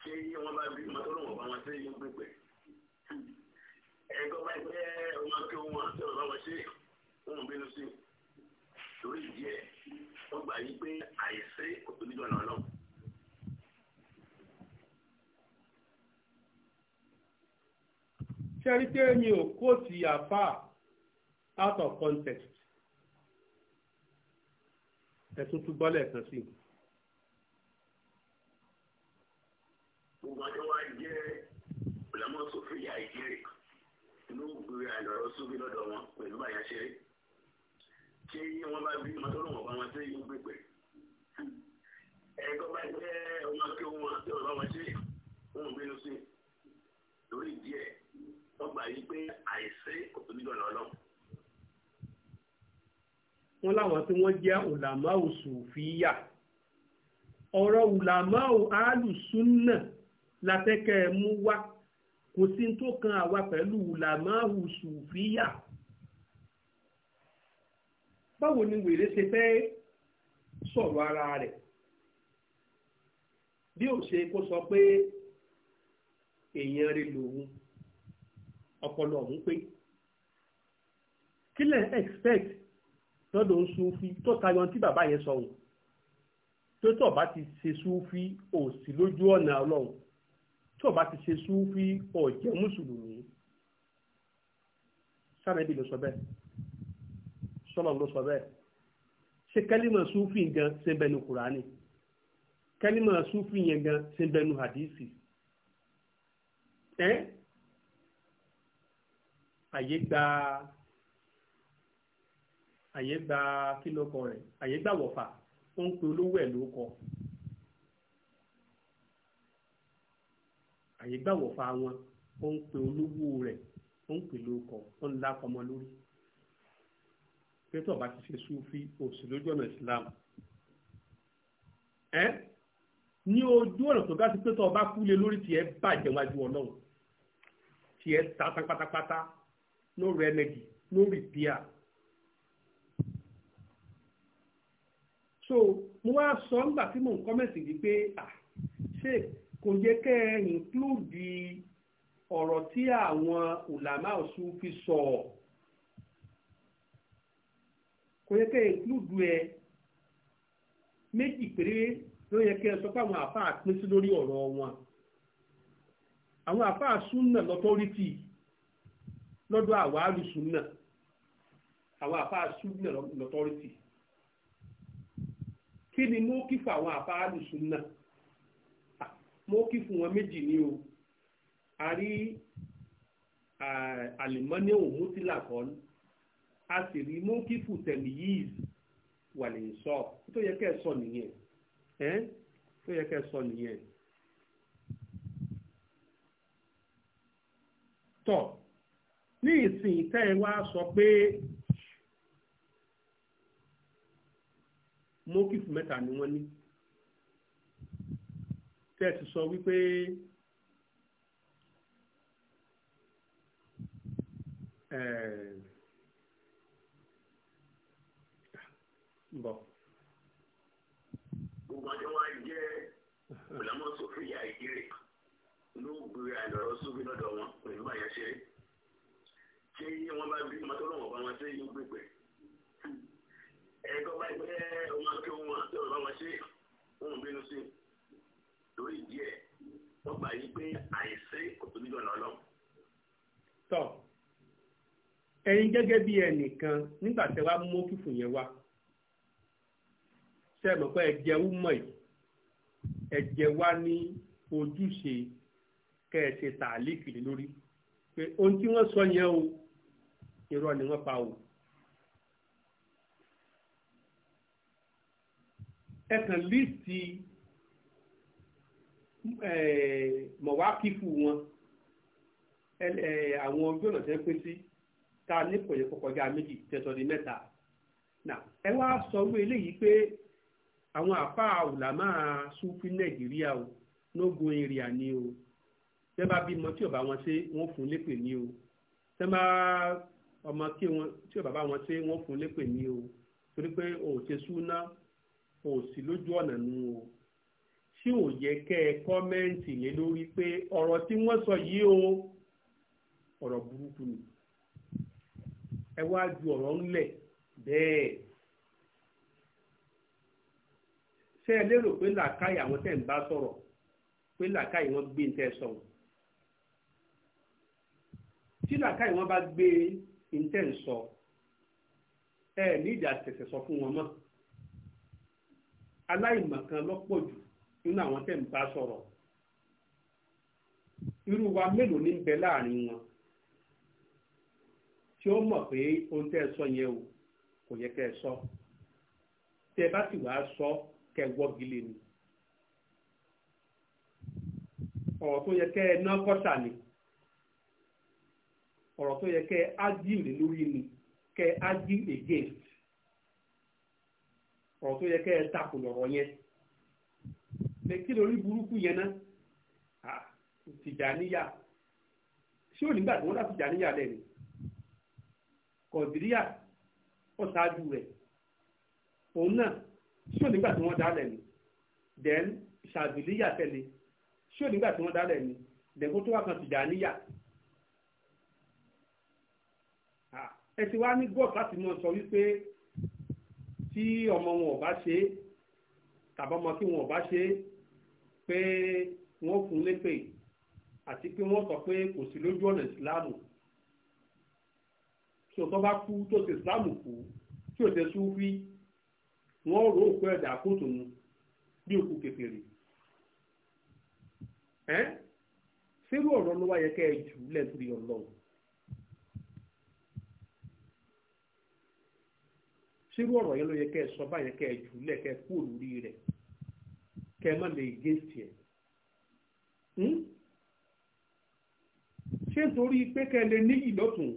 ṣé wọ́n bá bí mọ́tò lọ́wọ́ bá wọn ṣe yóò gbégbé ẹ̀kọ́ bá jẹ́ ọmọ kí wọn àti ọ̀rọ̀ wọn ṣe wọn bínú sí torí díẹ̀ wọ́n gbà yí pé àìsí kò tóbi jọ̀nà ọlọ́run. ṣe ò kóòtù àfà out of context ẹ̀sùn tún gbọ́lẹ̀ kan sí. gbogbo àjọ wa jẹ́ ìlànà sófin àìjẹ́rìí ló gbé àìlọ́rọ́ sóbi lọ́dọ̀ wọn pẹ̀lú àyà ṣeré tí wọ́n bá bí mọ́tò lọ́wọ́ bá wọn tí yóò gbègbè ẹ̀kọ́ bá jẹ́ ọmọ kí wọn tí wọ́n bá wọn ṣe wọn ò bínú sí lórí díẹ̀ wọ́n gbà yí pé àìsí kò tóbi dọ̀nà ọlọ́ wọ́n láwọn tí wọ́n jẹ́ ọ̀làmáwò sùfíyà ọ̀rọ̀ ọ̀làmáwò alùsùnà látẹ́kẹ́ mú wá kò sí tó kan àwa pẹ̀lú làmáhù sùfíyà báwo ni wèrè ṣe fẹ́ sọ̀rọ̀ ara rẹ̀ bí ó ṣe kó sọ pé èèyàn rẹ̀ lòun ọpọlọ ọ̀hún pé kílẹ̀ expect lọ́dọ̀ ń súnfí tó tayọ tí bàbá yẹn sọ òun tó tọ̀ bá ti ṣe súnfí ò lójú ọ̀nà ọlọ́run tó o bá ti ṣe súfí ọ̀jẹ̀ mùsùlùmí sànẹ́bí ló sọ bẹ́ẹ̀ sọ́nà ló sọ bẹ́ẹ̀ ṣe kẹ́límà súfì gan ṣe bẹnu kùránì kẹ́límà súfì yẹn gan ṣe bẹnu hadisi ẹ́ àyè gba àyè gba kílókọ rẹ̀ àyè gba wọ̀fà ó ń pe olówó ẹ̀ lóko. àyè gbàwọ̀fà wọn ó ń pe olówó rẹ̀ ó ń pè lóko ó ń lápọ̀ ọmọ lórí pétọ̀ bá ti ṣe súfí òsì lójú ọ̀nà Islam ẹ ní ojú ọ̀nà tó bá ti pétọ̀ bá kúlé lórí tiẹ̀ bàjẹ́ wájú ọlọ́run tiẹ̀ tata pátápátá no remedy no repair. so mo wá sọ nígbà tí mò ń kọ́mẹ̀sì wípé ah, ṣé kò jẹ́ kẹ́ ẹ ìnkúlùdì ọ̀rọ̀ tí àwọn ulama fi sọ kò yẹ kẹ́ ẹ ìnkúlùdì ẹ méjì péré ló yẹ kẹ́ ẹ sọ pé àwọn àfáà pín sí lórí ọ̀rọ̀ wọn àwọn àfáà súnà lọ́tọ́rítì lọ́dọ̀ àwọn lọ́tọ́rítì kí ni mú àwọn mo kí fún wọn méjì ní o a rí àlìmọ́ní òun mútílà kan a sì rí mo kí fún tẹ̀lé yìí wà lè sọ tó yẹ kẹ́ sọ nìyẹn ẹ́ tó yẹ kẹ́ sọ nìyẹn. tọ̀ ní ìsìn tẹ́ ẹ wá sọ pé mo kí fún mẹ́ta ni wọ́n ní tẹ́ ti sọ wípé bọ̀. gbogbo ọdún wa jẹ́ ọ̀làmọ́ sọ́fìyà ìdílé ló gbé àlọ́rọ́ sóbi lọ́dọ̀ wọn pẹ̀lú báyà ṣe é ṣé wọn bá bí ọmọ tó lọ́wọ́ bá wọn ṣe yóò gbégbé ẹ̀ẹ́dọ́gba jẹ́ ọmọ akéwọn tó lọ́wọ́ ṣe wọn bínú sí i lórí ìdí ẹ̀ wọ́n gbà yí pé àìsí kò tó níjọ́ náà lọ. tọ́ ẹ̀yin gẹ́gẹ́ bí ẹnìkan nígbà tẹ́ wá mú fífò yẹn wá ṣe é mọ̀ pé ẹ̀jẹ̀ ń mọ̀ yìí ẹ̀jẹ̀ wá ní ojúṣe kẹ́ ẹ ṣe tààlíkì lórí pé ohun tí wọ́n sọ yẹn o irọ́ ni wọ́n pa o. ẹ kàn líìsì mọ̀wákìfù wọn àwọn ojú ọ̀nà tẹ́ pín sí ta ní pòyẹ kọkọjá méjì tẹ̀sán di mẹ́ta ẹ wá sọ wí eléyìí pé àwọn àfa àwùlámà sufi nàìjíríà o lógun èrìà ni o tẹ́ bá bímọ tí ọba wọn ṣe wọ́n fún lépè ní o tẹ́ bá ọmọ kí wọn tí ọba bá wọn ṣe wọ́n fún lépè ní o torí pé o ò ṣe súná o ò sí lójú ọ̀nà nù o. tí ò yẹ kẹ́ ẹ kọ́mẹ́ǹtì lé lórí pé ọ̀rọ̀ tí wọ́n sọ yìí o ọ̀rọ̀ burúkú ni ẹ wá ju ọ̀rọ̀ ńlẹ̀ bẹ́ẹ̀ ṣé ẹ lérò pé làákàyè àwọn tẹ̀ ń bá sọ̀rọ̀ pé làákàyè wọn gbé ń tẹ́ sọ̀rọ̀ tí làákàyè wọn bá gbé ń tẹ́ ń sọ ẹ ní ìdí àtẹ̀sẹ̀ sọ fún wọn mọ́ aláìmọ̀kan lọ́pọ̀ jù nínú àwọn tẹ̀ ń bá sọ̀rọ̀ irú wa mélòó ní bẹ láàrin wọn tí ó mọ̀ pé ohun tẹ́ ẹ sọ yẹn o kò yẹ kẹ́ ẹ sọ tẹ́ ẹ bá sì wá sọ kẹ́ ẹ wọ́gi lé ni ọ̀rọ̀ tó yẹ kẹ́ ẹ ná kọ́sà ni ọ̀rọ̀ tó yẹ kẹ́ ẹ ágìlì lórí ni kẹ́ ẹ ágìlì against ọ̀rọ̀ tó yẹ kẹ́ ẹ takò lọ̀rọ̀ yẹn pé kí lórí burúkú yẹn náà tìjàníyà ṣé ò nígbà tí wọ́n dá tìjàníyà lẹ́nu kọ̀díríà ó ṣáájú rẹ̀ òun náà ṣé ò nígbà tí wọ́n dá lẹ́nu then ṣàbìlíyà tẹ̀lé ṣé ò nígbà tí wọ́n dá lẹ́nu then kó tó wá kan tìjàníyà ẹ ti wá ní god láti mọ sọ wípé tí ọmọ wọn ò bá ṣe tàbí ọmọ kí wọn ò bá ṣe pé wọ́n fún lépè àti pé wọ́n sọ pé kò sí lójú ọ̀nà ìsìláàmù tí òtọ́ bá kú tó ṣe ìsìláàmù kú tí òtẹ́ súnfí wọ́n rò ó pé ẹ̀dà kóòtù mu bí òkú kékeré ẹ́ sírú ọ̀rọ̀ ló wáyé kẹ́ ẹ jù lẹ́sìrì ọlọ́run sírú ọ̀rọ̀ yẹn ló yẹ kẹ́ ẹ sọ báyẹn kẹ́ ẹ jù lẹ́kẹ́ kú òlórí rẹ̀ kẹ́ mọ́ lè gé tiẹ̀ hmm? ṣé nítorí pé kẹ́ lè ní ìlọ́tún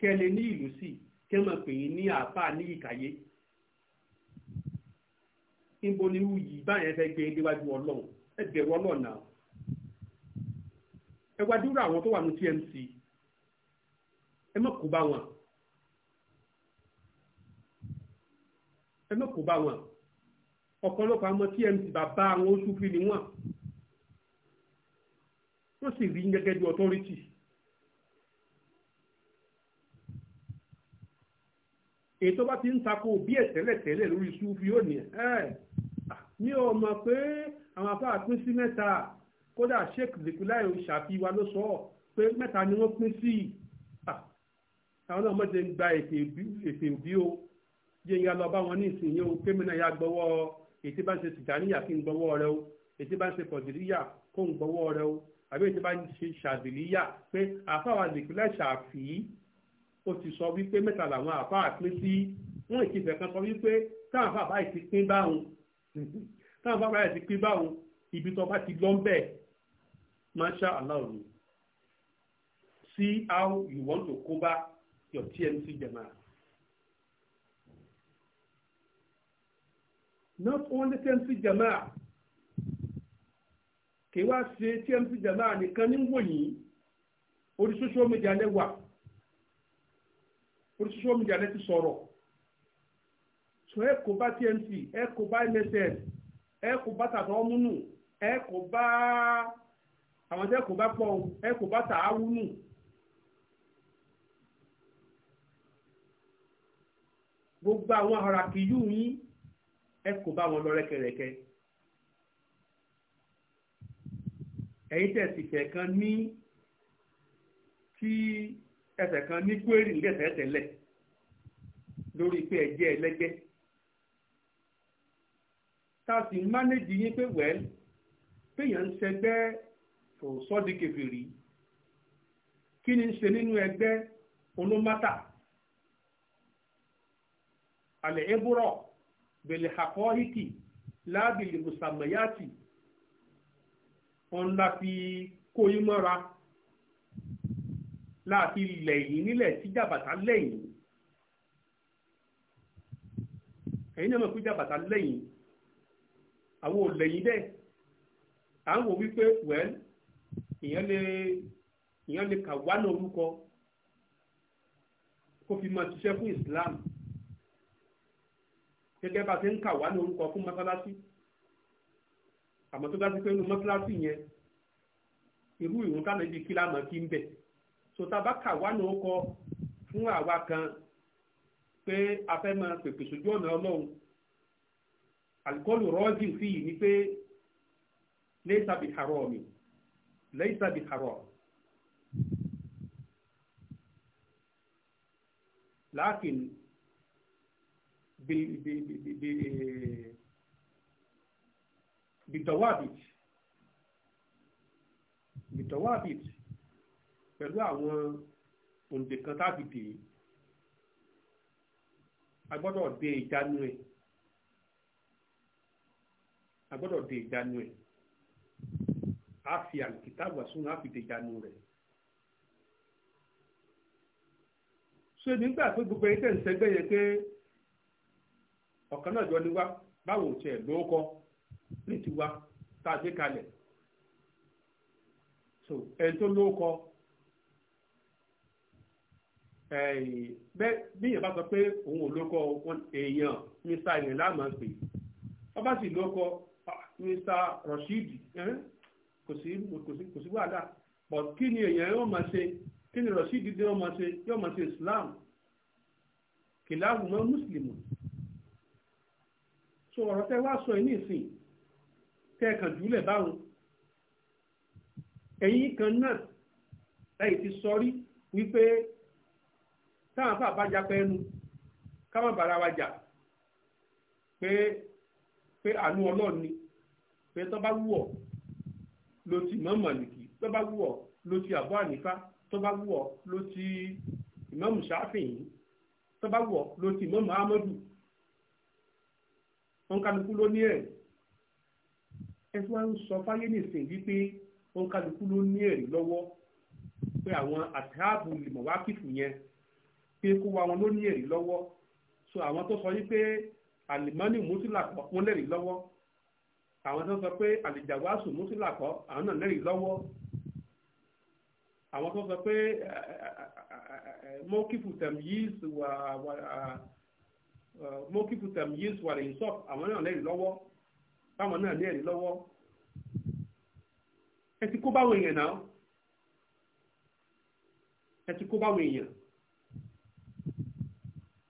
kẹ́ lè ní ìlú sí kẹ́ mọ̀ pè yín ní àpá ní ìkàyé níbo ni wù yìí báyẹn fẹ́ gbé déwájú ọlọ́run ẹ bẹ̀rù ọlọ́run náà ẹ wá dúró àwọn tó wà ní TMC ẹ mọ̀ kó bá wọn ẹ mọ̀ kó bá wọn ọ̀pọ̀lọpọ̀ àwọn TMC bàbá àwọn oṣù fi ni wọ́n wọ́n sì rí gẹ́gẹ́ bí authority. ètò bá ti ń takò bí ẹ̀ tẹ́lẹ̀tẹ́lẹ̀ lórí sufi yóò ní ẹ̀ mi ò pé àwọn afá pín sí mẹ́ta kódà sheikh zikulai ṣàfihàn ló sọ pé mẹ́ta ni wọ́n pín sí àwọn náà mọ̀jẹ̀ ń gba ètè òbí o yẹn ya lọ bá wọn ní ìsìn yẹn o kémi náà ya gbọ́wọ́ ètí bá ń ṣe tìjàníyà kí n gbọ́wọ́ rẹ o ètí bá ń ṣe kọ̀dìríyà kó n gbọ́wọ́ rẹ o àbí ètí bá ń ṣe ṣàdìríyà pé àfáwà nìpínlẹ̀ ṣàfì ó ti sọ wípé mẹ́ta làwọn àfáà pín sí wọn ìtì ìfẹ́ kan sọ wípé táwọn àfáà báyìí pín báwọn táwọn àfáà báyìí pín báwọn ibi tó bá ti lọ́ ń bẹ̀ masha allah see how you want to cover your TMC jamaah. not only TMC jamaa kì í wá jamaa nìkan ní wòyìn orí wà ti sọrọ so ẹ kò bá TMC ẹ kò bá MSN ẹ kò bá tàbí ọmúnù ẹ kò bá àwọn tẹ kò bá gbogbo àwọn yìí ẹ kò bá wọn lọ rẹ́kẹrẹ́kẹ́ ẹ̀yin tẹ̀sí fẹ̀ kan ní tí ẹsẹ̀ kan ní kwérì lẹ́sẹ̀ tẹ́lẹ̀ lórí pé ẹ̀jẹ̀ ẹlẹ́gẹ́ tá a sì mánéjì yín pé wẹ́ẹ́lì péyàn ń ṣẹgbẹ́ kò sọ́ọ́dí kẹfìrí kí ni ń ṣe nínú ẹgbẹ́ olómátà àlẹ́ ébúrọ̀ bẹ̀lẹ̀ àkọ́hìkì lábìlì mùsàmẹ́yàtì òun la fi kó yín mọ́ra láti lẹ̀yìn nílẹ̀ tí jàbàtà lẹ́yìn ẹ̀yin náà mọ̀ pé jàbàtà lẹ́yìn àwọn ò lẹ́yìn dẹ́ à ń wò wípé wẹ́l ìyẹn lè ìyẹn lè kà wá náà orúkọ kó fi máa ṣiṣẹ́ fún Islam gẹ́gẹ́ bá ti ń kà wá ní orúkọ fún mọ́sálásí àmọ́ tó dá sí pé inú mọ́sálásí yẹn irú ìrun táwọn ibi kí lámọ̀ kí ń bẹ̀ so tá a bá kà wá ní orúkọ fún àwa kan pé a fẹ́ máa pèpè sójú ọ̀nà ọlọ́run alikọ́lù rọ́ọ̀jì fi yìí ni pé lẹ́yìn sábì àrọ̀ mi lẹ́yìn sábì àrọ̀ láàkìn bidawabit bidawabit pẹ̀lú àwọn òǹdẹ̀kan tàbí dè é a gbọ́dọ̀ dé ìjánu ẹ̀ a gbọ́dọ̀ dé ìjánu ẹ̀ a fi àlùkìtàbù àsúná a fi dé ìjánu rẹ̀. ṣé nígbà pé gbogbo ẹgbẹ́ ń sẹ́gbẹ́ yẹn pé ọ̀kan náà jọ ni wá báwo tiẹ̀ ló kọ ní tiwa tá a gbé kalẹ̀ so ẹni tó ló kọ bẹ́ẹ̀ bí èèyàn bá sọ pé òun ò ló kọ èèyàn mr ìrìn láàmú pè wọ́n bá sì ló mr Rashidi kò sí kò sí wàhálà but kí ni èèyàn yóò máa ṣe kí ni Rashidi yóò máa ṣe yóò máa ṣe Islam kìláàbù mọ́ mùsùlùmí so ọ̀rọ̀ tẹ́ wá sọ ẹ̀ ní ìsìn kẹ́ẹ̀kan jùlẹ̀ báwọn ẹ̀yìn kan náà láì ti sọ rí wípé táwọn afá bá jápẹ́ ẹnu ká má wa jà pé pé àánú ọlọ́run ni pé tó bá wù ọ́ ló ti mọ́ màlìkì tó bá wù ọ́ ló ti àbọ̀ ànífá tó bá wù ló ti ìmáàmù ṣáfìyìn tó bá wù ló ti ìmáàmù ahmadu òǹkàlùkù ló ní ẹ̀rí ẹ tí wọ́n ń sọ fáyé nìsín wípé òǹkàlùkù ló ní ẹ̀rí lọ́wọ́ pé àwọn àtààbù lìmọ̀wákìfù yẹn pé kó wa wọn ló ní ẹ̀rí lọ́wọ́ so àwọn tó sọ wípé àlìmọ́nì mùsùlà kọ́ wọn lẹ́rìí lọ́wọ́ àwọn tó sọ pé àlìjàwásù mùsùlà kọ́ àwọn náà lẹ́rìí lọ́wọ́ àwọn tó sọ pé mọ́kìfù tẹ̀míyìsì wà wà mọ́kìtù tẹ̀m yéésù wà lẹ́yìn sọ́ọ̀f àwọn náà lẹ́rìí lọ́wọ́ báwọn náà lẹ́rìí lọ́wọ́ ẹ ti kó báwọn èèyàn náà ẹ ti kó báwọn èèyàn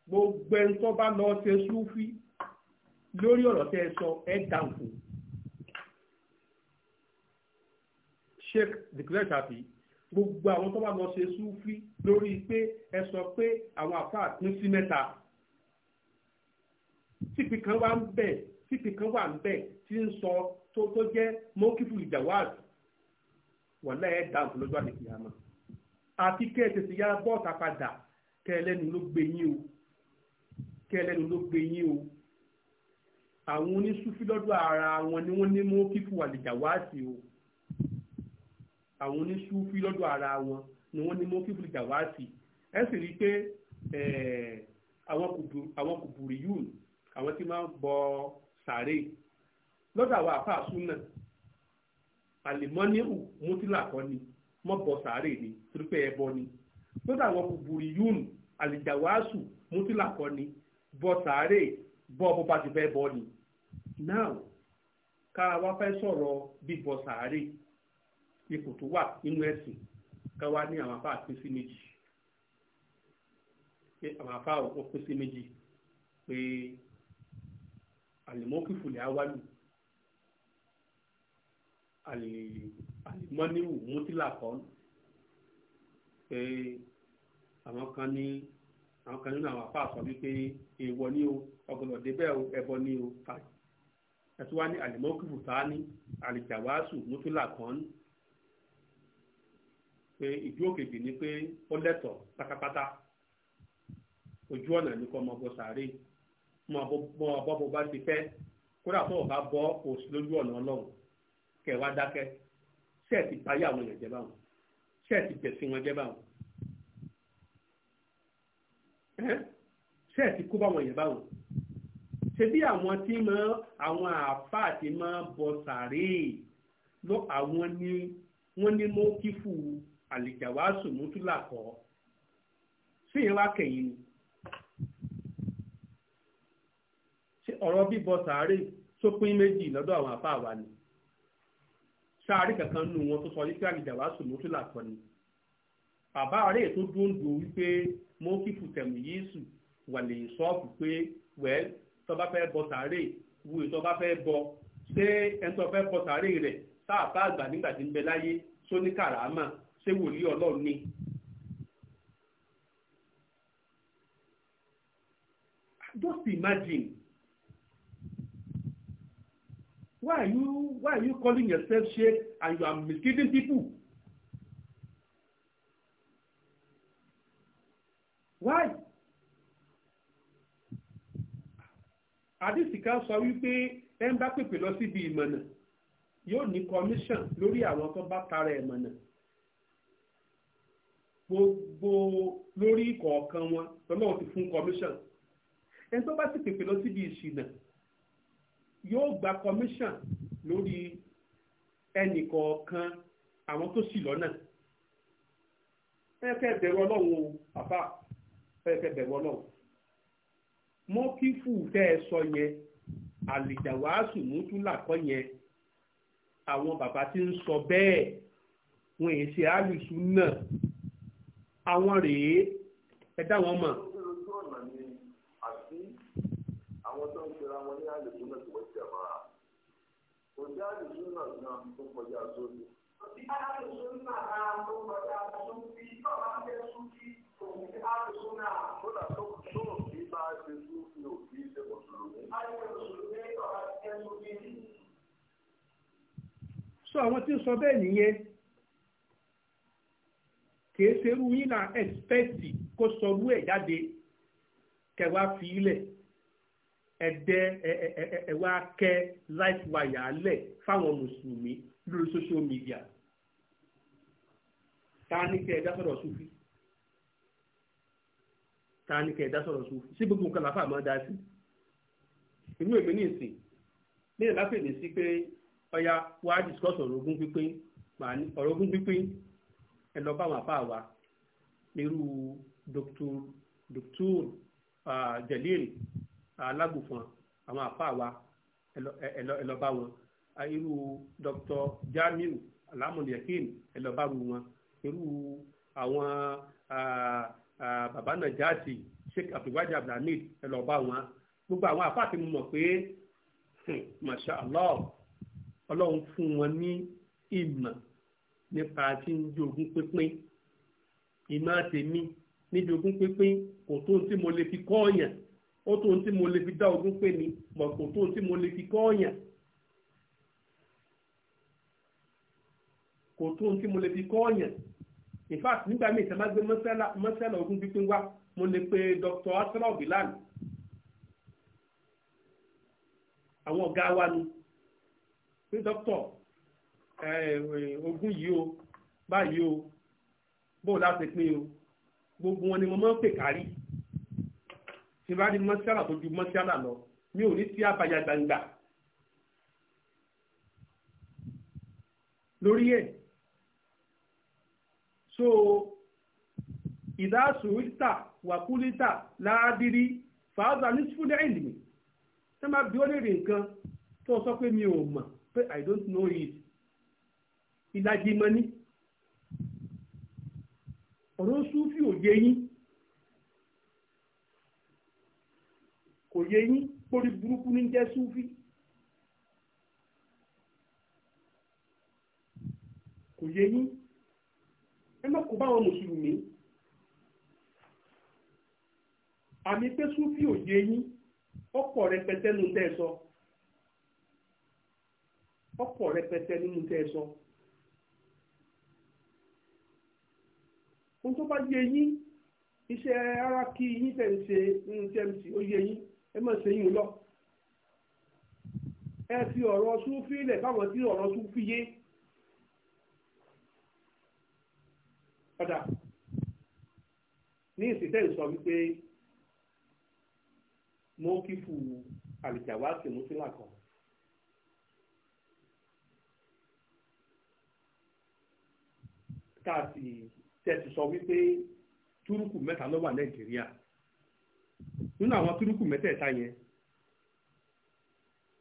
gbogbo ẹni tó bá lọ ṣe súfì lórí ọ̀rọ̀ tẹ́ ẹ sọ ẹ dáhùn fún Sheikh declare tàbí gbogbo àwọn tó bá lọ ṣe súfì lórí pé ẹ sọ pé àwọn àfáà pín sí mẹ́ta típì kan wà ń bẹ̀ típì kan wà ń bẹ̀ tí ń sọ tó tó jẹ́ mọ́kìfù ìjàwáàdì wọ́n láyé dáhùn lójú àdìsí àmọ́ àti kẹ́ ẹ tètè yá bọ́ọ̀tà padà kẹ́ ẹ lẹ́nu ló gbé yín o kẹ́ ẹ lẹ́nu ló gbé yín o àwọn onísúfí lọ́dọ̀ ara wọn ni wọ́n ní mọ́kìfù àlìjàwáàdì o àwọn onísúfí lọ́dọ̀ ara wọn ni wọ́n ní mọ́kìfù àlìjàwáàdì ẹ sì rí i pé àwọn kùbùrì yìí àwọn tí máa ń bọ sàárè lọ́dọ̀ àwọn àfa àsúnà àlìmọ́níhù mútílà kan ni mọ́ bọ sàárè ni torí pé ẹbọ ni lọ́dọ̀ àwọn kùbùrì yún àlìjàwáṣù mútílà kan ni bọ sàárè bọ bó bá ti fẹ́ bọ ni. now ká wá fẹ́ sọ̀rọ̀ bíbọ sàárè ipò tó wà nínú ẹ̀sìn ká wá ní àwọn àfa àpín sí méjì àwọn àfa òpin sí méjì pé àlìmọ́kìfùlẹ̀ awálù àlìmọ́níwù mútílàkọ́ pé àwọn kan ní àwọn kan nínú àwọn apá àsọ wípé èèwọ̀ ní o ọgbọ̀nà débẹ̀ o ẹbọ ní o fàájì ẹtú wá ní àlìmọ́kìfù tání àlìjàwásù mútílàkọ́ pé ìjú òkèkè ni pé ó lẹ́tọ̀ọ́ pátápátá ojú ọ̀nà ní kọ́ ọmọ ọgbọ́n sàárè mọ ọbọ bó bá ti fẹ́ kódà tó o bá bọ́ òsì lójú ọ̀nà ọlọ́run kẹ wá dákẹ́ ṣẹ́ẹ̀tì parí àwọn èèyàn jẹ báwọn ṣẹ́ẹ̀tì tẹ̀sí wọn jẹ báwọn ṣẹ́ẹ̀tì kó báwọn èèyàn báwọn ṣe bí àwọn tí mọ àwọn àáfàá tí mọ bọ sàréè lọ àwọn ni wọn ní mọ kífù àlìjàwá sòmútúlà kọ síyẹn wá kẹyìn ni. ọ̀rọ̀ bíbọ sàárè sópin méjì lọ́dọ̀ àwọn àpá àwa ni sàárè kankan nù wọn tó sọ wípé àlìjàwá sùnmùtú làkọ ni bàbá rẹ̀ tó dúndùn wípé mo kí fùtẹ̀mù wà lè sọ́ọ̀bù pé wẹ́ẹ́ tó fẹ́ bọ sàárè wo ìtọ́ bá fẹ́ bọ ṣé ẹni tó fẹ́ bọ sàárè rẹ̀ sáàpá àgbà nígbà tí ń bẹ láyé sóní kàràmà ṣé wòlíì ọlọ́run ni just imagine why are you why are you calling yourself sheikh and you are misleading people why àdìsíkà sọ wípé ẹ ń bá pèpè lọ síbi ìmọ̀nà yóò ní commission lórí àwọn tó bá tara ẹ̀ mọ̀nà gbogbo lórí kọ̀ọ̀kan wọn lọ́lọ́run ti fún commission ẹni tó bá sì pèpè lọ síbi ìṣìnà yóò gba commission lórí ẹnì kọ̀ọ̀kan àwọn tó ṣì lọ́nà ẹ̀kẹ́ bẹ̀rù ọlọ́run o bàbá ẹ̀kẹ́ bẹ̀rù ọlọ́run mo kí fún tẹ́ ẹ sọ yẹn àlìjàwáàsù mútúlà kọ́ yẹn àwọn bàbá tí ń sọ bẹ́ẹ̀ wọn èyí ṣe àlùsù náà àwọn rèé ẹ dá wọn mọ̀. ń pera wọn ní àlùsù náà tó wọ́n ti àmà kò sí àlùsù náà náà tó kọjá sóòlù. kò sí àlùsù náà tó kọjá sóòlù bí bàbá ń bẹ sùn kò sí àlùsù kódà tó tó òbí bá a ṣe sùn kí òbí ṣe mùsùlùmí. sọ àwọn tí ń sọ bẹ́ẹ̀ nìyẹn kìí ṣerú yín náà ẹ̀sìpẹ́ẹ̀tì kó sọ rú ẹ̀ jáde kẹwàá fi ilẹ̀. ẹdẹ ẹ wá kẹ life wire fa fáwọn mùsùlùmí lórí social media Taa nike kẹ ẹdá sufi kẹ sufi sí gbogbo nǹkan làfà máa dá sí inú èmi ní ìsìn ní ìlà pèlè sí pé ọya wá discuss ọ̀rọ̀ pínpín ọ̀rọ̀ pínpín ẹ lọ bá wọn wa Dr. Dr. Jalil alágùnfọn àwọn àfáà wa ẹ lọ bá wọn irú dr jamiu alamulyakin ẹ lọ bá ru wọn irú àwọn baba najati sheikh abdulwajid abdulhamid ẹ lọ bá wọn gbogbo àwọn àfáà ti mọ̀ pé hmm, masha allah ọlọ́run fún wọn ní ìmọ̀ nípa tí ń jogún pínpín ìmọ̀ tèmi níbi ogún pínpín kò tó ohun tí mo lè fi kọ́ ọ̀yàn ó tó ohun tí mo lè fi dá ogún pé ni mọ̀ kò tó ohun tí mo lè fi kọ́ ọ̀yàn kò tó ohun tí mo lè fi kọ́ ọ̀yàn in fact nígbà míì sẹ́má gbé mọ́sálà ogún pípín wá mo lè pe Dr. asra bilal àwọn ọ̀gá wa ni pé dókítọ̀ ogún yìí o báyìí o bóòlù àti pín o gbogbo wọn ni mo máa ń pè kárí tí bá rí mọ́sálà tó ju mọ́sálà lọ mi ò ní sí àbájá gbangba lórí ẹ̀ so ìdásùwítà wàkúlítà láàdírí fàáza ní ṣúlẹ̀ ìlìmì tí wọ́n bá bí ó lè rí nǹkan tó sọ pé mi ò mọ̀ pé i don't know it ìlàjì mọ́ ọ̀rọ̀ sùn fi òye yín. kò yé yín kórí burúkú ní jẹ́ súfì kò yé yín ẹ má kó báwọn mùsùlùmí àmì pé súfì ò yé yín ọ̀pọ̀ rẹpẹtẹ nínú tẹ́ sọ ọ̀pọ̀ rẹpẹtẹ nínú tẹ́ sọ ohun tó bá yé yín iṣẹ́ ara kí yín tẹ̀ ń ṣe nínú tẹ́ ń ṣe ó yé yín ẹ má ṣe yín lọ ẹ fi ọ̀rọ̀ súnfì lẹ̀ fáwọn tí ọ̀rọ̀ súnfì yé padà ní ìsìtẹ́ ìsọ wípé mo kí fu àlìjàwá sí mo sílà kan tá a sì tẹ̀sí sọ wípé túrùkù mẹ́ta ló wà nàìjíríà. nínú àwọn túrúkù mẹ́tẹ̀ẹ̀ta yẹn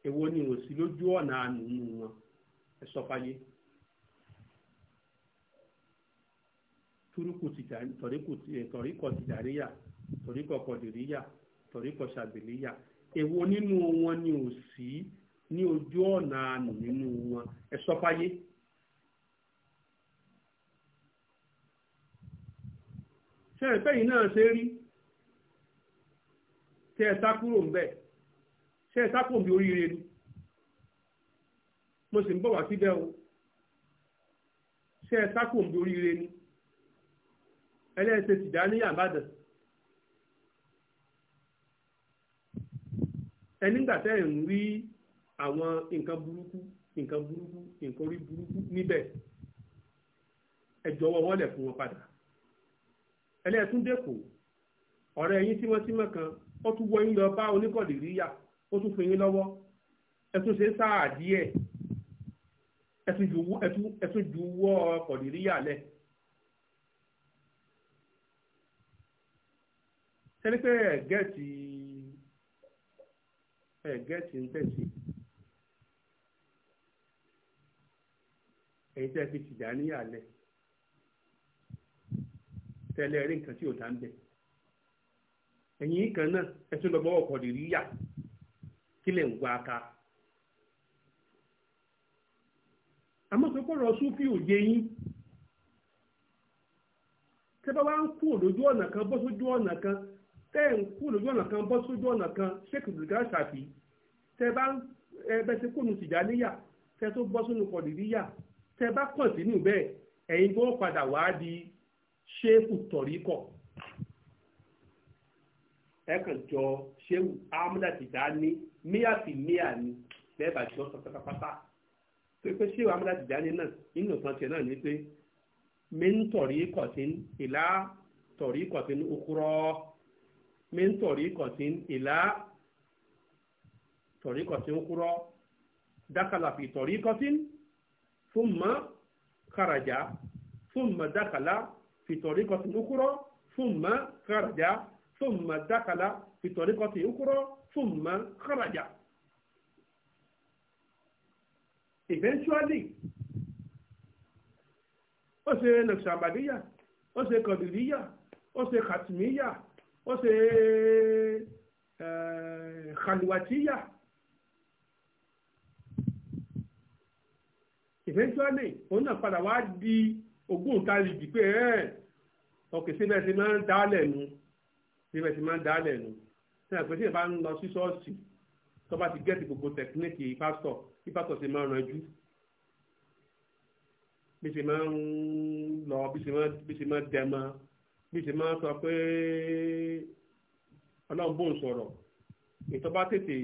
èwo ni ò sí lójú ọ̀nà àánú wọn ẹ sọ fáyé túrúkù eh, tọ̀ríkọ̀ tìjàríyà tọ̀ríkọ̀ kọ̀dìríyà tọ̀ríkọ̀ ṣàbìlíyà èwo nínú wọn ni ò sí ní ojú ọ̀nà àánú nínú wọn ẹ sọ fáyé. ṣé ẹ̀fẹ́ náà ṣe tẹ́ ẹ sá kúrò ń bẹ̀ ṣé ẹ sá kúrò bí oríire ni mo sì ń bọ̀ wá síbẹ̀ o ṣé ẹ sá kúrò bí oríire ni ẹlẹ́sẹ̀ tìjà ní àbàdàn ẹnìgbà tẹ́ ẹ̀ ń rí àwọn nǹkan burúkú nǹkan burúkú nǹkan orí burúkú níbẹ̀ ẹ jọ̀wọ́ wọ́lẹ̀ fún wọn padà ẹlẹ́ẹ̀túndẹ̀kọ̀ ọ̀rẹ́ ẹ̀yìn tí wọ́n ti mọ̀ kan ó tún wọ yín lọ bá oníkọ̀dìríyà ó tún fún yín lọ́wọ́ ẹ tún ṣe sáà díẹ̀ ẹ tún ju wọ́ kọ̀dìríyà lẹ̀. ẹni pé ẹ gẹ́ẹ̀tì ẹ gẹ́ẹ̀tì ń tẹ̀sí. ẹ̀yin tẹ́ fi tìjà ní àlẹ́ tẹ́lẹ̀ rí nǹkan tí ò dá ń bẹ̀. ẹ̀yin kan náà ẹ̀sùn lọ́gbọ́ ọkọ̀ rírí yà kí lè ń aka. àmọ́ pé òye yín tẹ́ wá ń kú ọ̀nà kan bọ́ sójú ọ̀nà kan tẹ́ ń kú lójú ọ̀nà kan bọ́ sójú ọ̀nà kan ṣéèkì bùrùkà ṣàfi tẹ́ bá ẹbẹ tí kò nu níyà tẹ́ tó bọ́ sínú kọ̀ rírí yà tẹ́ bá kọ̀ǹtínú bẹ́ẹ̀ ẹ̀yin gbọ́ padà wá di ẹ̀kan jọ ṣéwù amúdà Tìjání míyàfì míyà ni lẹ́ẹ̀bà jọ sọ pátápátá pé pé ṣéwù amúdà Tìjání náà nínú kan tiẹ̀ náà ni pé mẹ́ńtọ̀rí kọ̀tín ìlà tọ̀rí kọ̀tín okúrọ́ mẹ́ńtọ̀rí kọ̀tín ìlà tọ̀rí kọ̀tín okúrọ́ dákàlà fi tọ̀rí kọ̀tín fún mọ́ kàràjà fún mọ́ dákàlà fi kọ̀tín okúrọ́ fún mọ́ kàràjà. ثم دخل في طريقة أخرى ثم خرج eventually ó ṣe nàṣàbàdíyà ó ṣe kọ̀dìríyà ó ṣe kàtìmíyà ó ṣe eh, kàlùwàtíyà eventually òun náà padà wá di ogún òǹtarìgì pé ẹ̀ eh, ọ̀kẹ́sẹ̀ bẹ́ẹ̀ ṣe máa dálẹ̀ nu síbẹ̀ ti máa ń dálẹ̀ nù sẹ́yìn pé tí ìbá ń lọ sí ṣọ́ọ̀ṣì tó bá ti gẹ́ẹ̀tì gbogbo tẹ̀kíníkì pásítọ̀ kí pásítọ̀ sì máa rànjú bí ṣe máa ń lọ bí ṣe máa dẹmọ bí ṣe máa sọ pé ọlọ́run bò ń sọ̀rọ̀ ìtọ́ bá tètè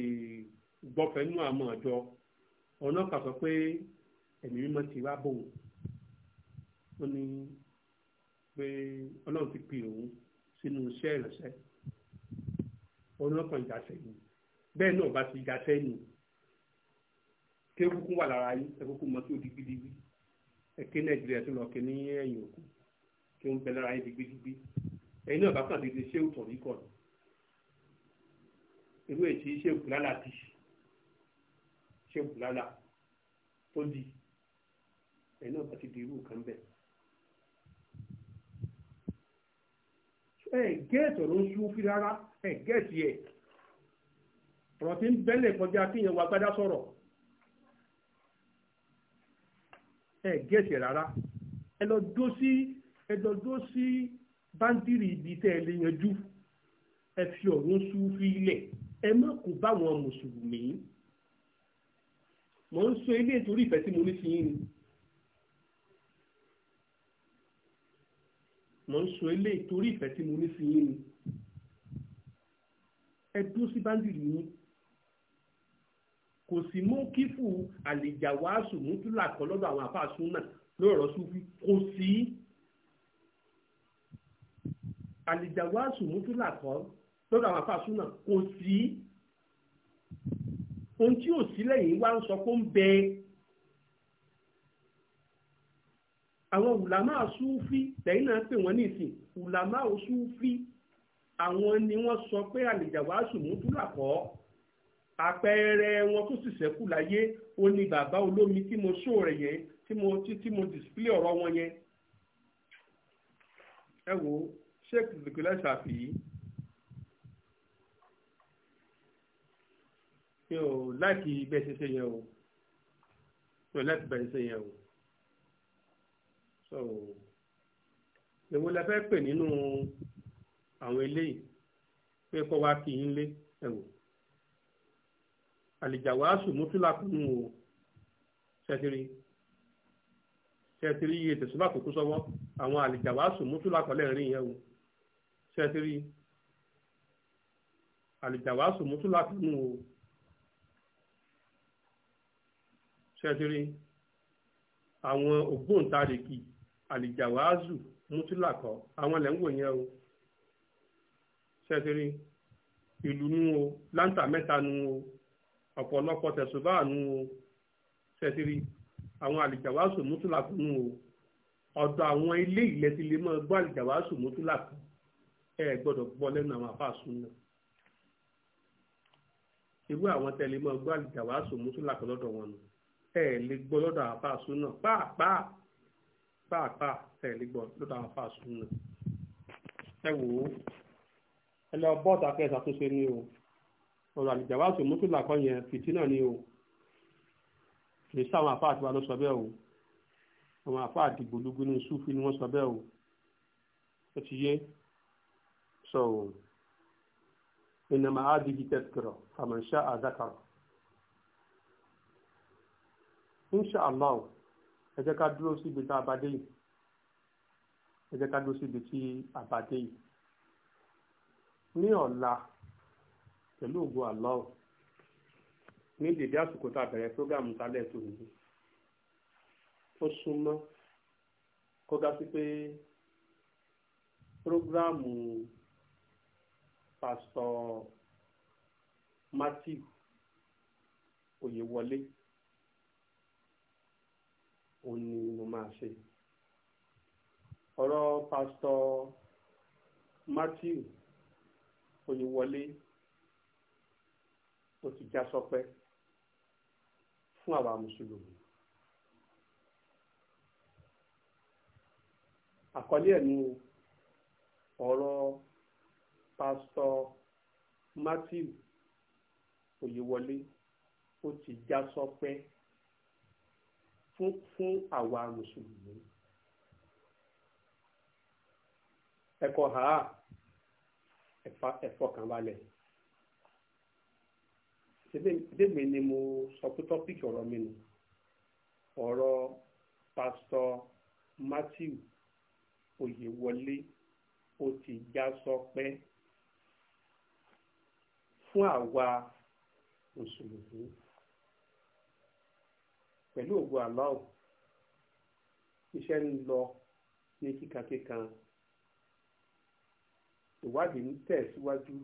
gbọ́fẹ́ nínú àmọ́ ọ̀jọ́ ọ̀nà kan sọ pé ẹ̀mí mímọ́ ti wá bò ó ní pé ọlọ́run ti pè òun sínú iṣẹ́ ìránṣẹ́ olókàn ìjàsẹ́ ni bẹ́ẹ̀ náà bá ti ìjàsẹ́ ni kéwùkún wà lára yín ẹkùnkùn mọ́ tí ó di gidigidi ẹ̀kẹ́ nàìjíríà tó lọ́ọ́ kẹ́ ní ẹ̀yìn òkú kí wọ́n bẹ lára yín di gidigidi ẹ̀yin náà bá kàn dédé ṣé òtọ̀ rí kọ̀ irú èsì ṣé òkúlálà di ṣé òkúlálà tó di ẹ̀yin náà bá ti di irú kan bẹ́ẹ̀. ẹ̀ gẹ́ẹ̀tì ọ̀rọ̀ ń sún fi rárá ẹ̀ gẹ́ẹ̀tì ẹ̀ ọ̀rọ̀ tí ń bẹ́lẹ̀ kọjá kí yẹn wà gbádá sọ̀rọ̀ ẹ̀ gẹ́ẹ̀tì rárá ẹ lọ dó sí ẹ lọ dó sí báńdìrì ibi tẹ́ ẹ lè yanjú ẹ fi ọ̀rọ̀ ń sún fi ilẹ̀ ẹ má kó báwọn mùsùlùmí mò ń sọ ilé nítorí ìfẹ́ tí mo ní sí yín ni. mò ń sọ eléyìí torí ìfẹ́ tí mo ní sí yín ni ẹ dúró sí báńdìrì yín kò sì mú kífù àlèjà wàásù mútúlà kan lọ́dọ̀ àwọn àfáàsùn náà lóòrọ̀ súnfí kò sí àlèjà wàásù mútúlà kan lọ́dọ̀ àwọn àfáàsùn náà kò sí ohun tí ò sí lẹ́yìn wá ń sọ pé ó ń bẹ́ẹ̀. àwọn ulama sufi lẹ́yìn náà pè wọ́n ní ìsìn ulama sufi àwọn ni wọ́n sọ pé àlìjàwáṣù mútúlà kọ́ àpẹẹrẹ wọn tó sì ṣẹ́kù láyé ó ní bàbá olómi tí mo ṣó rẹ̀ yẹn tí mo tí mo display ọ̀rọ̀ wọn yẹn ẹ wo sheikh zikilẹ ṣàfihì mi ò láìkí bẹ́ẹ̀ ṣe ṣe yẹn o mi ò láìkí bẹ́ẹ̀ ṣe ṣe yẹn o so èwo la fẹ́ pè nínú àwọn eléyìí pé kọ́ wa kì í lé ẹ̀wò àlìjàwáṣù mọ́túlá kùnú o ṣẹ́tìrì ṣẹ́tìrì iye tẹ̀sùbà kókó sọ́wọ́ àwọn àlìjàwáṣù mọ́túlá kọ́lẹ̀ rìn yẹn o ṣẹ́tìrì àlìjàwáṣù mọ́túlá kùnú o ṣẹ́tìrì àwọn ògbóǹtarìkì Alijawazu mútúlàkọ àwọn ilẹ̀ ń wò yẹn o ṣẹ́tìrì ìlú nu o láǹtà mẹ́ta nu o ọ̀pọ̀lọpọ̀ tẹ̀sùbá nu o ṣẹ́tìrì àwọn àlìjàwáàzù mútúlàkọ nu o ọ̀dọ̀ àwọn ilé ilẹ̀ ti lè máa gbọ́ àlìjàwáàzù mútúlàkọ ẹ gbọ́dọ̀ gbọ́ lẹ́nu àwọn àfáàsùn náà irú àwọn tẹ̀lé máa gbọ́ àlìjàwáàzù mútúlàkọ lọ́dọ̀ wọn nù ẹ lè gbọ́ lọ́dọ̀ àfáàsùn náà pàápàá pàápàá tẹ̀lé gbọ́ ló dáhùn fà sùn nù ẹ wò ó ẹ lọ bọ́ọ̀tà kẹ́ ẹ ṣàtúnṣe ni o ọ̀rọ̀ àlìjàwá tó mú tó làkọ́ yẹn fìtínà ni o kì í sáwọn àfáà tiwa ló sọ bẹ́ẹ̀ o àwọn àfáà dìgbòlugu ní sùfì ni wọ́n sọ bẹ́ẹ̀ o ẹ ti yé sọ o ìnàmà ádìgì tẹ̀síkìrọ̀ àmọ̀ ṣá àdákàrọ̀ inṣàlá o ẹ jẹ́ ká dúró síbi tá a bá dé yìí ẹ ká dúró síbi tí a bá dé yìí ní ọ̀la pẹ̀lú ògo Allah ní dèdè àsìkò tá a bẹ̀rẹ̀ prógámù tálẹ̀ tó nìyí ó súnmọ́ kó ga sí pé prógrámù pásítọ̀ Matthew Oyèwọlé òun ni mo máa ṣe ọ̀rọ̀ pásítọ̀ Matthew Oyèwọlé ó ti já sọpẹ́ fún àwa mùsùlùmí àkọlé ẹ̀ ní ọ̀rọ̀ pásítọ̀ Matthew Oyèwọlé ó ti já sọpẹ́. So fún fún àwa mùsùlùmí ẹ̀kọ́ ha ẹ̀fọ́ kan balẹ̀ débè ni mo sọ pé tọ́pìkì ọ̀rọ̀ mi nù ọ̀rọ̀ pásítọ̀ Matthew Oyèwọlé o ti já sọpẹ́ fún àwa mùsùlùmí pẹ̀lú ògo aláwọ̀ iṣẹ́ ń lọ ní kíkankíkan ìwádìí ń tẹ̀síwájú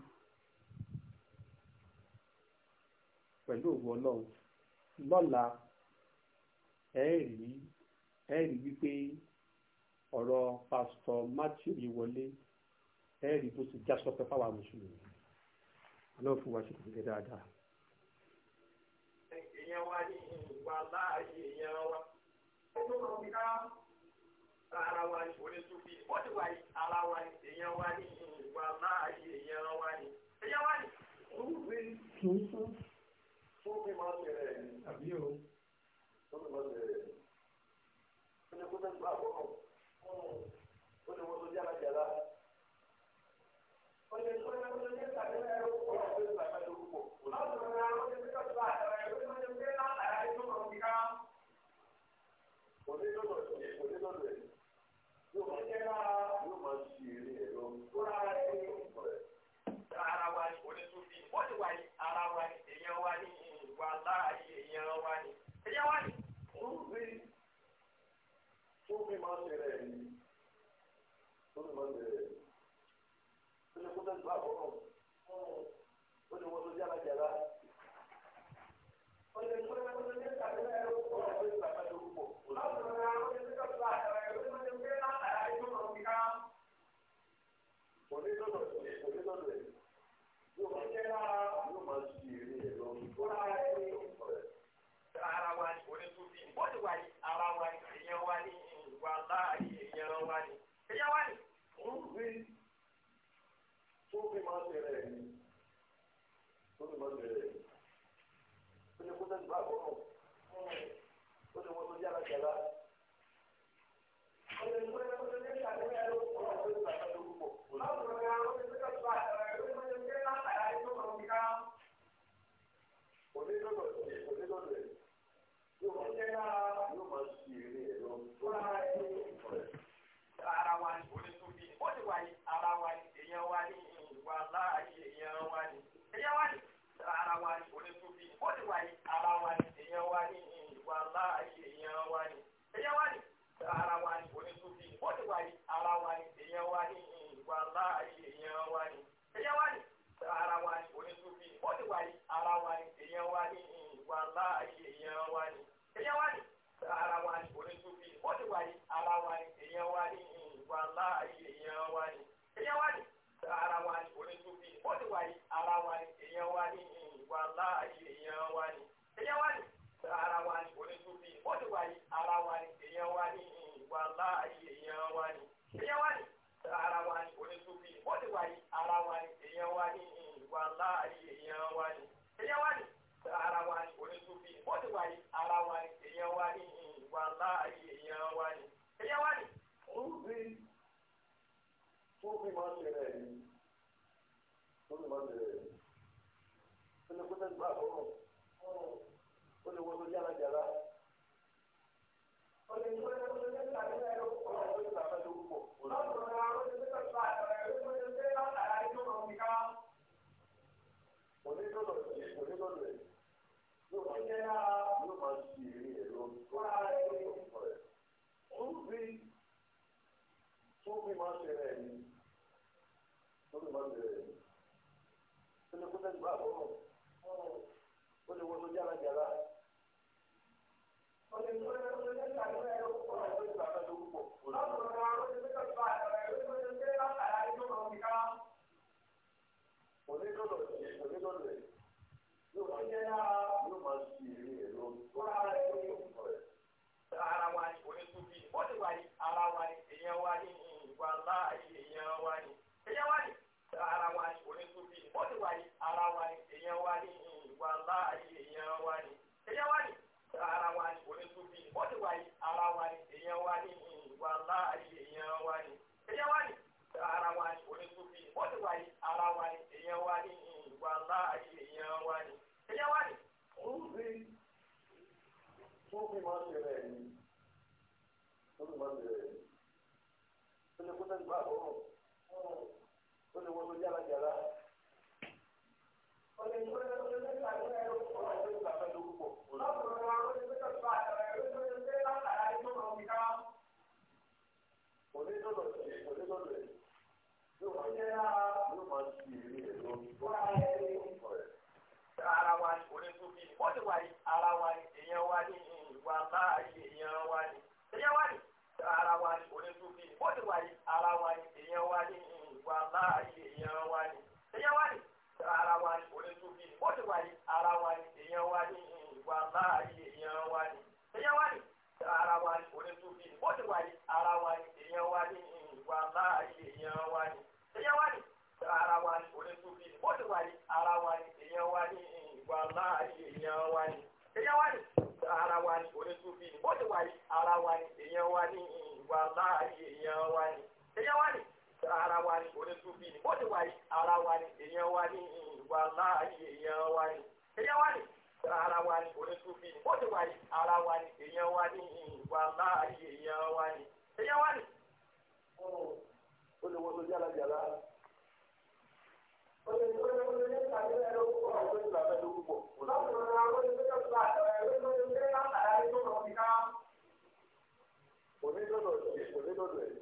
pẹ̀lú ògo ọlọ́run lọ́la ẹ rí ẹ rí wípé ọ̀rọ̀ pásítọ̀ Matthew yìí wọlé ẹ rí bó ti já sọ́pẹ́ fáwọn mùsùlùmí ọlọ́run fún wa ṣe kò fi dáadáa. ìyẹn wá ní pàlà ayé yẹn wa ẹjọ́ kan fi ká ara wa ni onísùfì ó ti wà ara wa ni èèyàn wa ni ìwà láàyè èèyàn wa ni èèyàn wa ni. olùgbé kìí fún. fún mi máa ń bẹ̀rẹ̀ àbí o. fún mi máa ń bẹ̀rẹ̀ ẹ̀. ó ní gbà bọ́. lọ́dọ̀ rẹ̀ lọ́dọ̀ rẹ̀. Lòkè jẹ́ lára tó fi máa ń ṣẹlẹ̀ yìí tó fi máa ń ṣẹlẹ̀ yìí tó lè kó sẹ́ni bá àbọ̀rọ̀ tó lè wọ́n tó yára yára. ọ̀sẹ̀ ìgbẹ́ lọ́sọ̀rọ̀ ní ìgbà tó ń bá ẹ̀rọ ìgbà pẹ̀lú púpọ̀. lọ́sọ̀rọ̀ ló ti ṣe yóò máa ṣe ìrírí ẹ̀ lọ. ara wa wọ́n ti wà yí ara ààyè èèyàn wa ni èèyàn wa ni ara wa ni òní tó bí ó ti wà ní ara wa ni èèyàn wa ni ìwà láàyè èèyàn wa ni èèyàn wa ni ara wa ni òní tó bí ó ti wà ní ara wa ni èèyàn wa ni ìwà láàyè èèyàn wa ni èèyàn wa ni ara wa ni òní tó bí ó ti wà ní ara wa ni èèyàn wa ni ìwà láàyè èèyàn wa ni èèyàn wa ni ara wa ni òní tó bí ó ti wà ní ara wa ni èèyàn wa ni ìwà láàyè èèyàn wa ni èèyàn wa ni. ara wa ni onísùnfì ni bó ti wà yìí ara wa ni èèyàn wa ni ìwà láàyè èèyàn wa ni èèyàn wa ni ara wa ni ni bó ti wà yìí ara wa ni èèyàn wa ni ìwà láàyè èèyàn wa ni èèyàn wa ni. ó lè wọ́n lójú alájàlá. alájàlá. ó lè wọ́n lójú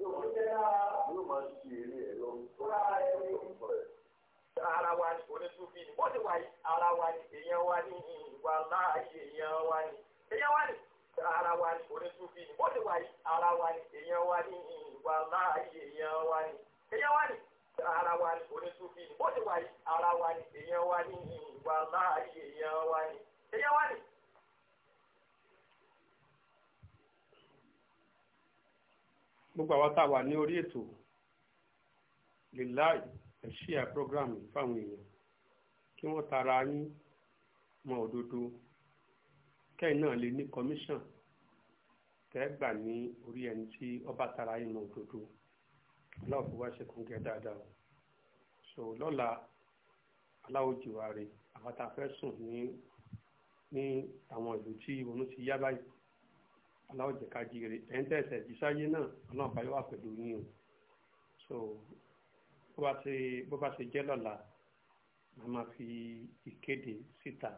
yóò jẹ́ lára yóò máa ṣe eré ẹ̀ lọ. fúnra ẹ̀ ní ara wa ni onítúbí ni bóde wà yìí ara wa ni èèyàn wa ni ìwà láàyè èèyàn wa ni èèyàn wa ni ara wa ni ara wa ni èèyàn wa ni ìwà láàyè èèyàn wa ni èèyàn wa ni. gbogbo àwọn tá a wà ní orí ètò lè láì ẹ̀ ṣíà program fáwọn èèyàn kí wọ́n tara yín mọ òdodo kẹ́yìn náà lè ní commission tẹ́ ní orí ẹni tí ọba tara yín mọ òdodo aláwọ̀ fi wá ṣẹkùn gẹ́ dáadáa o so lọ́la aláwọ̀ jìwà rè àwọn tá a fẹ́ sùn ní ní àwọn ìlú tí oorun ti yá báyìí aláwọ̀ jẹ́ ká jíire ẹ̀ńtẹ̀ẹ̀sẹ̀ ìsáyé náà ọlọ́run bá yọ wà pẹ̀lú yín o so bó bá ṣe jẹ́ lọ́la màá máa fi ìkéde síta